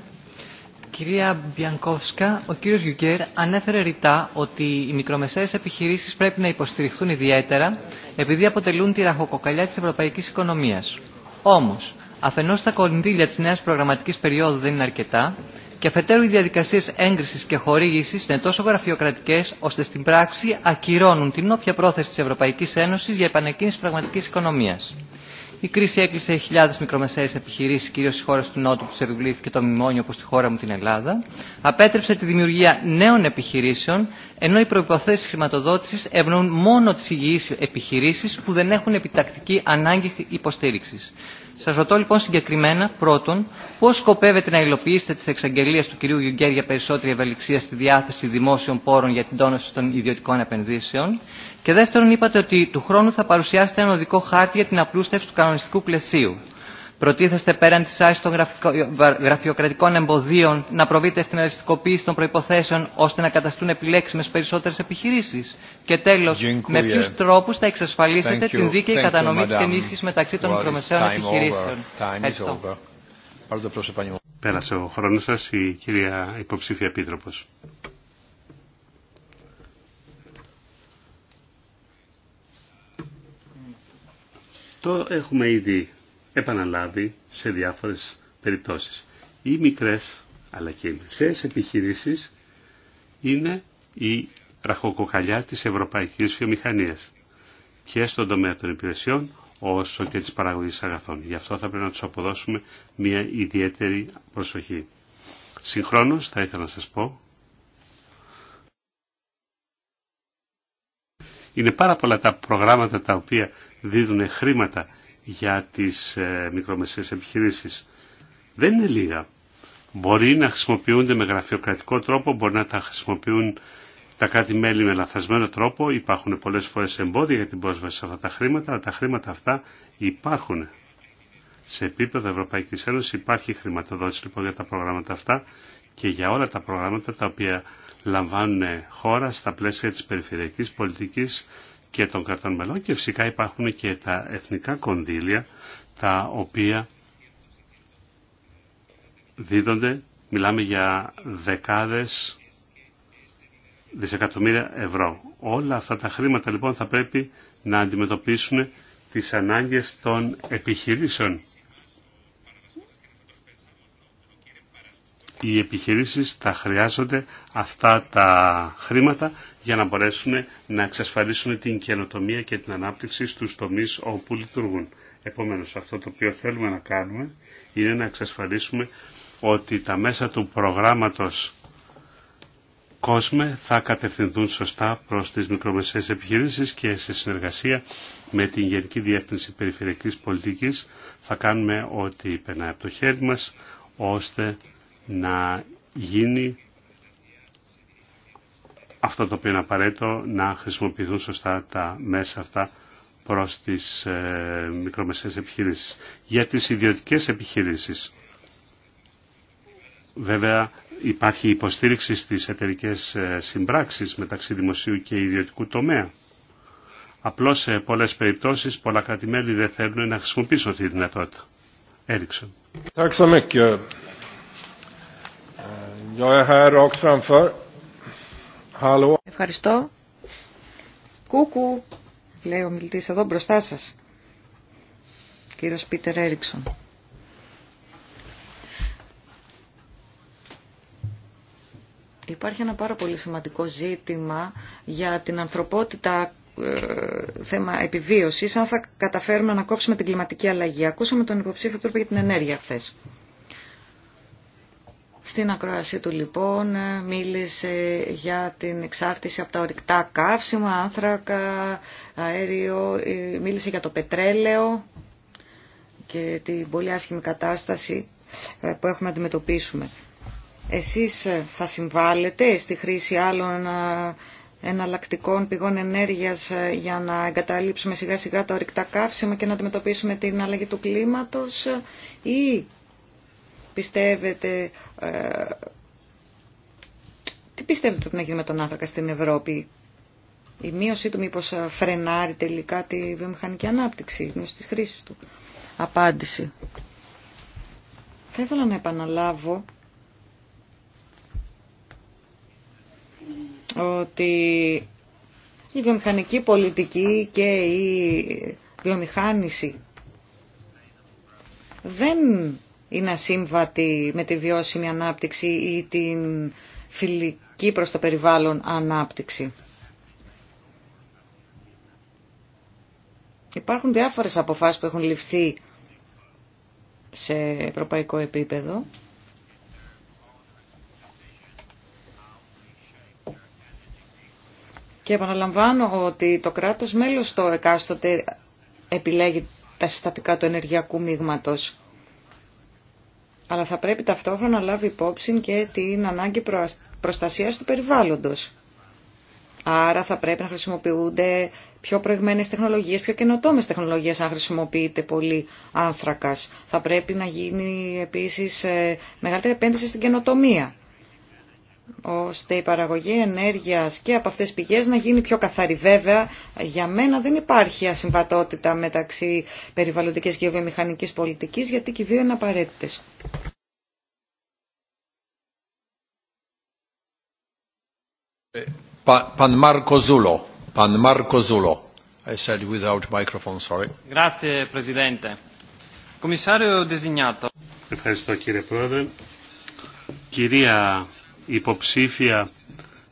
Speaker 2: Κυρία
Speaker 6: Μπιανκόφσκα, ο κύριος Γιουγκέρ ανέφερε ρητά ότι οι μικρομεσαίες επιχειρήσεις πρέπει να υποστηριχθούν ιδιαίτερα επειδή αποτελούν τη ραχοκοκαλιά της ευρωπαϊκής οικονομίας. Όμως, αφενός τα κονδύλια της νέας προγραμματικής περίοδου δεν είναι αρκετά και αφετέρου οι διαδικασίες έγκρισης και χορήγησης είναι τόσο γραφειοκρατικές ώστε στην πράξη ακυρώνουν την όποια πρόθεση της Ευρωπαϊκής Ένωσης για επανεκκίνηση πραγματικής οικονομίας. Η κρίση έκλεισε χιλιάδε μικρομεσαίε επιχειρήσει, κυρίω στι χώρε του Νότου, που του επιβλήθηκε το μνημόνιο, όπω στη χώρα μου την Ελλάδα. Απέτρεψε τη δημιουργία νέων επιχειρήσεων, ενώ οι προποθέσει χρηματοδότηση ευνοούν μόνο τι υγιεί επιχειρήσει που δεν έχουν επιτακτική ανάγκη υποστήριξη. Σα ρωτώ λοιπόν συγκεκριμένα, πρώτον, πώ σκοπεύετε να υλοποιήσετε τι εξαγγελίε του κυρίου Γιουγκέρ για περισσότερη ευελιξία στη διάθεση δημόσιων πόρων για την τόνωση των ιδιωτικών επενδύσεων. Και δεύτερον, είπατε ότι του χρόνου θα παρουσιάσετε ένα οδικό χάρτη για την απλούστευση του κανονιστικού πλαισίου. Προτίθεστε πέραν τη άρση των γραφειοκρατικών εμποδίων να προβείτε στην αριστικοποίηση των προποθέσεων ώστε να καταστούν επιλέξιμε περισσότερε επιχειρήσει. Και τέλο, με ποιου τρόπου θα εξασφαλίσετε την δίκαιη κατανομή τη ενίσχυση μεταξύ των μικρομεσαίων επιχειρήσεων.
Speaker 3: Ευχαριστώ.
Speaker 1: Πέρασε ο χρόνο σα, η κυρία υποψήφια επίτροπο. Το έχουμε ήδη επαναλάβει σε διάφορες περιπτώσεις. Οι μικρές αλλά και οι μεσαίες επιχειρήσεις είναι η ραχοκοκαλιά της ευρωπαϊκής βιομηχανίας και στον τομέα των υπηρεσιών όσο και της παραγωγής αγαθών. Γι' αυτό θα πρέπει να τους αποδώσουμε μια ιδιαίτερη προσοχή. Συγχρόνως θα ήθελα να σας πω είναι πάρα πολλά τα προγράμματα τα οποία δίδουν χρήματα για τις ε, μικρομεσαίες επιχειρήσεις δεν είναι λίγα. Μπορεί να χρησιμοποιούνται με γραφειοκρατικό τρόπο, μπορεί να τα χρησιμοποιούν τα κάτι μέλη με λαθασμένο τρόπο. Υπάρχουν πολλές φορές εμπόδια για την πρόσβαση σε αυτά τα χρήματα, αλλά τα χρήματα αυτά υπάρχουν. Σε επίπεδο Ευρωπαϊκής Ένωσης υπάρχει χρηματοδότηση λοιπόν για τα προγράμματα αυτά και για όλα τα προγράμματα τα οποία λαμβάνουν χώρα στα πλαίσια της περιφερειακής πολιτικής και των κρατών μελών και φυσικά υπάρχουν και τα εθνικά κονδύλια τα οποία δίδονται, μιλάμε για δεκάδες δισεκατομμύρια ευρώ. Όλα αυτά τα χρήματα λοιπόν θα πρέπει να αντιμετωπίσουν τις ανάγκες των επιχειρήσεων οι επιχειρήσεις θα χρειάζονται αυτά τα χρήματα για να μπορέσουν να εξασφαλίσουν την καινοτομία και την ανάπτυξη στους τομείς όπου λειτουργούν. Επομένως, αυτό το οποίο θέλουμε να κάνουμε είναι να εξασφαλίσουμε ότι τα μέσα του προγράμματος κόσμε θα κατευθυνθούν σωστά προς τις μικρομεσαίες επιχειρήσεις και σε συνεργασία με την Γενική Διεύθυνση Περιφερειακής Πολιτικής θα κάνουμε ό,τι περνάει από το χέρι μας ώστε να γίνει αυτό το οποίο είναι απαραίτητο να χρησιμοποιηθούν σωστά τα μέσα αυτά προς τις ε, μικρομεσαίες επιχειρήσεις. Για τις ιδιωτικές επιχειρήσεις, βέβαια υπάρχει υποστήριξη στις εταιρικές ε, συμπράξεις μεταξύ δημοσίου και ιδιωτικού τομέα. Απλώς σε πολλές περιπτώσεις πολλά κρατημέλη δεν θέλουν να χρησιμοποιήσουν αυτή τη δυνατότητα. Έριξον.
Speaker 4: Ευχαριστώ. Κούκου,
Speaker 2: λέει ο μιλητής εδώ μπροστά σας. Κύριος Πίτερ Έριξον. Υπάρχει ένα πάρα πολύ σημαντικό ζήτημα για την ανθρωπότητα ε, θέμα επιβίωσης, αν θα καταφέρουμε να κόψουμε την κλιματική αλλαγή. Ακούσαμε τον υποψήφιο που για την ενέργεια χθες. Στην ακρόασή του λοιπόν μίλησε για την εξάρτηση από τα ορυκτά καύσιμα, άνθρακα, αέριο, ε, μίλησε για το πετρέλαιο και την πολύ άσχημη κατάσταση ε, που έχουμε να αντιμετωπίσουμε. Εσείς ε, θα συμβάλλετε στη χρήση άλλων εναλλακτικών πηγών ενέργειας για να εγκαταλείψουμε σιγά σιγά τα ορυκτά καύσιμα και να αντιμετωπίσουμε την αλλαγή του κλίματος ή πιστεύετε, ε, τι πιστεύετε ότι να γίνει με τον άνθρακα στην Ευρώπη. Η μείωσή του μήπως φρενάρει τελικά τη βιομηχανική ανάπτυξη, η μείωση της χρήσης του. Απάντηση. Θα ήθελα να επαναλάβω ότι η βιομηχανική πολιτική και η βιομηχάνηση δεν είναι ασύμβατη με τη βιώσιμη ανάπτυξη ή την φιλική προς το περιβάλλον ανάπτυξη. Υπάρχουν διάφορες αποφάσεις που έχουν ληφθεί σε ευρωπαϊκό επίπεδο. Και επαναλαμβάνω ότι το κράτος μέλος το εκάστοτε επιλέγει τα συστατικά του ενεργειακού μείγματος αλλά θα πρέπει ταυτόχρονα να λάβει υπόψη και την ανάγκη προστασίας του περιβάλλοντος. Άρα θα πρέπει να χρησιμοποιούνται πιο προηγμένες τεχνολογίες, πιο καινοτόμες τεχνολογίες αν χρησιμοποιείται πολύ άνθρακας. Θα πρέπει να γίνει επίσης ε, μεγαλύτερη επένδυση στην καινοτομία ώστε η παραγωγή ενέργειας και από αυτές τις πηγές να γίνει πιο καθαρή. Βέβαια, για μένα δεν υπάρχει ασυμβατότητα μεταξύ περιβαλλοντικής και βιομηχανικής πολιτικής, γιατί και οι δύο είναι απαραίτητες.
Speaker 3: Ε, Pan Marco Zulo. Pan Marco Zulo.
Speaker 1: I said without microphone, sorry.
Speaker 6: Grazie, Presidente.
Speaker 1: Commissario designato. Ευχαριστώ, κύριε Πρόεδρε. Κυρία υποψήφια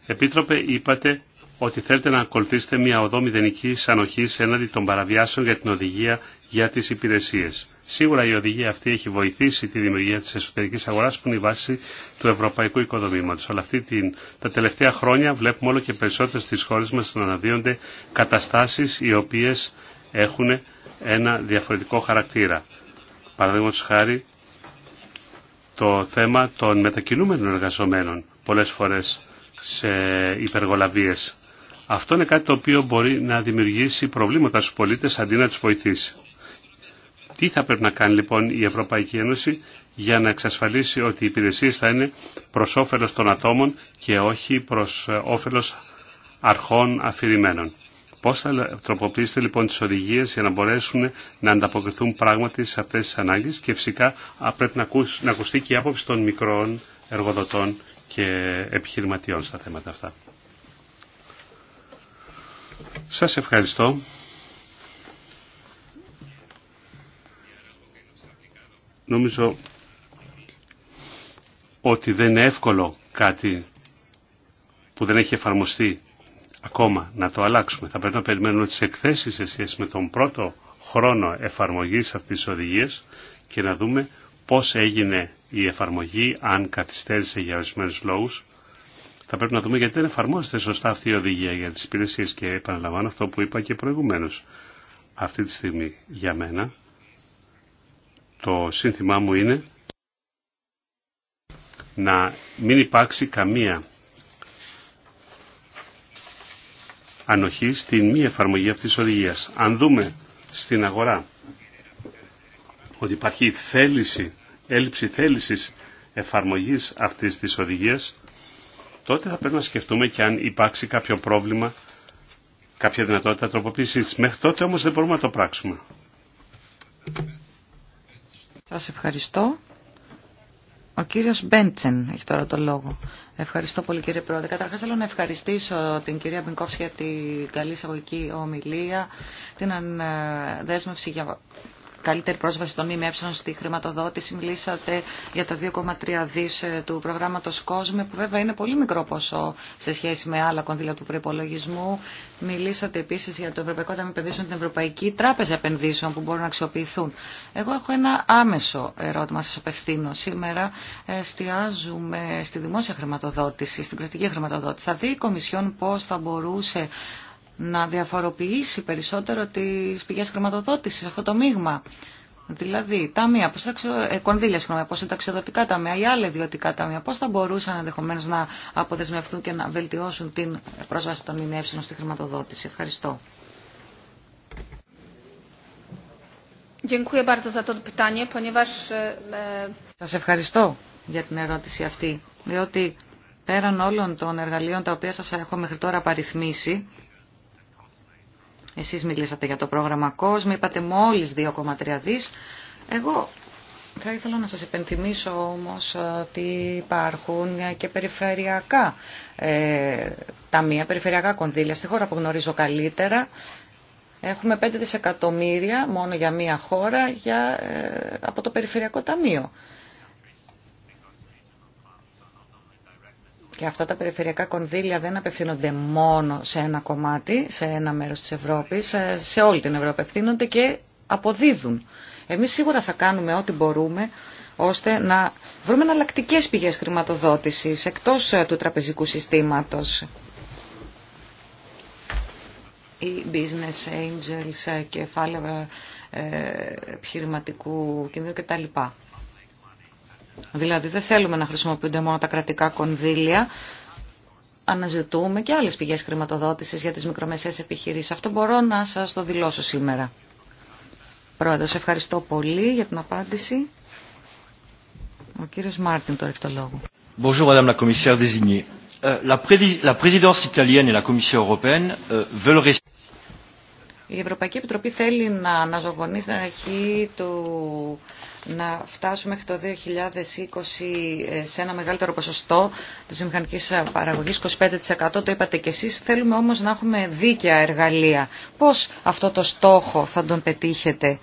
Speaker 1: επίτροπε, είπατε ότι θέλετε να ακολουθήσετε μια οδό μηδενική ανοχή έναντι των παραβιάσεων για την οδηγία για τι υπηρεσίε. Σίγουρα η οδηγία αυτή έχει βοηθήσει τη δημιουργία τη εσωτερική αγορά που είναι η βάση του ευρωπαϊκού οικοδομήματο. Αλλά αυτή την, τα τελευταία χρόνια βλέπουμε όλο και περισσότερε στι χώρε μα να αναδύονται καταστάσει οι οποίε έχουν ένα διαφορετικό χαρακτήρα. Παραδείγματο χάρη το θέμα των μετακινούμενων εργαζομένων πολλές φορές σε υπεργολαβίες. Αυτό είναι κάτι το οποίο μπορεί να δημιουργήσει προβλήματα στους πολίτες αντί να τους βοηθήσει. Τι θα πρέπει να κάνει λοιπόν η Ευρωπαϊκή Ένωση για να εξασφαλίσει ότι οι υπηρεσίες θα είναι προς όφελος των ατόμων και όχι προς όφελος αρχών αφηρημένων. Πώς θα τροποποιήσετε λοιπόν τις οδηγίες για να μπορέσουν να ανταποκριθούν πράγματι σε αυτές τις ανάγκες και φυσικά πρέπει να, να ακουστεί και η άποψη των μικρών εργοδοτών και επιχειρηματιών στα θέματα αυτά. Σας ευχαριστώ. Νομίζω ότι δεν είναι εύκολο κάτι που δεν έχει εφαρμοστεί ακόμα να το αλλάξουμε. Θα πρέπει να περιμένουμε τις εκθέσεις σε σχέση με τον πρώτο χρόνο εφαρμογής αυτής της οδηγίας και να δούμε πώς έγινε η εφαρμογή, αν καθυστέρησε για ορισμένου λόγους. Θα πρέπει να δούμε γιατί δεν εφαρμόζεται σωστά αυτή η οδηγία για τις υπηρεσίες και επαναλαμβάνω αυτό που είπα και προηγουμένως. Αυτή τη στιγμή για μένα το σύνθημά μου είναι να μην υπάρξει καμία ανοχή στην μη εφαρμογή αυτή τη οδηγία. Αν δούμε στην αγορά ότι υπάρχει θέληση, έλλειψη θέλησης εφαρμογής αυτής της οδηγία, τότε θα πρέπει να σκεφτούμε και αν υπάρξει κάποιο πρόβλημα, κάποια δυνατότητα τροποποίηση. Μέχρι τότε όμω δεν μπορούμε να το πράξουμε.
Speaker 2: Σας ευχαριστώ. Ο κύριος Μπέντσεν έχει τώρα το λόγο. Ευχαριστώ πολύ κύριε Πρόεδρε. Καταρχά θέλω να ευχαριστήσω την κυρία Μπινκόφ για την καλή εισαγωγική ομιλία, την ε, δέσμευση για καλύτερη πρόσβαση των ΜΜΕ στη χρηματοδότηση. Μιλήσατε για τα 2,3 δι ε, του προγράμματο COSME, που βέβαια είναι πολύ μικρό ποσό σε σχέση με άλλα κονδύλια του προπολογισμού. Μιλήσατε επίση για το Ευρωπαϊκό Ταμείο Επενδύσεων, την Ευρωπαϊκή Τράπεζα Επενδύσεων που μπορούν να αξιοποιηθούν. Εγώ έχω ένα άμεσο ερώτημα σα απευθύνω. Σήμερα εστιάζουμε στη δημόσια χρηματοδότηση, στην κρατική χρηματοδότηση. Θα δει η Κομισιόν πώ θα μπορούσε να διαφοροποιήσει περισσότερο τις πηγές χρηματοδότησης, αυτό το μείγμα. Δηλαδή, ταμεία, πώς θα ε, κονδύλια, συγγνώμη, πώς αξιοδοτικά ταμεία ή άλλα ιδιωτικά ταμεία, πώς θα μπορούσαν ενδεχομένω να αποδεσμευτούν και να βελτιώσουν την πρόσβαση των ΜΜΕ στη χρηματοδότηση. Ευχαριστώ. E, e, σας ευχαριστώ για την ερώτηση αυτή, διότι πέραν όλων των εργαλείων τα οποία σας έχω μέχρι τώρα παριθμίσει, εσείς μιλήσατε για το πρόγραμμα COSME, είπατε μόλις 2,3 δις. Εγώ θα ήθελα να σας υπενθυμίσω όμως ε, ότι υπάρχουν ε, και περιφερειακά ε, ταμεία, περιφερειακά κονδύλια. Στη χώρα που γνωρίζω καλύτερα έχουμε 5 δισεκατομμύρια μόνο για μία χώρα για, ε, από το Περιφερειακό Ταμείο. Και αυτά τα περιφερειακά κονδύλια δεν απευθύνονται μόνο σε ένα κομμάτι, σε ένα μέρος της Ευρώπης, σε όλη την Ευρώπη απευθύνονται και αποδίδουν. Εμείς σίγουρα θα κάνουμε ό,τι μπορούμε ώστε να βρούμε εναλλακτικέ πηγές χρηματοδότησης εκτός ε, του τραπεζικού συστήματος. Οι business angels, ε, κεφάλαια ε, επιχειρηματικού κινδύνου κτλ. Δηλαδή δεν θέλουμε να χρησιμοποιούνται μόνο τα κρατικά κονδύλια, αναζητούμε και άλλες πηγές χρηματοδότησης για τις μικρομεσαίες επιχειρήσεις. Αυτό μπορώ να σας το δηλώσω σήμερα. Πρόεδρος, ευχαριστώ πολύ για την απάντηση. Ο κύριος Μάρτιν τώρα έχει το λόγο.
Speaker 6: Bonjour Madame la Commissaire désignée. Euh, la présidence italienne et la Commission européenne euh, veulent
Speaker 2: Η Ευρωπαϊκή Επιτροπή θέλει να αναζωογονεί την αρχή του να φτάσουμε μέχρι το 2020 σε ένα μεγαλύτερο ποσοστό τη βιομηχανικής παραγωγή 25% το είπατε και εσείς. Θέλουμε όμως να έχουμε δίκαια εργαλεία. Πώς αυτό το στόχο θα τον πετύχετε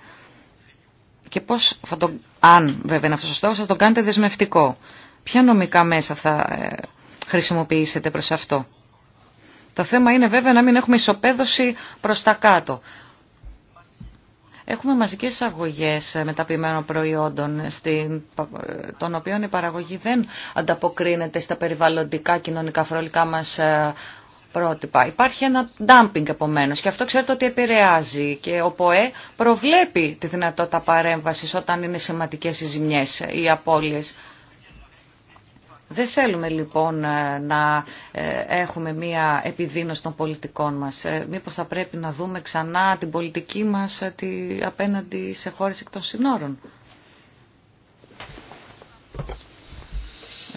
Speaker 2: και πώς θα τον, αν βέβαια είναι αυτό ο στόχο, θα τον κάνετε δεσμευτικό. Ποια νομικά μέσα θα ε, χρησιμοποιήσετε προς αυτό. Το θέμα είναι βέβαια να μην έχουμε ισοπαίδωση προς τα κάτω. Έχουμε μαζικές αγωγέ μεταποιημένων προϊόντων, των οποίων η παραγωγή δεν ανταποκρίνεται στα περιβαλλοντικά, κοινωνικά, φρολικά μας ε, πρότυπα. Υπάρχει ένα dumping επομένω και αυτό ξέρετε ότι επηρεάζει και ο ΠΟΕ προβλέπει τη δυνατότητα παρέμβασης όταν είναι σημαντικές οι ζημιές ή ε, οι απώλειες. Δεν θέλουμε λοιπόν ε, να ε, έχουμε μία επιδείνωση των πολιτικών μας. Ε, μήπως θα πρέπει να δούμε ξανά την πολιτική μας απέναντι σε χώρες εκ των συνόρων.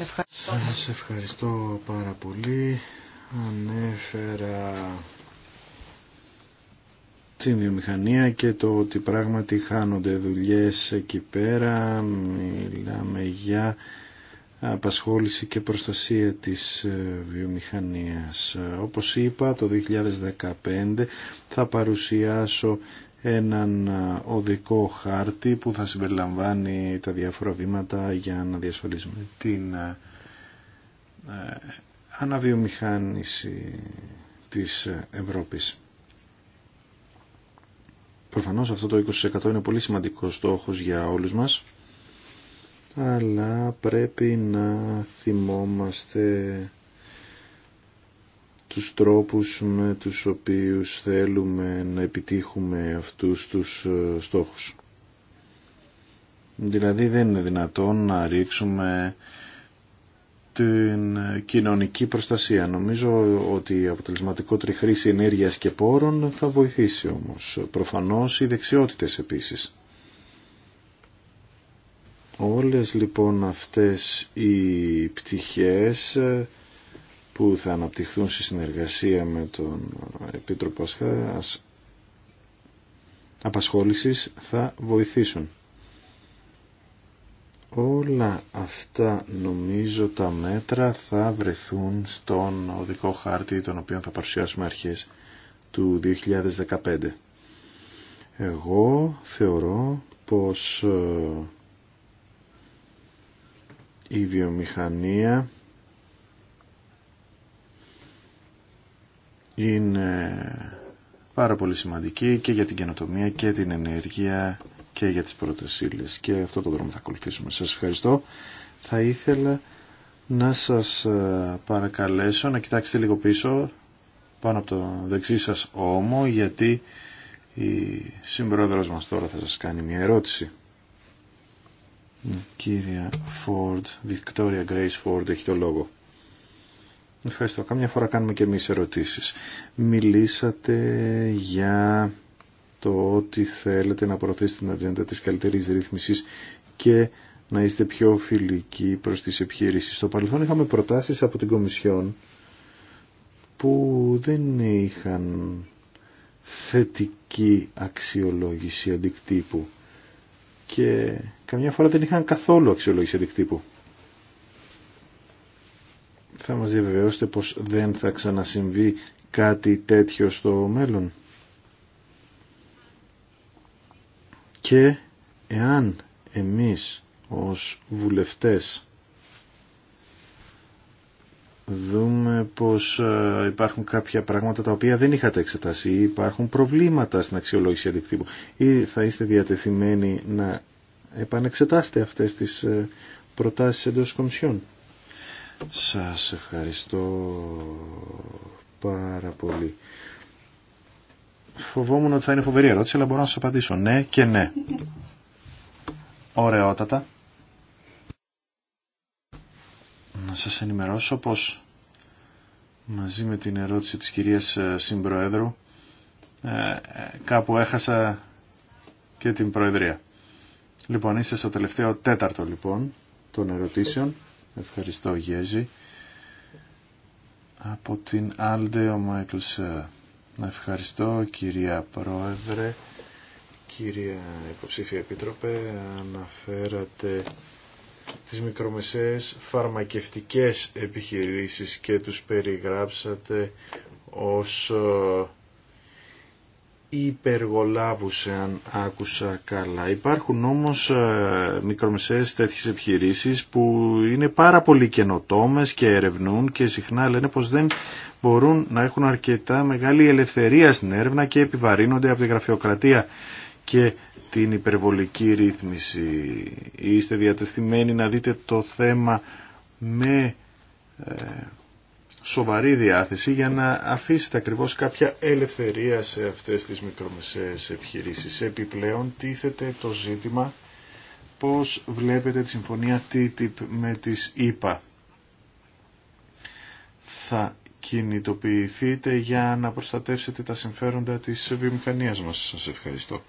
Speaker 3: Ευχαριστώ. Σας ευχαριστώ πάρα πολύ. Ανέφερα την βιομηχανία και το ότι πράγματι χάνονται δουλειές εκεί πέρα. Μιλάμε για απασχόληση και προστασία της ε, βιομηχανίας. Όπως είπα, το 2015 θα παρουσιάσω έναν ε, οδικό χάρτη που θα συμπεριλαμβάνει τα διάφορα βήματα για να διασφαλίσουμε την ε, αναβιομηχάνηση της Ευρώπης. Προφανώς αυτό το 20% είναι πολύ σημαντικό στόχος για όλους μας αλλά πρέπει να θυμόμαστε τους τρόπους με τους οποίους θέλουμε να επιτύχουμε αυτούς τους ε, στόχους. Δηλαδή δεν είναι δυνατόν να ρίξουμε την κοινωνική προστασία. Νομίζω ότι η αποτελεσματικότερη χρήση ενέργειας και πόρων θα βοηθήσει όμως. Προφανώς οι δεξιότητες επίσης. Όλες λοιπόν αυτές οι πτυχές που θα αναπτυχθούν στη συνεργασία με τον Επίτροπο Απασχόλησης θα βοηθήσουν. Όλα αυτά νομίζω τα μέτρα θα βρεθούν στον οδικό χάρτη τον οποίο θα παρουσιάσουμε αρχές του 2015. Εγώ θεωρώ πως ε, η βιομηχανία είναι πάρα πολύ σημαντική και για την καινοτομία και την ενέργεια και για τις πρώτες ύλες. Και αυτό το δρόμο θα ακολουθήσουμε. Σας ευχαριστώ. Θα ήθελα να σας ε, παρακαλέσω να κοιτάξετε λίγο πίσω πάνω από το δεξί σας όμο γιατί η συμπρόεδρος μας τώρα θα σας κάνει μια ερώτηση. Κύρια Φόρντ, Βικτόρια Γκρέις Φόρντ έχει το λόγο. Ευχαριστώ. Καμιά φορά κάνουμε και εμείς ερωτήσεις. Μιλήσατε για το ότι θέλετε να προωθήσετε την ατζέντα της καλύτερης ρύθμισης και να είστε πιο φιλικοί προς τις επιχειρήσεις. Στο παρελθόν είχαμε προτάσεις από την Κομισιόν που δεν είχαν θετική αξιολόγηση αντικτύπου και καμιά φορά δεν είχαν καθόλου αξιολόγηση αντικτύπου. Θα μας διαβεβαιώσετε πως δεν θα ξανασυμβεί κάτι τέτοιο στο μέλλον. Και εάν εμείς ως βουλευτές δούμε πως ε, υπάρχουν κάποια πράγματα τα οποία δεν είχατε εξετάσει ή υπάρχουν προβλήματα στην αξιολόγηση αντικτύπου ή θα είστε διατεθειμένοι να επανεξετάσετε αυτές τις ε, προτάσεις εντός κομισιών. Σας ευχαριστώ πάρα πολύ. Φοβόμουν ότι θα είναι φοβερή ερώτηση, αλλά μπορώ να σας απαντήσω ναι και ναι. Ωραιότατα. Να σας ενημερώσω πως μαζί με την ερώτηση της κυρίας ε, Συμπροέδρου ε, ε, κάπου έχασα και την Προεδρία. Λοιπόν, είστε στο τελευταίο τέταρτο λοιπόν των ερωτήσεων. Ευχαριστώ Γέζη. Από την Άλντε ο Μάικλς. Να ευχαριστώ κυρία Πρόεδρε, κυρία Υποψήφια Επίτροπε, αναφέρατε τις μικρομεσαίες φαρμακευτικές επιχειρήσεις και τους περιγράψατε ως ε, υπεργολάβους αν άκουσα καλά. Υπάρχουν όμως ε, μικρομεσαίες τέτοιες επιχειρήσεις που είναι πάρα πολύ καινοτόμες και ερευνούν και συχνά λένε πως δεν μπορούν να έχουν αρκετά μεγάλη ελευθερία στην έρευνα και επιβαρύνονται από τη γραφειοκρατία και την υπερβολική ρύθμιση. Είστε διατεθειμένοι να δείτε το θέμα με ε, σοβαρή διάθεση για να αφήσετε ακριβώς κάποια ελευθερία σε αυτές τις μικρομεσαίες επιχειρήσεις. Επιπλέον τίθεται το ζήτημα πώς βλέπετε τη συμφωνία TTIP με τις ίπα; Θα κινητοποιηθείτε για να προστατεύσετε τα συμφέροντα της βιομηχανίας μας. Σας ευχαριστώ.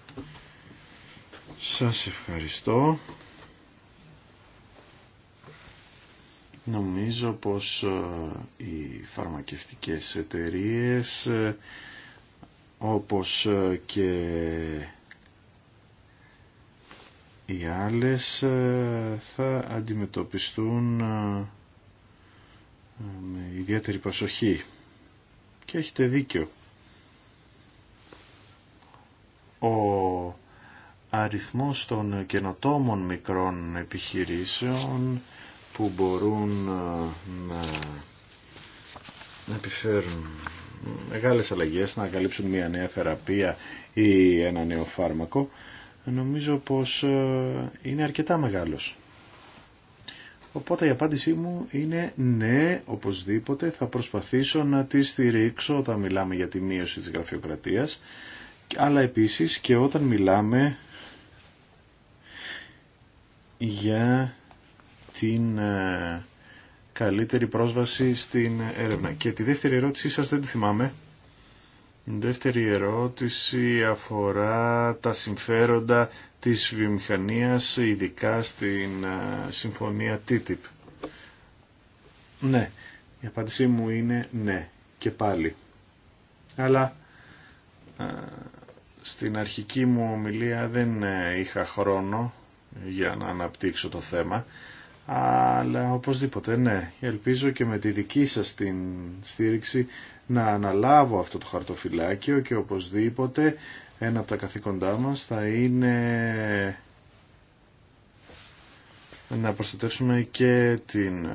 Speaker 3: Σας ευχαριστώ. Νομίζω πως ε, οι φαρμακευτικές εταιρείες ε, όπως ε, και οι άλλες θα αντιμετωπιστούν με ιδιαίτερη προσοχή και έχετε δίκιο. Ο αριθμός των καινοτόμων μικρών επιχειρήσεων που μπορούν ε, να επιφέρουν μεγάλες αλλαγές, να καλύψουν μια νέα θεραπεία ή ένα νέο φάρμακο, νομίζω πως ε, είναι αρκετά μεγάλος. Οπότε η απάντησή μου είναι ναι, οπωσδήποτε θα προσπαθήσω να τη στηρίξω όταν μιλάμε για τη μείωση της γραφειοκρατίας, αλλά επίσης και όταν μιλάμε για την ε, καλύτερη πρόσβαση στην έρευνα. Και τη δεύτερη ερώτησή σας δεν τη θυμάμαι. Η δεύτερη ερώτηση αφορά τα συμφέροντα της βιομηχανίας, ειδικά στην συμφωνία TTIP. Ναι, η απάντησή μου είναι ναι και πάλι. Αλλά στην αρχική μου ομιλία δεν ε, είχα χρόνο για να αναπτύξω το θέμα αλλά οπωσδήποτε ναι, ελπίζω και με τη δική σας την στήριξη να αναλάβω αυτό το χαρτοφυλάκιο και οπωσδήποτε ένα από τα καθήκοντά μας θα είναι να προστατεύσουμε και την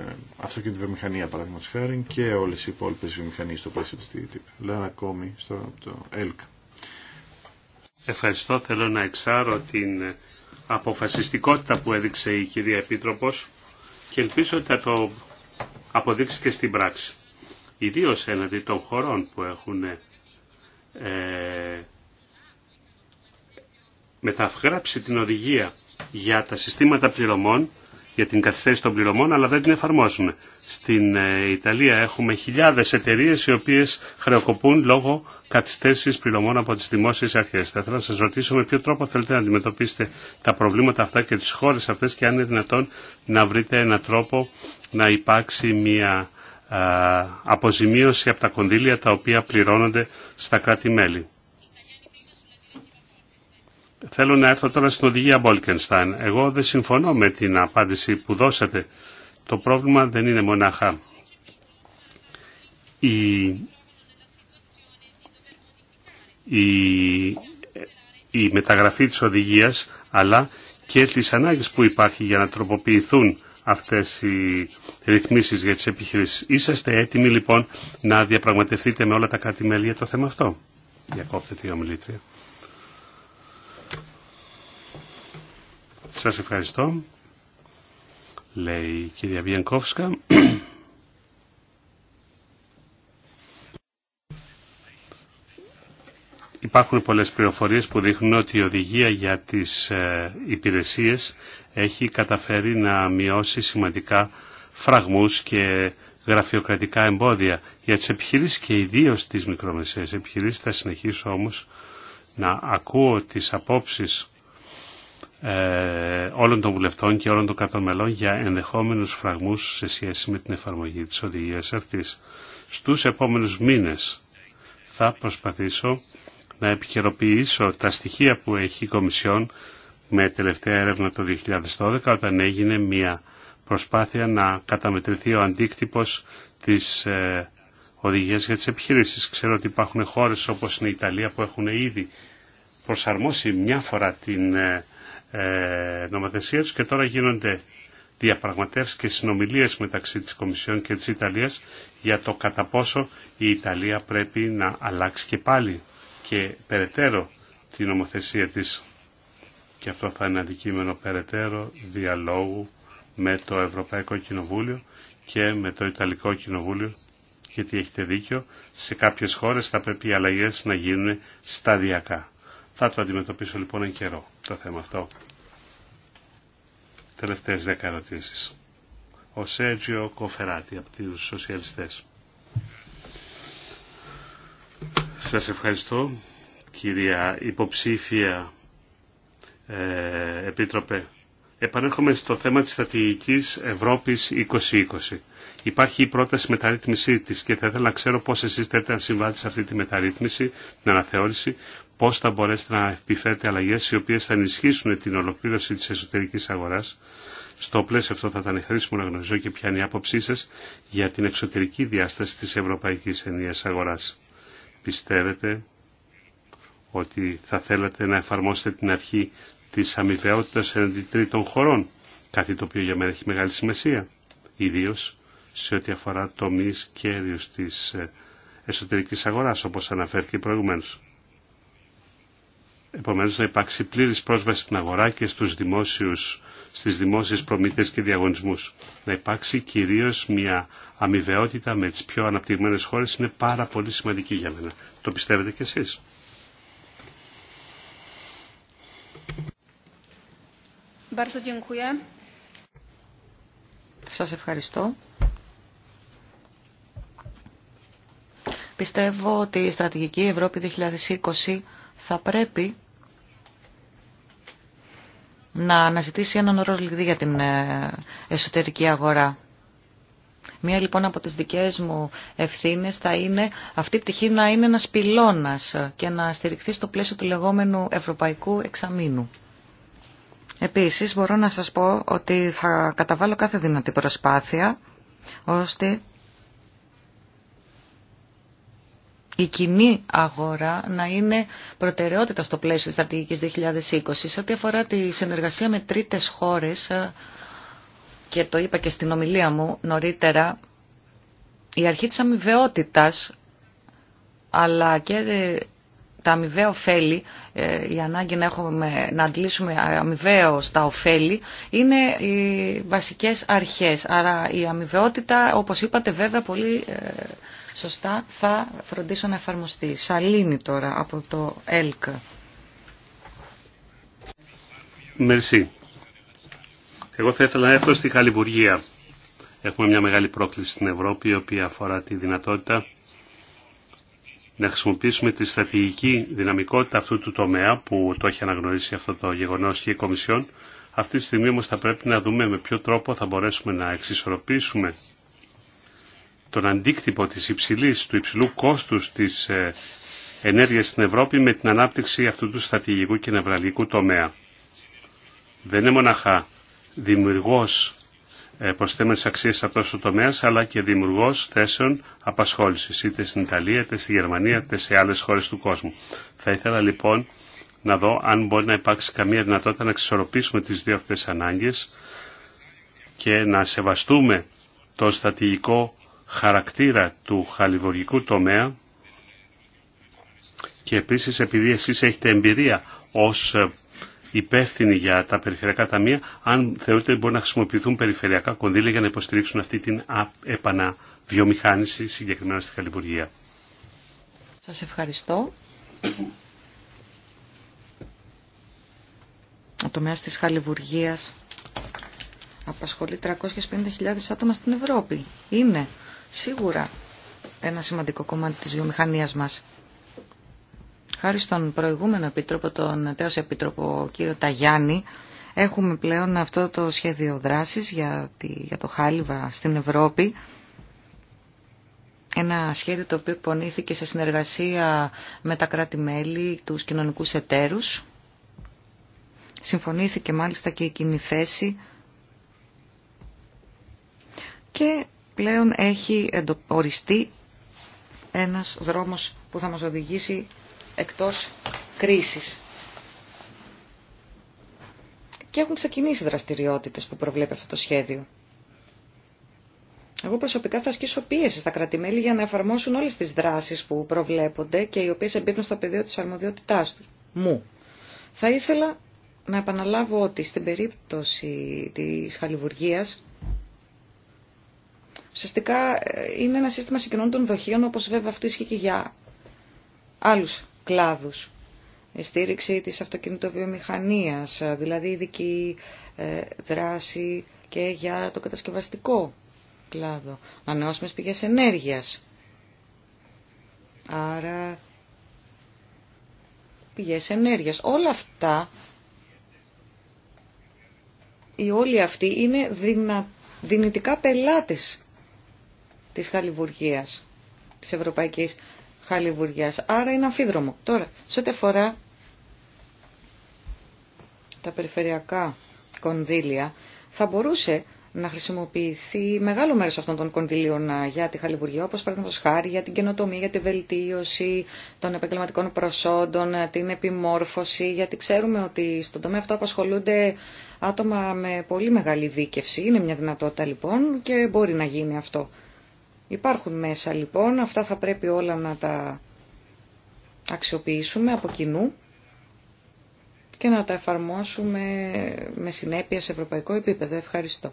Speaker 3: βιομηχανία παραδείγματος χάρη και όλες οι υπόλοιπες βιομηχανίες στο πλαίσιο της TTIP. Λέω ακόμη στο το ΕΛΚ.
Speaker 1: Ευχαριστώ. Θέλω να εξάρω την αποφασιστικότητα που έδειξε η κυρία Επίτροπος και ελπίζω ότι θα το αποδείξει και στην πράξη. Ιδίω έναντι των χωρών που έχουν ε, μεταγράψει την οδηγία για τα συστήματα πληρωμών για την καθυστέρηση των πληρωμών, αλλά δεν την εφαρμόζουν. Στην ε, Ιταλία έχουμε χιλιάδε εταιρείε οι οποίε χρεοκοπούν λόγω καθυστέρηση πληρωμών από τι δημόσιε αρχέ. Θα ήθελα να σα ρωτήσω με ποιο τρόπο θέλετε να αντιμετωπίσετε τα προβλήματα αυτά και τι χώρε αυτέ, και αν είναι δυνατόν να βρείτε έναν τρόπο να υπάρξει μια ε, αποζημίωση από τα κονδύλια τα οποία πληρώνονται στα κράτη-μέλη. Θέλω να έρθω τώρα στην οδηγία Μπόλκενσταν. Εγώ δεν συμφωνώ με την απάντηση που δώσατε. Το πρόβλημα δεν είναι μονάχα η, η, μεταγραφή της οδηγίας, αλλά και τις ανάγκες που υπάρχει για να τροποποιηθούν αυτές οι ρυθμίσεις για τις επιχειρήσεις. Είσαστε έτοιμοι λοιπόν να διαπραγματευτείτε με όλα τα κράτη-μέλη για το θέμα αυτό. Διακόπτεται η ομιλήτρια. Σας ευχαριστώ. Λέει η κυρία Βιενκόφσκα. Υπάρχουν πολλές πληροφορίες που δείχνουν ότι η οδηγία για τις ε, υπηρεσίες έχει καταφέρει να μειώσει σημαντικά φραγμούς και γραφειοκρατικά εμπόδια για τις επιχειρήσεις και ιδίως τις μικρομεσαίες επιχειρήσεις. Θα συνεχίσω όμως να ακούω τις απόψεις ε, όλων των βουλευτών και όλων των κρατών για ενδεχόμενους φραγμούς σε σχέση με την εφαρμογή της οδηγίας αυτής. Στους επόμενους μήνες θα προσπαθήσω να επικαιροποιήσω τα στοιχεία που έχει η Κομισιόν με τελευταία έρευνα το 2012 όταν έγινε μια προσπάθεια να καταμετρηθεί ο αντίκτυπος της ε, οδηγίας για τις επιχειρήσεις. Ξέρω ότι υπάρχουν χώρες όπως είναι η Ιταλία που έχουν ήδη προσαρμόσει μια φορά την ε, ε, νομοθεσία του και τώρα γίνονται διαπραγματεύσει και συνομιλίε μεταξύ τη Κομισιόν και τη Ιταλία για το κατά πόσο η Ιταλία πρέπει να αλλάξει και πάλι και περαιτέρω την νομοθεσία τη, Και αυτό θα είναι αντικείμενο περαιτέρω διαλόγου με το Ευρωπαϊκό Κοινοβούλιο και με το Ιταλικό Κοινοβούλιο γιατί έχετε δίκιο, σε κάποιες χώρες θα πρέπει οι αλλαγές να γίνουν σταδιακά. Θα το αντιμετωπίσω λοιπόν εν καιρό το θέμα αυτό. Τελευταίες δέκα ερωτήσεις. Ο Σέργιο Κοφεράτη από τους σοσιαλιστές. Σας ευχαριστώ κυρία υποψήφια ε, Επίτροπε. Επανέρχομαι στο θέμα της στρατηγικής Ευρώπης 2020. Υπάρχει η πρόταση μεταρρύθμιση της και θα ήθελα να ξέρω πώς εσείς θέλετε να συμβάλλετε σε αυτή τη μεταρρύθμιση, την αναθεώρηση, πώς θα μπορέσετε να επιφέρετε αλλαγές οι οποίες θα ενισχύσουν την ολοκλήρωση της εσωτερικής αγοράς. Στο πλαίσιο αυτό θα ήταν χρήσιμο να γνωρίζω και ποια είναι η άποψή σας για την εξωτερική διάσταση της Ευρωπαϊκής Ενίας Αγοράς. Πιστεύετε ότι θα θέλατε να εφαρμόσετε την αρχή της αμοιβαιότητας εναντί τρίτων χωρών, κάτι το οποίο για μένα έχει μεγάλη σημασία, ιδίω σε ό,τι αφορά τομείς κέριους της ε, εσωτερικής αγοράς, όπως αναφέρθηκε προηγουμένως. Επομένως να υπάρξει πλήρης πρόσβαση στην αγορά και στους δημόσιους, στις δημόσιες προμήθειες και διαγωνισμούς. Να υπάρξει κυρίως μια αμοιβαιότητα με τις πιο αναπτυγμένες χώρες είναι πάρα πολύ σημαντική για μένα. Το πιστεύετε κι εσείς.
Speaker 2: Σας ευχαριστώ. Πιστεύω ότι η στρατηγική Ευρώπη 2020 θα πρέπει να αναζητήσει έναν ρόλο για την ε, εσωτερική αγορά. Μία λοιπόν από τις δικές μου ευθύνες θα είναι αυτή η πτυχή να είναι ένας πυλώνας και να στηριχθεί στο πλαίσιο του λεγόμενου Ευρωπαϊκού Εξαμήνου. Επίσης μπορώ να σας πω ότι θα καταβάλω κάθε δυνατή προσπάθεια ώστε η κοινή αγορά να είναι προτεραιότητα στο πλαίσιο της στρατηγικής 2020. Σε ό,τι αφορά τη συνεργασία με τρίτες χώρες, ε, και το είπα και στην ομιλία μου νωρίτερα, η αρχή της αμοιβαιότητας, αλλά και ε, τα αμοιβαία ωφέλη, ε, η ανάγκη να, έχουμε, να αντλήσουμε αμοιβαίο στα ωφέλη, είναι οι βασικές αρχές. Άρα η αμοιβαιότητα, όπως είπατε, βέβαια πολύ σωστά θα φροντίσω να εφαρμοστεί. Σαλίνη τώρα από το ΕΛΚ.
Speaker 1: Μερσή. Εγώ θα ήθελα να έρθω στη Χαλιβουργία. Έχουμε μια μεγάλη πρόκληση στην Ευρώπη, η οποία αφορά τη δυνατότητα να χρησιμοποιήσουμε τη στρατηγική δυναμικότητα αυτού του τομέα που το έχει αναγνωρίσει αυτό το γεγονός και η Κομισιόν. Αυτή τη στιγμή όμως θα πρέπει να δούμε με ποιο τρόπο θα μπορέσουμε να εξισορροπήσουμε τον αντίκτυπο της υψηλής, του υψηλού κόστους της ε, ενέργειας στην Ευρώπη με την ανάπτυξη αυτού του στρατηγικού και νευραλικού τομέα. Δεν είναι μοναχά δημιουργός ε, προσθέμενες αξίες αυτό αυτός ο τομέα, αλλά και δημιουργός θέσεων απασχόλησης, είτε στην Ιταλία, είτε στη Γερμανία, είτε σε άλλες χώρες του κόσμου. Θα ήθελα λοιπόν να δω αν μπορεί να υπάρξει καμία δυνατότητα να εξισορροπήσουμε τις δύο αυτές ανάγκες και να σεβαστούμε το στατηγικό χαρακτήρα του χαλιβουργικού τομέα και επίσης επειδή εσείς έχετε εμπειρία ως υπεύθυνοι για τα περιφερειακά ταμεία, αν θεωρείτε ότι μπορεί να χρησιμοποιηθούν περιφερειακά κονδύλια για να υποστηρίξουν αυτή την επαναβιομηχάνηση συγκεκριμένα στη Χαλιβουργία.
Speaker 2: Σας ευχαριστώ. Ο τομέας της Χαλιβουργίας απασχολεί 350.000 άτομα στην Ευρώπη. Είναι σίγουρα ένα σημαντικό κομμάτι της βιομηχανίας μας. Χάρη στον προηγούμενο επίτροπο, τον τέος επίτροπο κύριο Ταγιάννη, έχουμε πλέον αυτό το σχέδιο δράσης για, για το χάλιβα στην Ευρώπη. Ένα σχέδιο το οποίο εκπονήθηκε σε συνεργασία με τα κράτη-μέλη, τους κοινωνικούς εταίρους. Συμφωνήθηκε μάλιστα και η κοινή θέση και πλέον έχει οριστεί ένας δρόμος που θα μας οδηγήσει εκτός κρίσης. Και έχουν ξεκινήσει δραστηριότητες που προβλέπει αυτό το σχέδιο. Εγώ προσωπικά θα ασκήσω πίεση στα κρατημέλη για να εφαρμόσουν όλες τις δράσεις που προβλέπονται και οι οποίες εμπίπτουν στο πεδίο της αρμοδιότητάς του Μου. Θα ήθελα να επαναλάβω ότι στην περίπτωση της χαλιβουργίας Ουσιαστικά ε, είναι ένα σύστημα συγκοινών των δοχείων, όπως βέβαια αυτό ισχύει και για άλλους κλάδους. Η στήριξη της αυτοκινητοβιομηχανίας, ε, δηλαδή ειδική ε, δράση και για το κατασκευαστικό κλάδο. Ανανεώσιμες πηγές ενέργειας. Άρα πηγές ενέργειας. Όλα αυτά, Η όλοι αυτοί είναι δυνα... δυνητικά πελάτες της χαλιβουργίας, της ευρωπαϊκής χαλιβουργίας. Άρα είναι αμφίδρομο. Τώρα, σε ό,τι αφορά τα περιφερειακά κονδύλια, θα μπορούσε να χρησιμοποιηθεί μεγάλο μέρο αυτών των κονδυλίων ε, για τη χαλιβουργία, όπω παραδείγματο χάρη για την καινοτομία, για τη βελτίωση των επαγγελματικών προσόντων, ε, την επιμόρφωση, γιατί ξέρουμε ότι στον τομέα αυτό απασχολούνται άτομα με πολύ μεγάλη δίκευση. Είναι μια δυνατότητα λοιπόν και μπορεί να γίνει αυτό. Υπάρχουν μέσα λοιπόν, αυτά θα πρέπει όλα να τα αξιοποιήσουμε από κοινού και να τα εφαρμόσουμε με συνέπεια σε ευρωπαϊκό επίπεδο. Ευχαριστώ.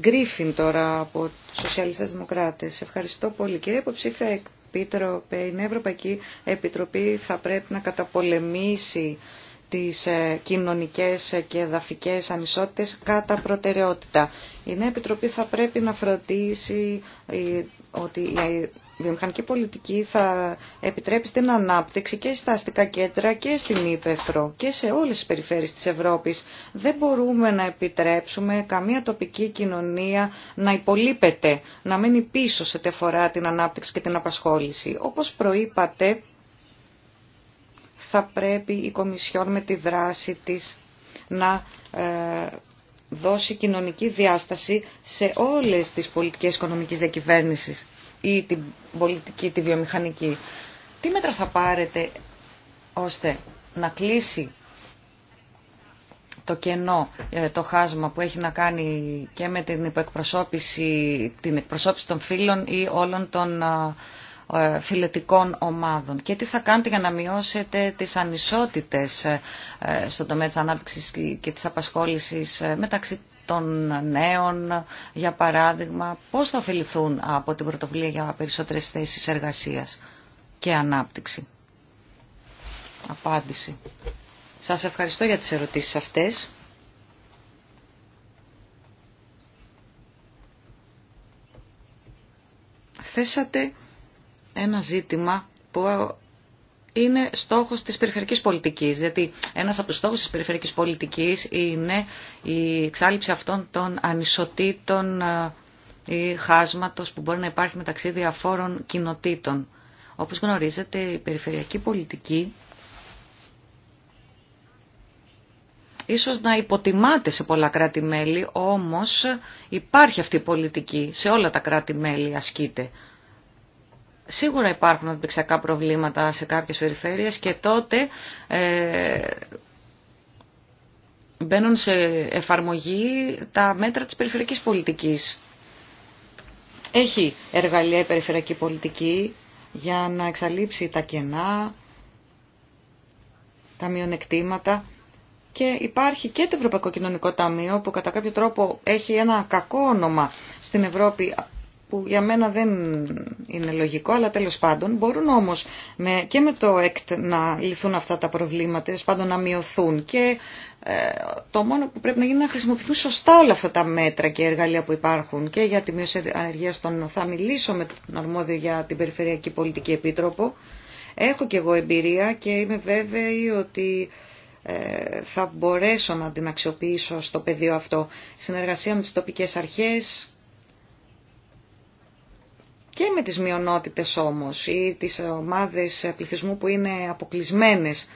Speaker 2: Γκρίφιν τώρα από τους Σοσιαλιστές Δημοκράτες. Ευχαριστώ πολύ. Κύριε Υποψήφια Επίτροπε, η Ευρωπαϊκή Επιτροπή θα πρέπει να καταπολεμήσει τις ε, κοινωνικές και εδαφικές ανισότητες κατά προτεραιότητα. Η Νέα Επιτροπή θα πρέπει να φροντίσει ε, ότι η βιομηχανική πολιτική θα επιτρέψει την ανάπτυξη και στα αστικά κέντρα και στην Ήπεθρο και σε όλες τις περιφέρειες της Ευρώπης. Δεν μπορούμε να επιτρέψουμε καμία τοπική κοινωνία να υπολείπεται, να μένει πίσω σε τεφορά την ανάπτυξη και την απασχόληση. Όπως προείπατε, θα πρέπει η Κομισιόν με τη δράση της να ε, δώσει κοινωνική διάσταση σε όλες τις πολιτικές οικονομικής διακυβέρνησης ή την πολιτική, τη βιομηχανική. Τι μέτρα θα πάρετε ώστε να κλείσει το κενό, ε, το χάσμα που έχει να κάνει και με την την εκπροσώπηση των φίλων ή όλων των ε, ε, φιλετικών ομάδων και τι θα κάνετε για να μειώσετε τις ανισότητες ε, στον τομέα της ανάπτυξης και της απασχόλησης ε, μεταξύ των νέων, για παράδειγμα, πώς θα ωφεληθούν από την πρωτοβουλία για περισσότερες θέσεις εργασίας και ανάπτυξη. Απάντηση. Σας ευχαριστώ για τις ερωτήσεις αυτές. Θέσατε ένα ζήτημα που είναι στόχος της περιφερειακής πολιτικής. Γιατί ένας από τους στόχους της περιφερειακής πολιτικής είναι η εξάλληψη αυτών των ανισοτήτων ε, ή χάσματος που μπορεί να υπάρχει μεταξύ διαφόρων κοινοτήτων. Όπως γνωρίζετε, η περιφερειακή πολιτική ίσως να υποτιμάται σε πολλά κράτη-μέλη, όμως υπάρχει αυτή η πολιτική, σε όλα τα κράτη-μέλη ασκείται. Σίγουρα υπάρχουν αντιπληξιακά προβλήματα σε κάποιες περιφέρειες και τότε ε, μπαίνουν σε εφαρμογή τα μέτρα της περιφερειακής πολιτικής. Έχει εργαλεία η περιφερειακή πολιτική για να εξαλείψει τα κενά, τα μειονεκτήματα και υπάρχει και το Ευρωπαϊκό Κοινωνικό Ταμείο που κατά κάποιο τρόπο έχει ένα κακό όνομα στην Ευρώπη που για μένα δεν είναι λογικό, αλλά τέλος πάντων μπορούν όμως με, και με το ΕΚΤ να λυθούν αυτά τα προβλήματα, να μειωθούν και ε, το μόνο που πρέπει να γίνει είναι να χρησιμοποιηθούν σωστά όλα αυτά τα μέτρα και εργαλεία που υπάρχουν και για τη μείωση ανεργίας των θα μιλήσω με τον αρμόδιο για την Περιφερειακή Πολιτική Επίτροπο. Έχω και εγώ εμπειρία και είμαι βέβαιη ότι ε, θα μπορέσω να την αξιοποιήσω στο πεδίο αυτό. Συνεργασία με τις τοπικές αρχές, και με τις μειονότητες όμως ή τις ομάδες πληθυσμού που είναι αποκλεισμένες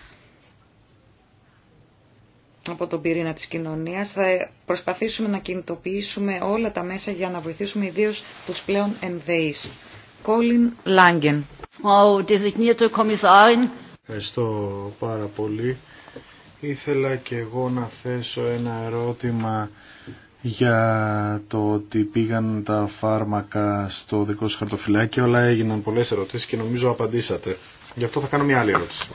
Speaker 2: από τον πυρήνα της κοινωνίας. Θα προσπαθήσουμε να κινητοποιήσουμε όλα τα μέσα για να βοηθήσουμε ιδίως τους πλέον ενδεείς. Κόλιν
Speaker 5: Λάγκεν.
Speaker 3: Ευχαριστώ πάρα πολύ. Ήθελα και εγώ να θέσω ένα ερώτημα για το ότι πήγαν τα φάρμακα στο δικό σας χαρτοφυλάκι. Όλα έγιναν πολλές ερωτήσεις και νομίζω απαντήσατε. Γι' αυτό θα κάνω μια άλλη ερώτηση.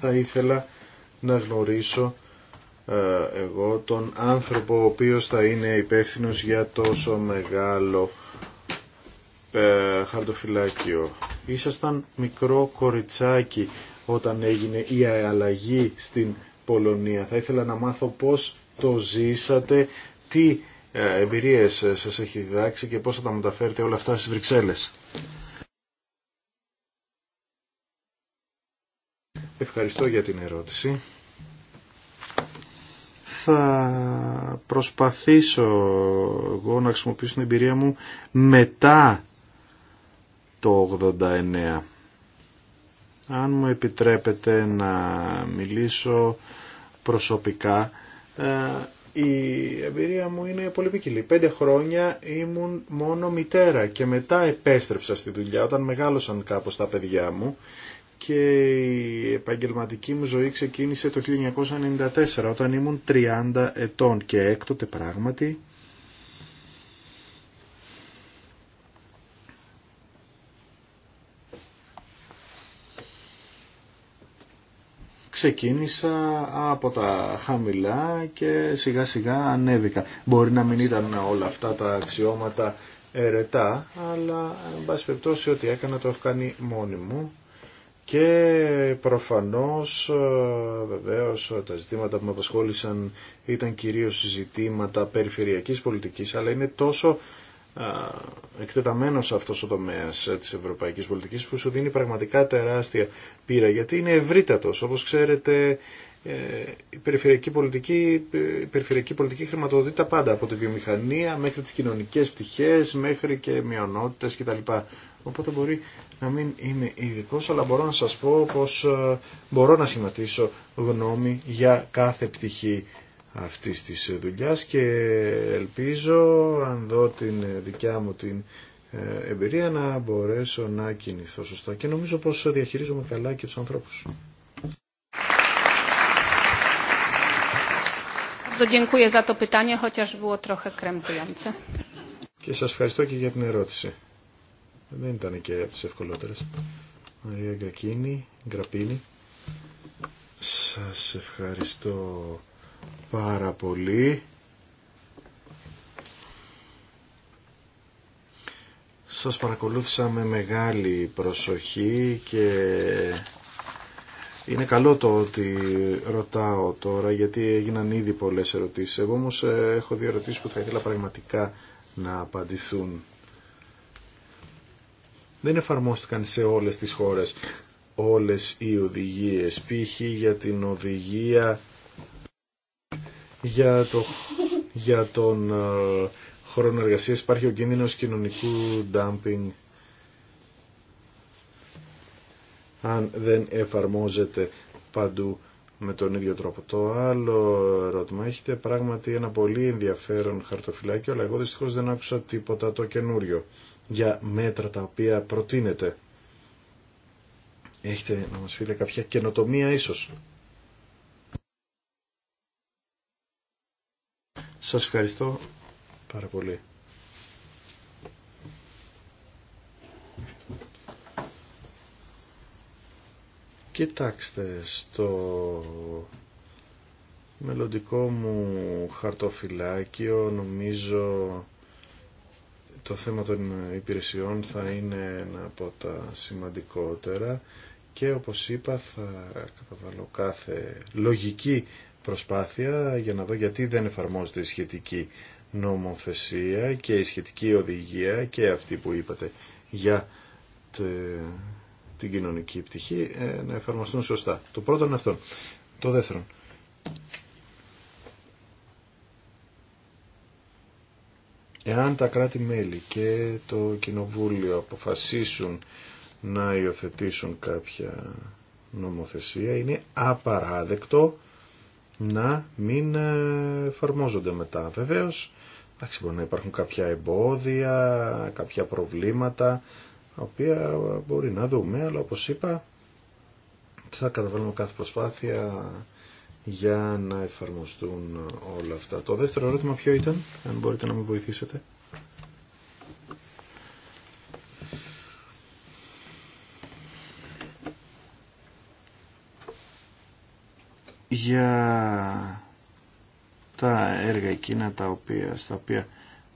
Speaker 3: Θα ήθελα να γνωρίσω ε, εγώ τον άνθρωπο ο οποίος θα είναι υπεύθυνο για τόσο μεγάλο ε, χαρτοφυλάκιο. Ήσασταν μικρό κοριτσάκι όταν έγινε η αλλαγή στην Πολωνία. Θα ήθελα να μάθω πώς το ζήσατε, τι ε, εμπειρίες σας έχει διδάξει και πώς θα τα μεταφέρετε όλα αυτά στις Βρυξέλλες. Ευχαριστώ για την ερώτηση. Θα προσπαθήσω εγώ να χρησιμοποιήσω την εμπειρία μου μετά το 89. Αν μου επιτρέπετε να μιλήσω προσωπικά ε, η εμπειρία μου είναι πολύ ποικιλή. Πέντε χρόνια ήμουν μόνο μητέρα και μετά επέστρεψα στη δουλειά όταν μεγάλωσαν κάπως τα παιδιά μου και η επαγγελματική μου ζωή ξεκίνησε το 1994 όταν ήμουν 30 ετών και έκτοτε πράγματι ξεκίνησα από τα χαμηλά και σιγά σιγά ανέβηκα. Μπορεί να μην ήταν όλα αυτά τα αξιώματα ερετά, αλλά εν πάση περιπτώσει ό,τι έκανα το έχω κάνει μόνη μου και προφανώς ε, βεβαίως τα ζητήματα που με απασχόλησαν ήταν κυρίως ζητήματα περιφερειακής πολιτικής αλλά είναι τόσο εκτεταμένος αυτός ο τομέας ε, της ευρωπαϊκής πολιτικής που σου δίνει πραγματικά τεράστια πείρα γιατί είναι ευρύτατος. Όπως ξέρετε ε, η περιφερειακή πολιτική, ε, η περιφερειακή πολιτική χρηματοδοτεί τα πάντα από τη βιομηχανία μέχρι τις κοινωνικές πτυχές μέχρι και μειονότητες κτλ. Οπότε μπορεί να μην είμαι ειδικό, αλλά μπορώ να σας πω πως μπορώ να σχηματίσω γνώμη για κάθε πτυχή αυτής της δουλειάς και ελπίζω αν δω την δικιά μου την ε, εμπειρία να μπορέσω να κινηθώ σωστά και νομίζω πως διαχειρίζομαι καλά και τους ανθρώπους. Και σας ευχαριστώ και για την ερώτηση. Δεν ήταν και από τις ευκολότερες. Μαρία Γκρακίνη, Γκραπίνη. Σας ευχαριστώ πάρα πολύ. Σας παρακολούθησα με μεγάλη προσοχή και είναι καλό το ότι ρωτάω τώρα γιατί έγιναν ήδη πολλές ερωτήσεις. Εγώ όμως ε, έχω δύο ερωτήσεις που θα ήθελα πραγματικά να απαντηθούν. Δεν εφαρμόστηκαν σε όλες τις χώρες όλες οι οδηγίες, π.χ. για την οδηγία για, το, για τον ε, χρόνο εργασία υπάρχει ο κίνδυνο κοινωνικού dumping αν δεν εφαρμόζεται παντού με τον ίδιο τρόπο. Το άλλο ερώτημα, έχετε πράγματι ένα πολύ ενδιαφέρον χαρτοφυλάκιο, αλλά εγώ δυστυχώ δεν άκουσα τίποτα το καινούριο για μέτρα τα οποία προτείνετε. Έχετε να μας πείτε κάποια καινοτομία ίσως. Σας ευχαριστώ πάρα πολύ. Κοιτάξτε, στο μελλοντικό μου χαρτοφυλάκιο νομίζω το θέμα των υπηρεσιών θα είναι ένα από τα σημαντικότερα και όπως είπα θα καταβάλω κάθε λογική προσπάθεια για να δω γιατί δεν εφαρμόζεται η σχετική νομοθεσία και η σχετική οδηγία και αυτή που είπατε για τε, την κοινωνική πτυχή ε, να εφαρμοστούν σωστά. Το πρώτο είναι αυτό. Το δεύτερο. Εάν τα κράτη-μέλη και το Κοινοβούλιο αποφασίσουν να υιοθετήσουν κάποια νομοθεσία, είναι απαράδεκτο να μην ε, εφαρμόζονται μετά. Βεβαίως, εντάξει, μπορεί να υπάρχουν κάποια εμπόδια, κάποια προβλήματα, τα οποία μπορεί να δούμε, αλλά όπως είπα, θα καταβάλουμε κάθε προσπάθεια για να εφαρμοστούν όλα αυτά. Το δεύτερο ερώτημα ποιο ήταν, αν μπορείτε να με βοηθήσετε. για τα έργα εκείνα τα οποία, στα οποία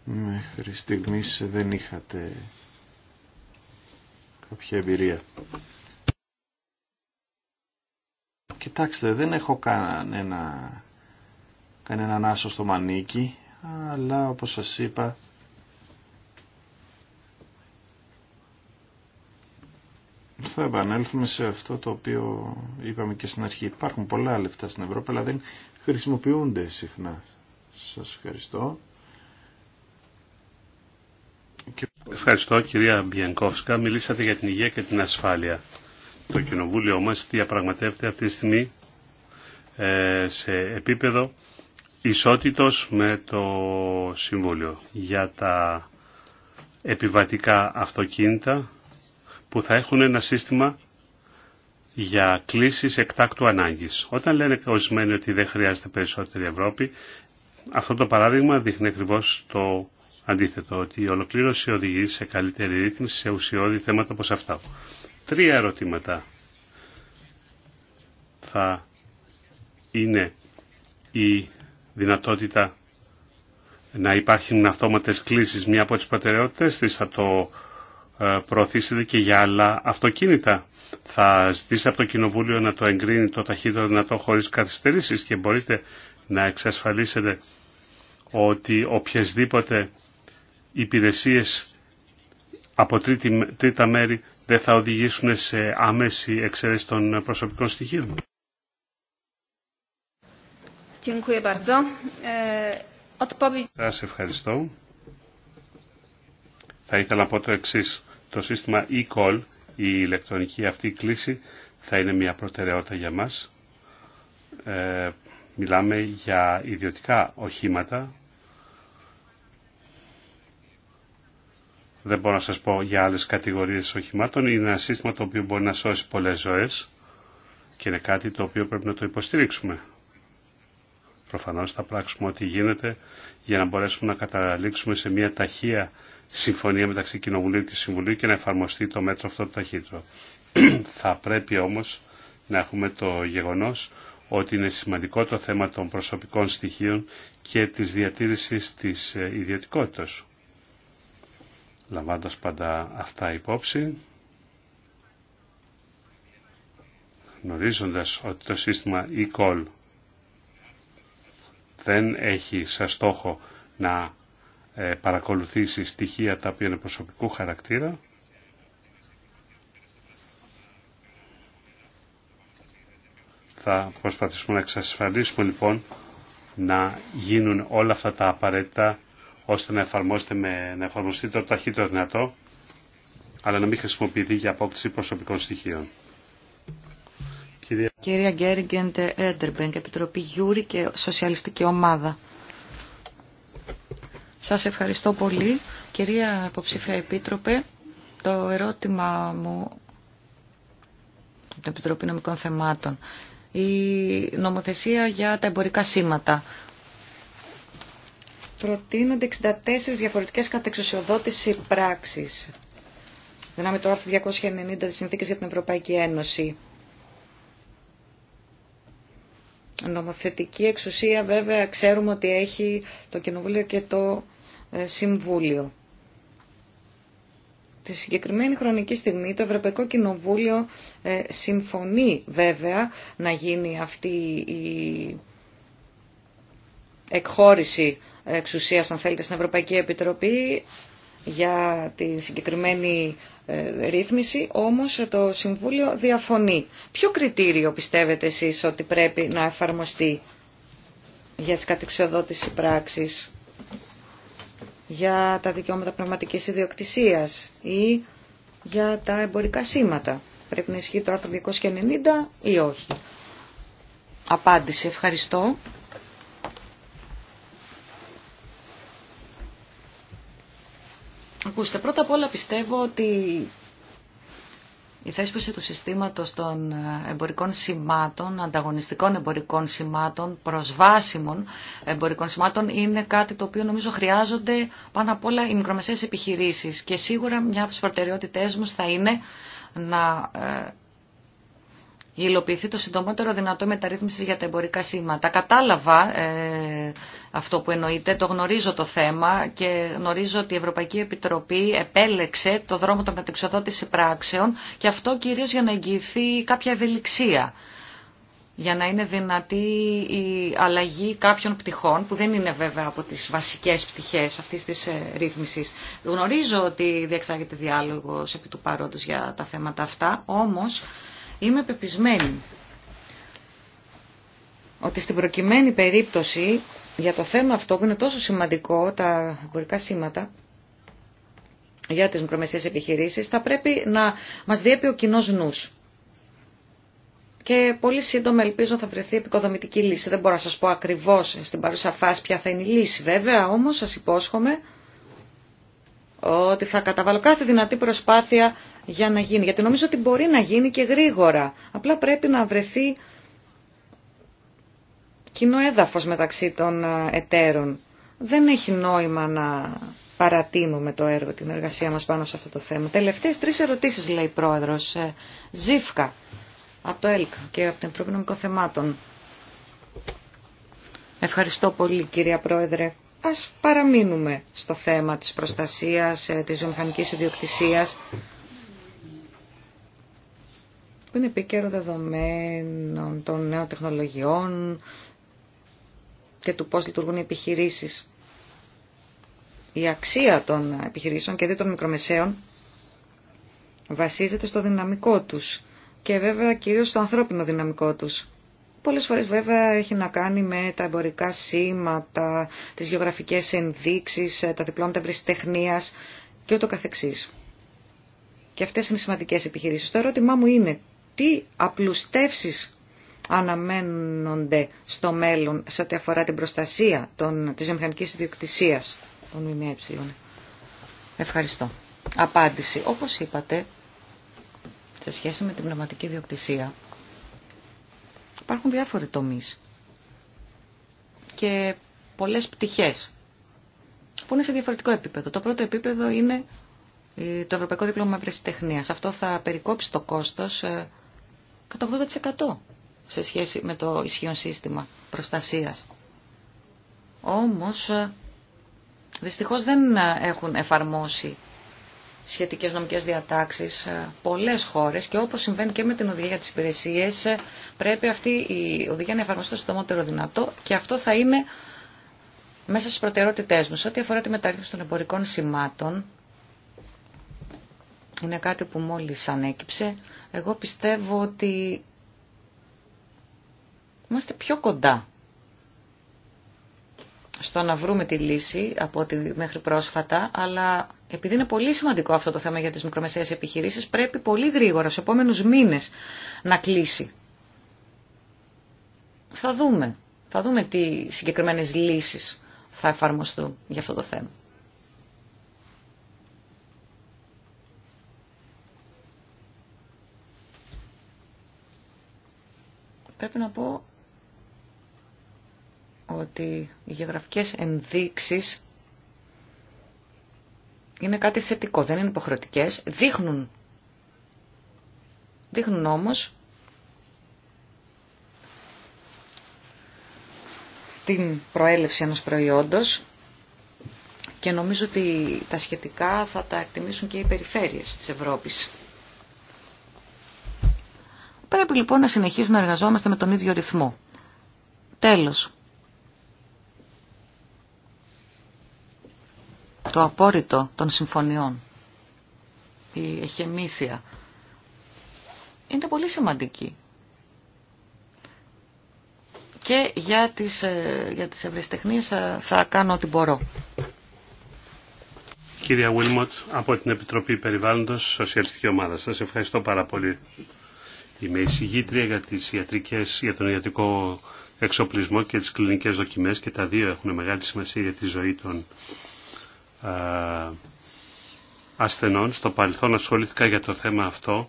Speaker 3: μέχρι στιγμής δεν είχατε κάποια εμπειρία. Κοιτάξτε, δεν έχω κανένα, κανέναν άσο στο μανίκι, αλλά όπως σας είπα θα επανέλθουμε σε αυτό το οποίο είπαμε και στην αρχή. Υπάρχουν πολλά λεφτά στην Ευρώπη, αλλά δεν χρησιμοποιούνται συχνά. Σας ευχαριστώ.
Speaker 1: Ευχαριστώ κυρία Μπιενκόφσκα. Μιλήσατε για την υγεία και την ασφάλεια. Το κοινοβούλιο μας διαπραγματεύεται αυτή τη στιγμή ε, σε επίπεδο ισότητος με το Συμβούλιο για τα επιβατικά αυτοκίνητα που θα έχουν ένα σύστημα για κλήσεις εκτάκτου ανάγκης. Όταν λένε ορισμένοι ότι δεν χρειάζεται περισσότερη Ευρώπη, αυτό το παράδειγμα δείχνει ακριβώ το αντίθετο, ότι η ολοκλήρωση οδηγεί σε καλύτερη ρύθμιση σε ουσιώδη θέματα όπως αυτά. Τρία ερωτήματα θα είναι η δυνατότητα να υπάρχουν αυτόματες κλήσεις μία από τις προτεραιότητες της, θα το ε, προωθήσετε και για άλλα αυτοκίνητα. Θα ζητήσετε από το Κοινοβούλιο να το εγκρίνει το ταχύτερο δυνατό χωρίς καθυστερήσεις και μπορείτε να εξασφαλίσετε ότι οποιασδήποτε υπηρεσίες από τρίτη, τρίτα μέρη δεν θα οδηγήσουν σε άμεση εξαίρεση των προσωπικών στοιχείων.
Speaker 5: Ε,
Speaker 1: Σας ευχαριστώ. Θα ήθελα να πω το εξής το σύστημα e-call, η ηλεκτρονική αυτή κλίση, θα είναι μια προτεραιότητα για μας. Ε, μιλάμε για ιδιωτικά οχήματα. Δεν μπορώ να σας πω για άλλες κατηγορίες οχημάτων. Είναι ένα σύστημα το οποίο μπορεί να σώσει πολλές ζωές και είναι κάτι το οποίο πρέπει να το υποστηρίξουμε. Προφανώς θα πράξουμε ό,τι γίνεται για να μπορέσουμε να καταλήξουμε σε μια ταχεία συμφωνία μεταξύ Κοινοβουλίου και Συμβουλίου και να εφαρμοστεί το μέτρο αυτό το ταχύτερο. Θα πρέπει όμως να έχουμε το γεγονός ότι είναι σημαντικό το θέμα των προσωπικών στοιχείων και της διατήρησης της ε, ιδιωτικότητας. Λαμβάνοντας πάντα αυτά υπόψη, γνωρίζοντας ότι το σύστημα e-call δεν έχει σαν στόχο να ε, παρακολουθήσει στοιχεία τα οποία είναι προσωπικού χαρακτήρα. Θα προσπαθήσουμε να εξασφαλίσουμε λοιπόν να γίνουν όλα αυτά τα απαραίτητα ώστε να, να εφαρμοστεί το ταχύτερο δυνατό αλλά να μην χρησιμοποιηθεί για απόκτηση προσωπικών στοιχείων.
Speaker 2: Κυρία Γκέριγκεντ Έντερμπενκ, Επιτροπή Γιούρη και Σοσιαλιστική Ομάδα. Σας ευχαριστώ πολύ. Κυρία Υποψηφία Επίτροπε, το ερώτημα μου από την Επιτροπή Νομικών Θεμάτων. Η νομοθεσία για τα εμπορικά σήματα. Προτείνονται 64 διαφορετικές κατεξουσιοδότηση πράξεις. Δυνάμε το άρθρο 290 της Συνθήκης για την Ευρωπαϊκή Ένωση. Νομοθετική εξουσία βέβαια ξέρουμε ότι έχει το Κοινοβούλιο και το ε, Συμβούλιο. Τη συγκεκριμένη χρονική στιγμή το Ευρωπαϊκό Κοινοβούλιο ε, συμφωνεί βέβαια να γίνει αυτή η εκχώρηση εξουσίας αν θέλετε στην Ευρωπαϊκή Επιτροπή για τη συγκεκριμένη ε, ρύθμιση, όμως το Συμβούλιο διαφωνεί. Ποιο κριτήριο πιστεύετε εσείς ότι πρέπει να εφαρμοστεί για τις κατεξοδότηση πράξεις για τα δικαιώματα πνευματικής ιδιοκτησίας ή για τα εμπορικά σήματα. Πρέπει να ισχύει το άρθρο 290 ή όχι. Απάντηση. Ευχαριστώ. Ακούστε, πρώτα απ' όλα πιστεύω ότι η θέσπιση του συστήματος των εμπορικών σημάτων, ανταγωνιστικών εμπορικών σημάτων, προσβάσιμων εμπορικών σημάτων είναι κάτι το οποίο νομίζω χρειάζονται πάνω απ' όλα οι μικρομεσαίες επιχειρήσεις και σίγουρα μια από τις προτεραιότητές μου θα είναι να ε, υλοποιηθεί το συντομότερο δυνατό μεταρρύθμιση για τα εμπορικά σήματα. Κατάλαβα ε, αυτό που εννοείται, το γνωρίζω το θέμα και γνωρίζω ότι η Ευρωπαϊκή Επιτροπή επέλεξε το δρόμο των κατεξοδότηση πράξεων και αυτό κυρίως για να εγγυηθεί κάποια ευελιξία για να είναι δυνατή η αλλαγή κάποιων πτυχών, που δεν είναι βέβαια από τις βασικές πτυχές αυτής της ε, ρύθμισης. Γνωρίζω ότι διεξάγεται διάλογος επί του παρόντος για τα θέματα αυτά, όμως Είμαι πεπισμένη ότι στην προκειμένη περίπτωση για το θέμα αυτό που είναι τόσο σημαντικό, τα εμπορικά σήματα για τις μικρομεσαίες επιχειρήσεις, θα πρέπει να μας διέπει ο κοινό νους. Και πολύ σύντομα ελπίζω θα βρεθεί επικοδομητική λύση. Δεν μπορώ να σας πω ακριβώς στην παρούσα φάση ποια θα είναι η λύση. Βέβαια όμως σας υπόσχομαι ότι θα καταβάλω κάθε δυνατή προσπάθεια για να γίνει. Γιατί νομίζω ότι μπορεί να γίνει και γρήγορα. Απλά πρέπει να βρεθεί κοινό έδαφος μεταξύ των ε, εταίρων. Δεν έχει νόημα να παρατείνουμε το έργο, την εργασία μας πάνω σε αυτό το θέμα. Τελευταίες τρεις ερωτήσεις λέει η πρόεδρος. Ε, Ζήφκα από το ΕΛΚ και από την Επιτροπή Νομικών Θεμάτων. Ευχαριστώ πολύ κυρία Πρόεδρε. Ας παραμείνουμε στο θέμα της προστασίας, ε, της βιομηχανικής ιδιοκτησίας που είναι επικαίρο δεδομένων των νέων τεχνολογιών και του πώς λειτουργούν οι επιχειρήσεις. Η αξία των επιχειρήσεων και δι' των μικρομεσαίων βασίζεται στο δυναμικό τους και βέβαια κυρίως στο ανθρώπινο δυναμικό τους. Πολλές φορές βέβαια έχει να κάνει με τα εμπορικά σήματα, τις γεωγραφικές ενδείξεις, τα διπλώματα ευρεσιτεχνίας και ούτω καθεξής. Και αυτές είναι σημαντικές επιχειρήσεις. Το ερώτημά μου είναι τι απλουστεύσεις αναμένονται στο μέλλον σε ό,τι αφορά την προστασία των, της βιομηχανικής ιδιοκτησίας των ΜΜΕ. Ευχαριστώ. Απάντηση. Όπως είπατε, σε σχέση με την πνευματική ιδιοκτησία, υπάρχουν διάφοροι τομείς και πολλές πτυχές που είναι σε διαφορετικό επίπεδο. Το πρώτο επίπεδο είναι ε, το Ευρωπαϊκό Δίπλωμα Ευρεσιτεχνίας. Αυτό θα περικόψει το κόστος ε, κατά 80% σε σχέση με το ισχύον σύστημα προστασίας. Όμως, ε, δυστυχώς δεν έχουν εφαρμόσει σχετικές νομικές διατάξεις ε, πολλές χώρες και όπως συμβαίνει και με την οδηγία για τις υπηρεσίες ε, πρέπει αυτή η οδηγία να εφαρμοστεί το συντομότερο δυνατό και αυτό θα είναι μέσα στις προτεραιότητές μου. ό,τι αφορά τη μεταρρύθμιση των εμπορικών σημάτων, είναι κάτι που μόλις ανέκυψε. Εγώ πιστεύω ότι είμαστε πιο κοντά στο να βρούμε τη λύση από ό,τι μέχρι πρόσφατα, αλλά επειδή είναι πολύ σημαντικό αυτό το θέμα για τις μικρομεσαίες επιχειρήσεις, πρέπει πολύ γρήγορα, στους επόμενους μήνες, να κλείσει. Θα δούμε. Θα δούμε τι συγκεκριμένες λύσεις θα εφαρμοστούν για αυτό το θέμα. πρέπει να πω ότι οι γεωγραφικές ενδείξεις είναι κάτι θετικό, δεν είναι υποχρεωτικές, δείχνουν, δείχνουν όμως την προέλευση ενός προϊόντος και νομίζω ότι τα σχετικά θα τα εκτιμήσουν και οι περιφέρειες της Ευρώπης. Πρέπει λοιπόν να συνεχίσουμε να εργαζόμαστε με τον ίδιο ρυθμό. Τέλος. Το απόρριτο των συμφωνιών, η εχεμήθεια, είναι πολύ σημαντική. Και για τις, ε, για ε, θα κάνω ό,τι μπορώ.
Speaker 1: Κυρία Βίλμοτ, από την Επιτροπή Περιβάλλοντος, Σοσιαλιστική Ομάδα. Σας ευχαριστώ πάρα πολύ. Είμαι εισηγήτρια για, τις ιατρικές, για τον ιατρικό εξοπλισμό και τις κλινικές δοκιμές και τα δύο έχουν μεγάλη σημασία για τη ζωή των α, ασθενών. Στο παρελθόν ασχολήθηκα για το θέμα αυτό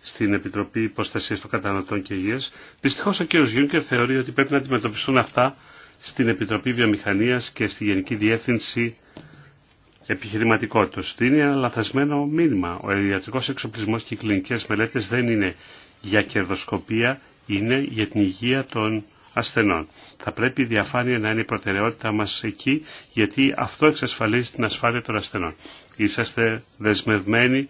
Speaker 1: στην Επιτροπή Υποστασίας των Καταναλωτών και Υγείας. Δυστυχώς ο κ. Γιούνκερ θεωρεί ότι πρέπει να αντιμετωπιστούν αυτά στην Επιτροπή Βιομηχανίας και στη Γενική Διεύθυνση επιχειρηματικότητα. Δίνει ένα λαθασμένο μήνυμα. Ο ιατρικό εξοπλισμό και οι κλινικέ μελέτε δεν είναι για κερδοσκοπία είναι για την υγεία των ασθενών. Θα πρέπει η διαφάνεια να είναι η προτεραιότητά μας εκεί, γιατί αυτό εξασφαλίζει την ασφάλεια των ασθενών. Είσαστε δεσμευμένοι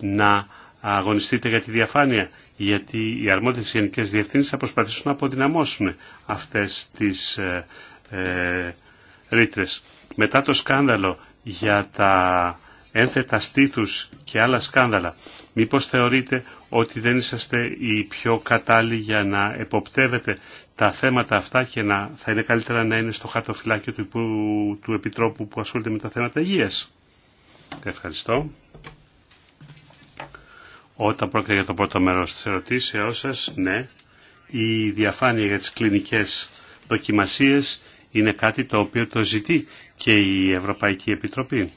Speaker 1: να αγωνιστείτε για τη διαφάνεια, γιατί οι αρμόδιες γενικές διευθύνσεις θα προσπαθήσουν να αποδυναμώσουν αυτές τις ε, ε, ρήτρες. Μετά το σκάνδαλο για τα ένθετα στήθους και άλλα σκάνδαλα. Μήπως θεωρείτε ότι δεν είσαστε οι πιο κατάλληλοι για να εποπτεύετε τα θέματα αυτά και να, θα είναι καλύτερα να είναι στο χαρτοφυλάκιο του, του Επιτρόπου που ασχολείται με τα θέματα υγείας. Ευχαριστώ. Όταν πρόκειται για το πρώτο μέρος της ερωτήσεώς σας, ναι, η διαφάνεια για τις κλινικές δοκιμασίες είναι κάτι το οποίο το ζητεί και η Ευρωπαϊκή Επιτροπή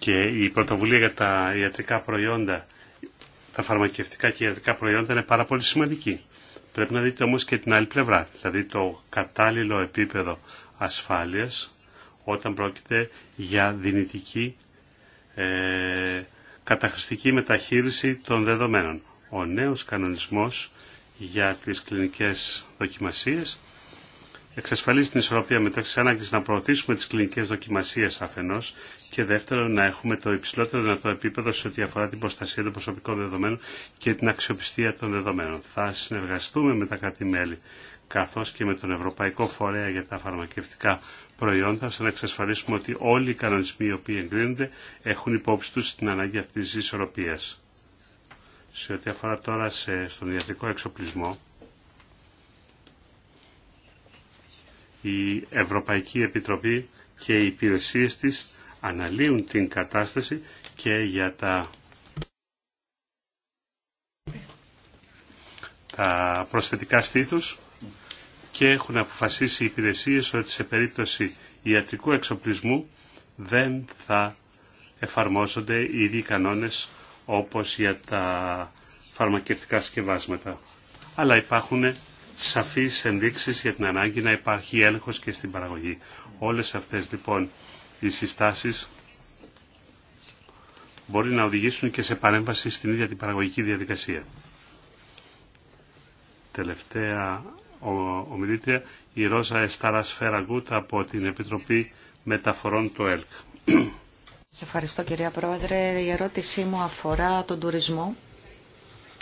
Speaker 1: και η πρωτοβουλία για τα ιατρικά προϊόντα, τα φαρμακευτικά και ιατρικά προϊόντα είναι πάρα πολύ σημαντική. Πρέπει να δείτε όμως και την άλλη πλευρά, δηλαδή το κατάλληλο επίπεδο ασφάλειας όταν πρόκειται για δυνητική ε, καταχρηστική μεταχείριση των δεδομένων. Ο νέος κανονισμός για τις κλινικές δοκιμασίες εξασφαλίζει την ισορροπία μεταξύ ανάγκη να προωθήσουμε τι κλινικέ δοκιμασίε αφενό και δεύτερον να έχουμε το υψηλότερο δυνατό επίπεδο σε ό,τι αφορά την προστασία των προσωπικών δεδομένων και την αξιοπιστία των δεδομένων. Θα συνεργαστούμε με τα κράτη-μέλη καθώ και με τον Ευρωπαϊκό Φορέα για τα Φαρμακευτικά Προϊόντα ώστε να εξασφαλίσουμε ότι όλοι οι κανονισμοί οι οποίοι εγκρίνονται έχουν υπόψη του την ανάγκη αυτή τη ισορροπία. Σε ό,τι αφορά τώρα σε, στον ιατρικό εξοπλισμό, η Ευρωπαϊκή Επιτροπή και οι υπηρεσίες της αναλύουν την κατάσταση και για τα, τα προσθετικά στήθους και έχουν αποφασίσει οι υπηρεσίες ότι σε περίπτωση ιατρικού εξοπλισμού δεν θα εφαρμόζονται οι ίδιοι κανόνες όπως για τα φαρμακευτικά σκευάσματα. Αλλά υπάρχουν σαφείς ενδείξεις για την ανάγκη να υπάρχει έλεγχος και στην παραγωγή. Όλες αυτές λοιπόν οι συστάσεις μπορεί να οδηγήσουν και σε παρέμβαση στην ίδια την παραγωγική διαδικασία. Τελευταία ομιλήτρια, η Ρόζα Εστάρα Φεραγκούτ από την Επιτροπή Μεταφορών του ΕΛΚ.
Speaker 2: Σας ευχαριστώ κυρία Πρόεδρε. Η ερώτησή μου αφορά τον τουρισμό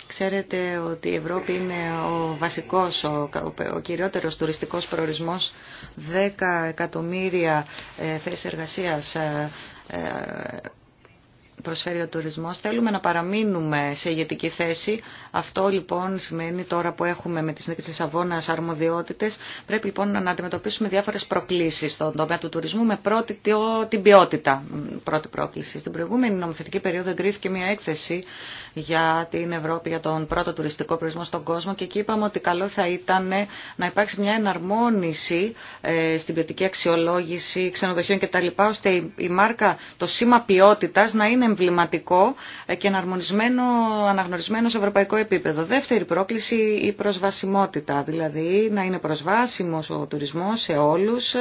Speaker 2: Ξέρετε ότι η Ευρώπη είναι ο βασικός, ο, ο κυριότερος τουριστικός προορισμός. 10 εκατομμύρια ε, θέσεις εργασίας ε, ε, προσφέρει ο τουρισμός. Θέλουμε να παραμείνουμε σε ηγετική θέση. Αυτό λοιπόν σημαίνει τώρα που έχουμε με τις συνέχεια της Αβώνας αρμοδιότητες. Πρέπει λοιπόν να αντιμετωπίσουμε διάφορες προκλήσεις στον τομέα του τουρισμού με πρώτη την ποιότητα. Πρώτη πρόκληση. Στην προηγούμενη νομοθετική περίοδο εγκρίθηκε μια έκθεση για την Ευρώπη, για τον πρώτο τουριστικό προορισμό στον κόσμο και εκεί είπαμε ότι καλό θα ήταν να υπάρξει μια εναρμόνιση ε, στην ποιοτική αξιολόγηση ξενοδοχείων κτλ. ώστε η μάρκα, το σήμα να είναι εμβληματικό και εναρμονισμένο, αναγνωρισμένο σε ευρωπαϊκό επίπεδο. Δεύτερη πρόκληση, η προσβασιμότητα, δηλαδή να είναι προσβάσιμος ο τουρισμός σε όλους,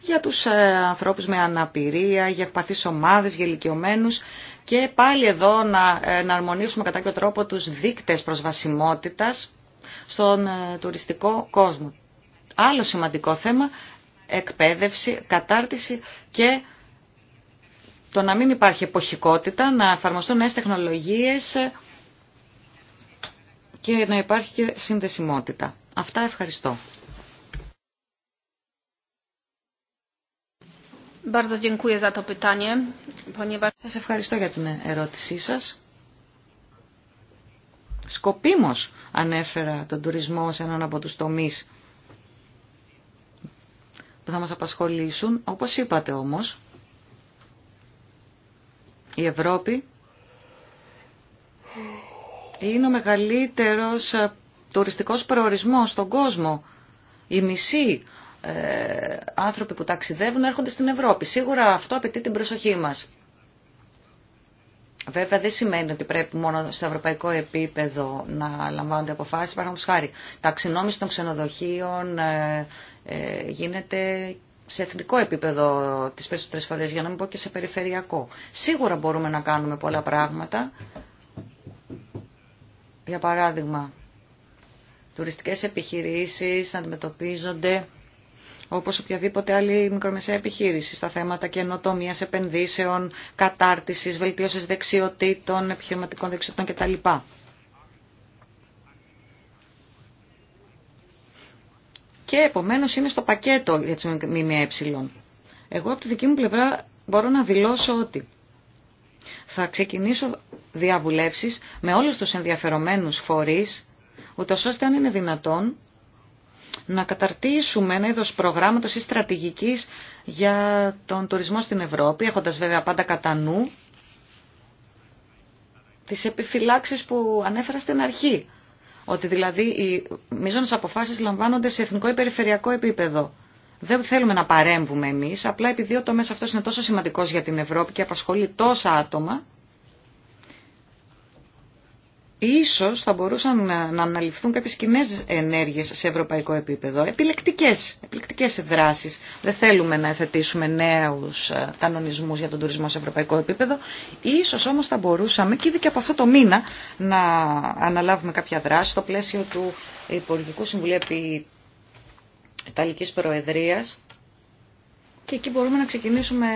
Speaker 2: για τους ε, ανθρώπους με αναπηρία, για ευπαθείς ομάδες, για ηλικιωμένους και πάλι εδώ να εναρμονίσουμε κατά κάποιο τρόπο τους δείκτες προσβασιμότητας στον ε, τουριστικό κόσμο. Άλλο σημαντικό θέμα εκπαίδευση, κατάρτιση και το να μην υπάρχει εποχικότητα, να εφαρμοστούν νέες τεχνολογίες και να υπάρχει και συνδεσιμότητα. Αυτά ευχαριστώ.
Speaker 5: Bardzo dziękuję za to pytanie, ponieważ... Σας ευχαριστώ για την
Speaker 2: ερώτησή σας. Σκοπίμως ανέφερα τον τουρισμό σε έναν από τους τομείς που θα μας απασχολήσουν. Όπως είπατε όμως, η Ευρώπη είναι ο μεγαλύτερος ε, τουριστικός προορισμός στον κόσμο. Οι μισοί ε, άνθρωποι που ταξιδεύουν έρχονται στην Ευρώπη. Σίγουρα αυτό απαιτεί την προσοχή μας. Βέβαια δεν σημαίνει ότι πρέπει μόνο στο ευρωπαϊκό επίπεδο να λαμβάνονται αποφάσεις. Παραδείγματος χάρη, ταξινόμηση των ξενοδοχείων ε, ε, γίνεται σε εθνικό επίπεδο τις περισσότερες φορές, για να μην πω και σε περιφερειακό. Σίγουρα μπορούμε να κάνουμε πολλά πράγματα. Για παράδειγμα, τουριστικές επιχειρήσεις να αντιμετωπίζονται όπως οποιαδήποτε άλλη μικρομεσαία επιχείρηση στα θέματα καινοτομία, επενδύσεων, κατάρτισης, βελτίωσης δεξιοτήτων, επιχειρηματικών δεξιοτήτων κτλ. και επομένως είναι στο πακέτο για τις ΜΜΕ. Εγώ από τη δική μου πλευρά μπορώ να δηλώσω ότι θα ξεκινήσω διαβουλεύσεις με όλους τους ενδιαφερομένους φορείς, ούτως ώστε αν είναι δυνατόν να καταρτήσουμε ένα είδος προγράμματος ή στρατηγικής για τον τουρισμό στην Ευρώπη, έχοντας βέβαια πάντα κατά νου τις επιφυλάξεις που ανέφερα στην αρχή ότι δηλαδή οι μείζονες αποφάσεις λαμβάνονται σε εθνικό ή περιφερειακό επίπεδο. Δεν θέλουμε να παρέμβουμε εμείς, απλά επειδή ο τομέας αυτός είναι τόσο σημαντικός για την Ευρώπη και απασχολεί τόσα άτομα, Ίσως θα μπορούσαν να αναλυφθούν κάποιες κοινέ ενέργειες σε ευρωπαϊκό επίπεδο, επιλεκτικές, επιλεκτικές δράσεις. Δεν θέλουμε να εθετήσουμε νέους ε, κανονισμούς για τον τουρισμό σε ευρωπαϊκό επίπεδο. Ίσως όμως θα μπορούσαμε και ήδη και από αυτό το μήνα να αναλάβουμε κάποια δράση στο πλαίσιο του Υπουργικού Συμβουλίου επί Ιταλικής Προεδρίας και εκεί μπορούμε να ξεκινήσουμε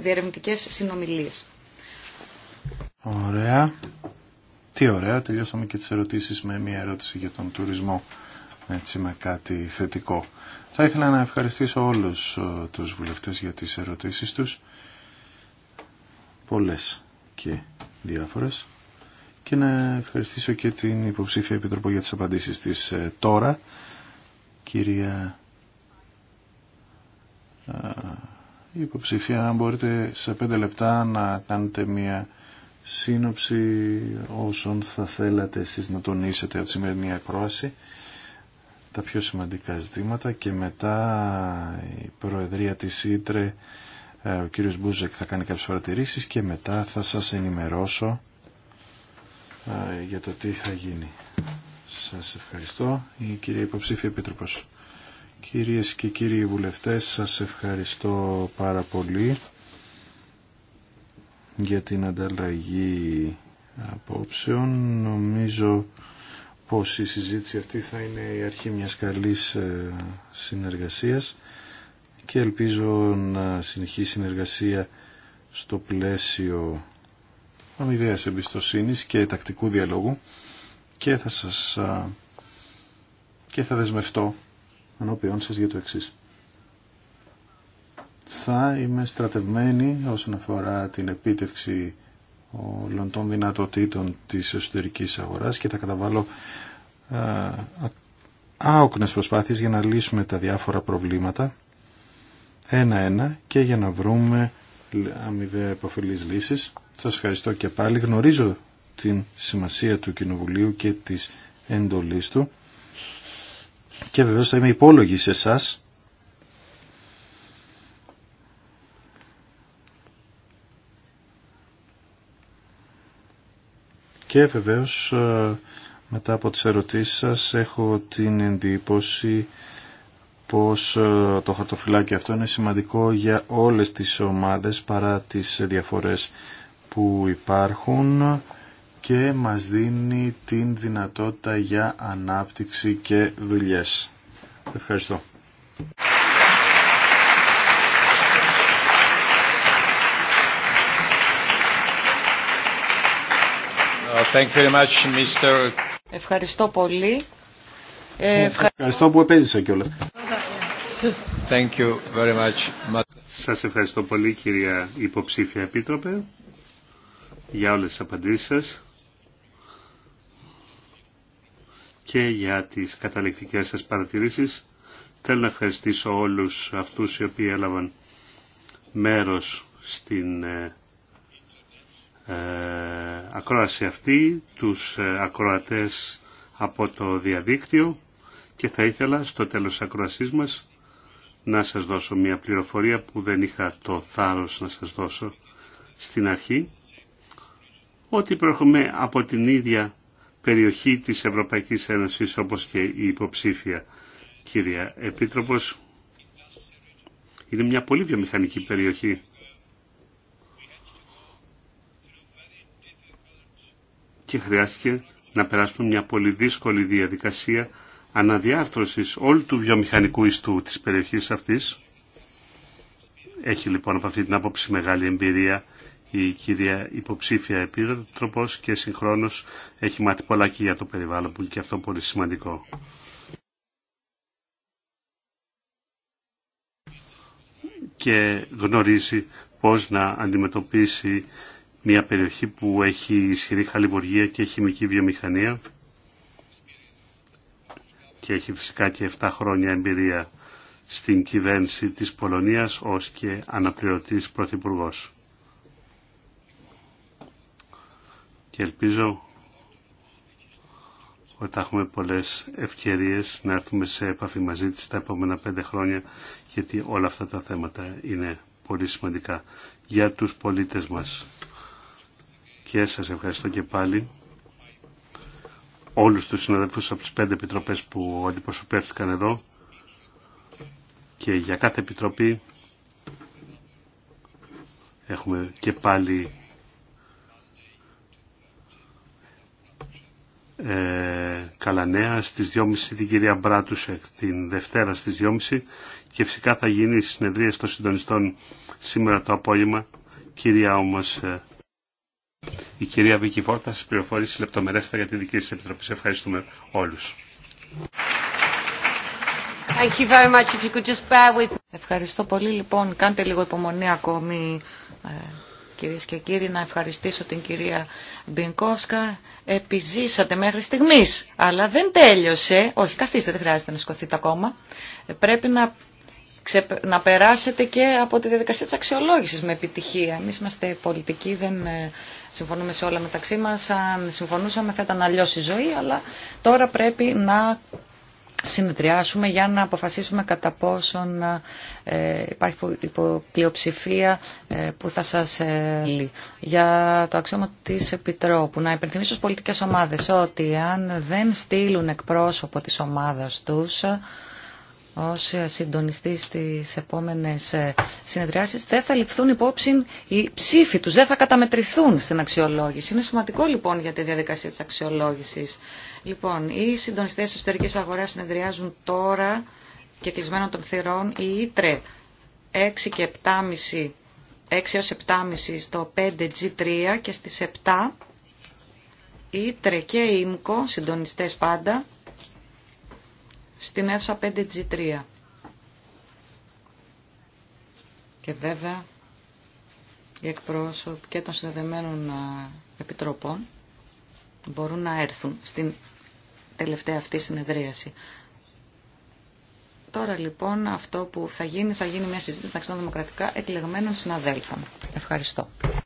Speaker 2: διαρευνητικές ε, συνομιλίες.
Speaker 3: Ωραία. Τι ωραία, τελειώσαμε και τις ερωτήσεις με μία ερώτηση για τον τουρισμό, έτσι με κάτι θετικό. Θα ήθελα να ευχαριστήσω όλους τους βουλευτές για τις ερωτήσεις τους, πολλές και διάφορες, και να ευχαριστήσω και την υποψήφια επιτροπή για τις απαντήσεις της ε, τώρα, κυρία ε, υποψηφία, αν μπορείτε σε πέντε λεπτά να κάνετε μία σύνοψη όσων θα θέλατε εσείς να τονίσετε από τη σημερινή ακρόαση τα πιο σημαντικά ζητήματα και μετά η Προεδρία της Ήτρε ε, ο κύριος Μπούζεκ θα κάνει κάποιες παρατηρήσεις και μετά θα σας ενημερώσω ε, για το τι θα γίνει. Σας ευχαριστώ. Η κυρία Υποψήφια Επίτροπος. Κυρίες και κύριοι βουλευτές, σας ευχαριστώ πάρα πολύ για την ανταλλαγή απόψεων. Νομίζω πως η συζήτηση αυτή θα είναι η αρχή μιας καλής ε, συνεργασίας και ελπίζω να συνεχίσει συνεργασία στο πλαίσιο αμοιβαίας εμπιστοσύνης και τακτικού διαλόγου και θα σας ε, και θα δεσμευτώ ενώπιόν σας για το εξής θα είμαι στρατευμένη όσον αφορά την επίτευξη όλων των δυνατοτήτων της εσωτερικής αγοράς και θα καταβάλω ε, άοκνες προσπάθειες για να λύσουμε τα διάφορα προβλήματα ένα-ένα και για να βρούμε αμοιβαία υποφελής λύσεις. Σας ευχαριστώ και πάλι. Γνωρίζω την σημασία του Κοινοβουλίου και της εντολής του και βεβαίως θα είμαι υπόλογη σε εσάς Και βεβαίως ε, μετά από τις ερωτήσεις σας έχω την εντύπωση πως ε, το χαρτοφυλάκι αυτό είναι σημαντικό για όλες τις ομάδες παρά τις διαφορές που υπάρχουν και μας δίνει την δυνατότητα για ανάπτυξη και δουλειές. Ευχαριστώ.
Speaker 2: Ευχαριστώ πολύ. Ε, ευχαριστώ,
Speaker 3: που επέζησα κιόλας.
Speaker 1: Thank Σας ευχαριστώ πολύ κυρία υποψήφια επίτροπε για όλες τις απαντήσεις σας και για τις καταληκτικές σας παρατηρήσεις. Θέλω να ευχαριστήσω όλους αυτούς οι οποίοι έλαβαν μέρος στην ε, ε, ακρόαση αυτή, τους ε, ακροατές από το διαδίκτυο και θα ήθελα στο τέλος της ακροασής μας να σας δώσω μια πληροφορία που δεν είχα το θάρρος να σας δώσω στην αρχή ότι προέρχομαι από την ίδια περιοχή της Ευρωπαϊκής Ένωσης όπως και η υποψήφια κυρία Επίτροπος. Είναι μια πολύ βιομηχανική περιοχή και χρειάστηκε να περάσουμε μια πολύ δύσκολη διαδικασία αναδιάρθρωσης όλου του βιομηχανικού ιστού της περιοχής αυτής. Έχει λοιπόν από αυτή την άποψη μεγάλη εμπειρία η κυρία υποψήφια επίτροπος και συγχρόνως έχει μάθει πολλά και για το περιβάλλον που είναι και αυτό πολύ σημαντικό. και γνωρίζει πώς να αντιμετωπίσει μια περιοχή που έχει ισχυρή χαλιβουργία και χημική βιομηχανία και έχει φυσικά και 7 χρόνια εμπειρία στην κυβέρνηση της Πολωνίας ως και αναπληρωτής Πρωθυπουργό. Και ελπίζω ότι θα έχουμε πολλές ευκαιρίες να έρθουμε σε επαφή μαζί της τα επόμενα πέντε χρόνια γιατί όλα αυτά τα θέματα είναι πολύ σημαντικά για τους πολίτες μας και σας ευχαριστώ και πάλι όλους τους συναδελφούς από τις πέντε επιτροπές που αντιπροσωπεύτηκαν εδώ και για κάθε επιτροπή έχουμε και πάλι ε, καλά νέα στις 2.30 την κυρία Μπράτουσεκ την Δευτέρα στις 2.30 και φυσικά θα γίνει η συνεδρία των συντονιστών σήμερα το απόγευμα κυρία όμως ε, η κυρία Βίκη Βόρτα, θα σας πληροφορήσει λεπτομερέστερα για τη δική σας επιτροπή. ευχαριστούμε όλους.
Speaker 2: Thank you very much. If you could just bear with... Ευχαριστώ πολύ. Λοιπόν, κάντε λίγο υπομονή ακόμη, ε, κυρίες και κύριοι, να ευχαριστήσω την κυρία Μπινκόσκα. Επιζήσατε μέχρι στιγμής, αλλά δεν τέλειωσε. Όχι, καθίστε, δεν χρειάζεται να σκοθείτε ακόμα. Ε, πρέπει να να περάσετε και από τη διαδικασία της αξιολόγησης με επιτυχία. Εμείς είμαστε πολιτικοί, δεν ε, συμφωνούμε σε όλα μεταξύ μας. Αν συμφωνούσαμε θα ήταν αλλιώς η ζωή, αλλά τώρα πρέπει να συνεδριάσουμε για να αποφασίσουμε κατά πόσον ε, υπάρχει υποπλειοψηφία ε, που θα σας λύει. Για το αξίωμα της Επιτρόπου, να υπενθυμίσω στις πολιτικές ομάδες ότι αν δεν στείλουν εκπρόσωπο της ομάδας τους ως συντονιστής στις επόμενες ε, συνεδριάσεις δεν θα ληφθούν υπόψη οι ψήφοι τους, δεν θα καταμετρηθούν στην αξιολόγηση. Είναι σημαντικό λοιπόν για τη διαδικασία της αξιολόγησης. Λοιπόν, οι συντονιστές της εσωτερικής αγοράς συνεδριάζουν τώρα και κλεισμένων των θυρών η ΙΤΡΕ 6 και 7,5 6 έως 7,5 στο 5G3 και στις 7 η ΙΤΡΕ και η ΙΜΚΟ, συντονιστές πάντα, στην αίθουσα 5G3. Και βέβαια οι εκπρόσωποι και των συνδεδεμένων επιτροπών μπορούν να έρθουν στην τελευταία αυτή συνεδρίαση. Τώρα λοιπόν αυτό που θα γίνει θα γίνει μια συζήτηση μεταξύ των δημοκρατικά εκλεγμένων συναδέλφων. Ευχαριστώ.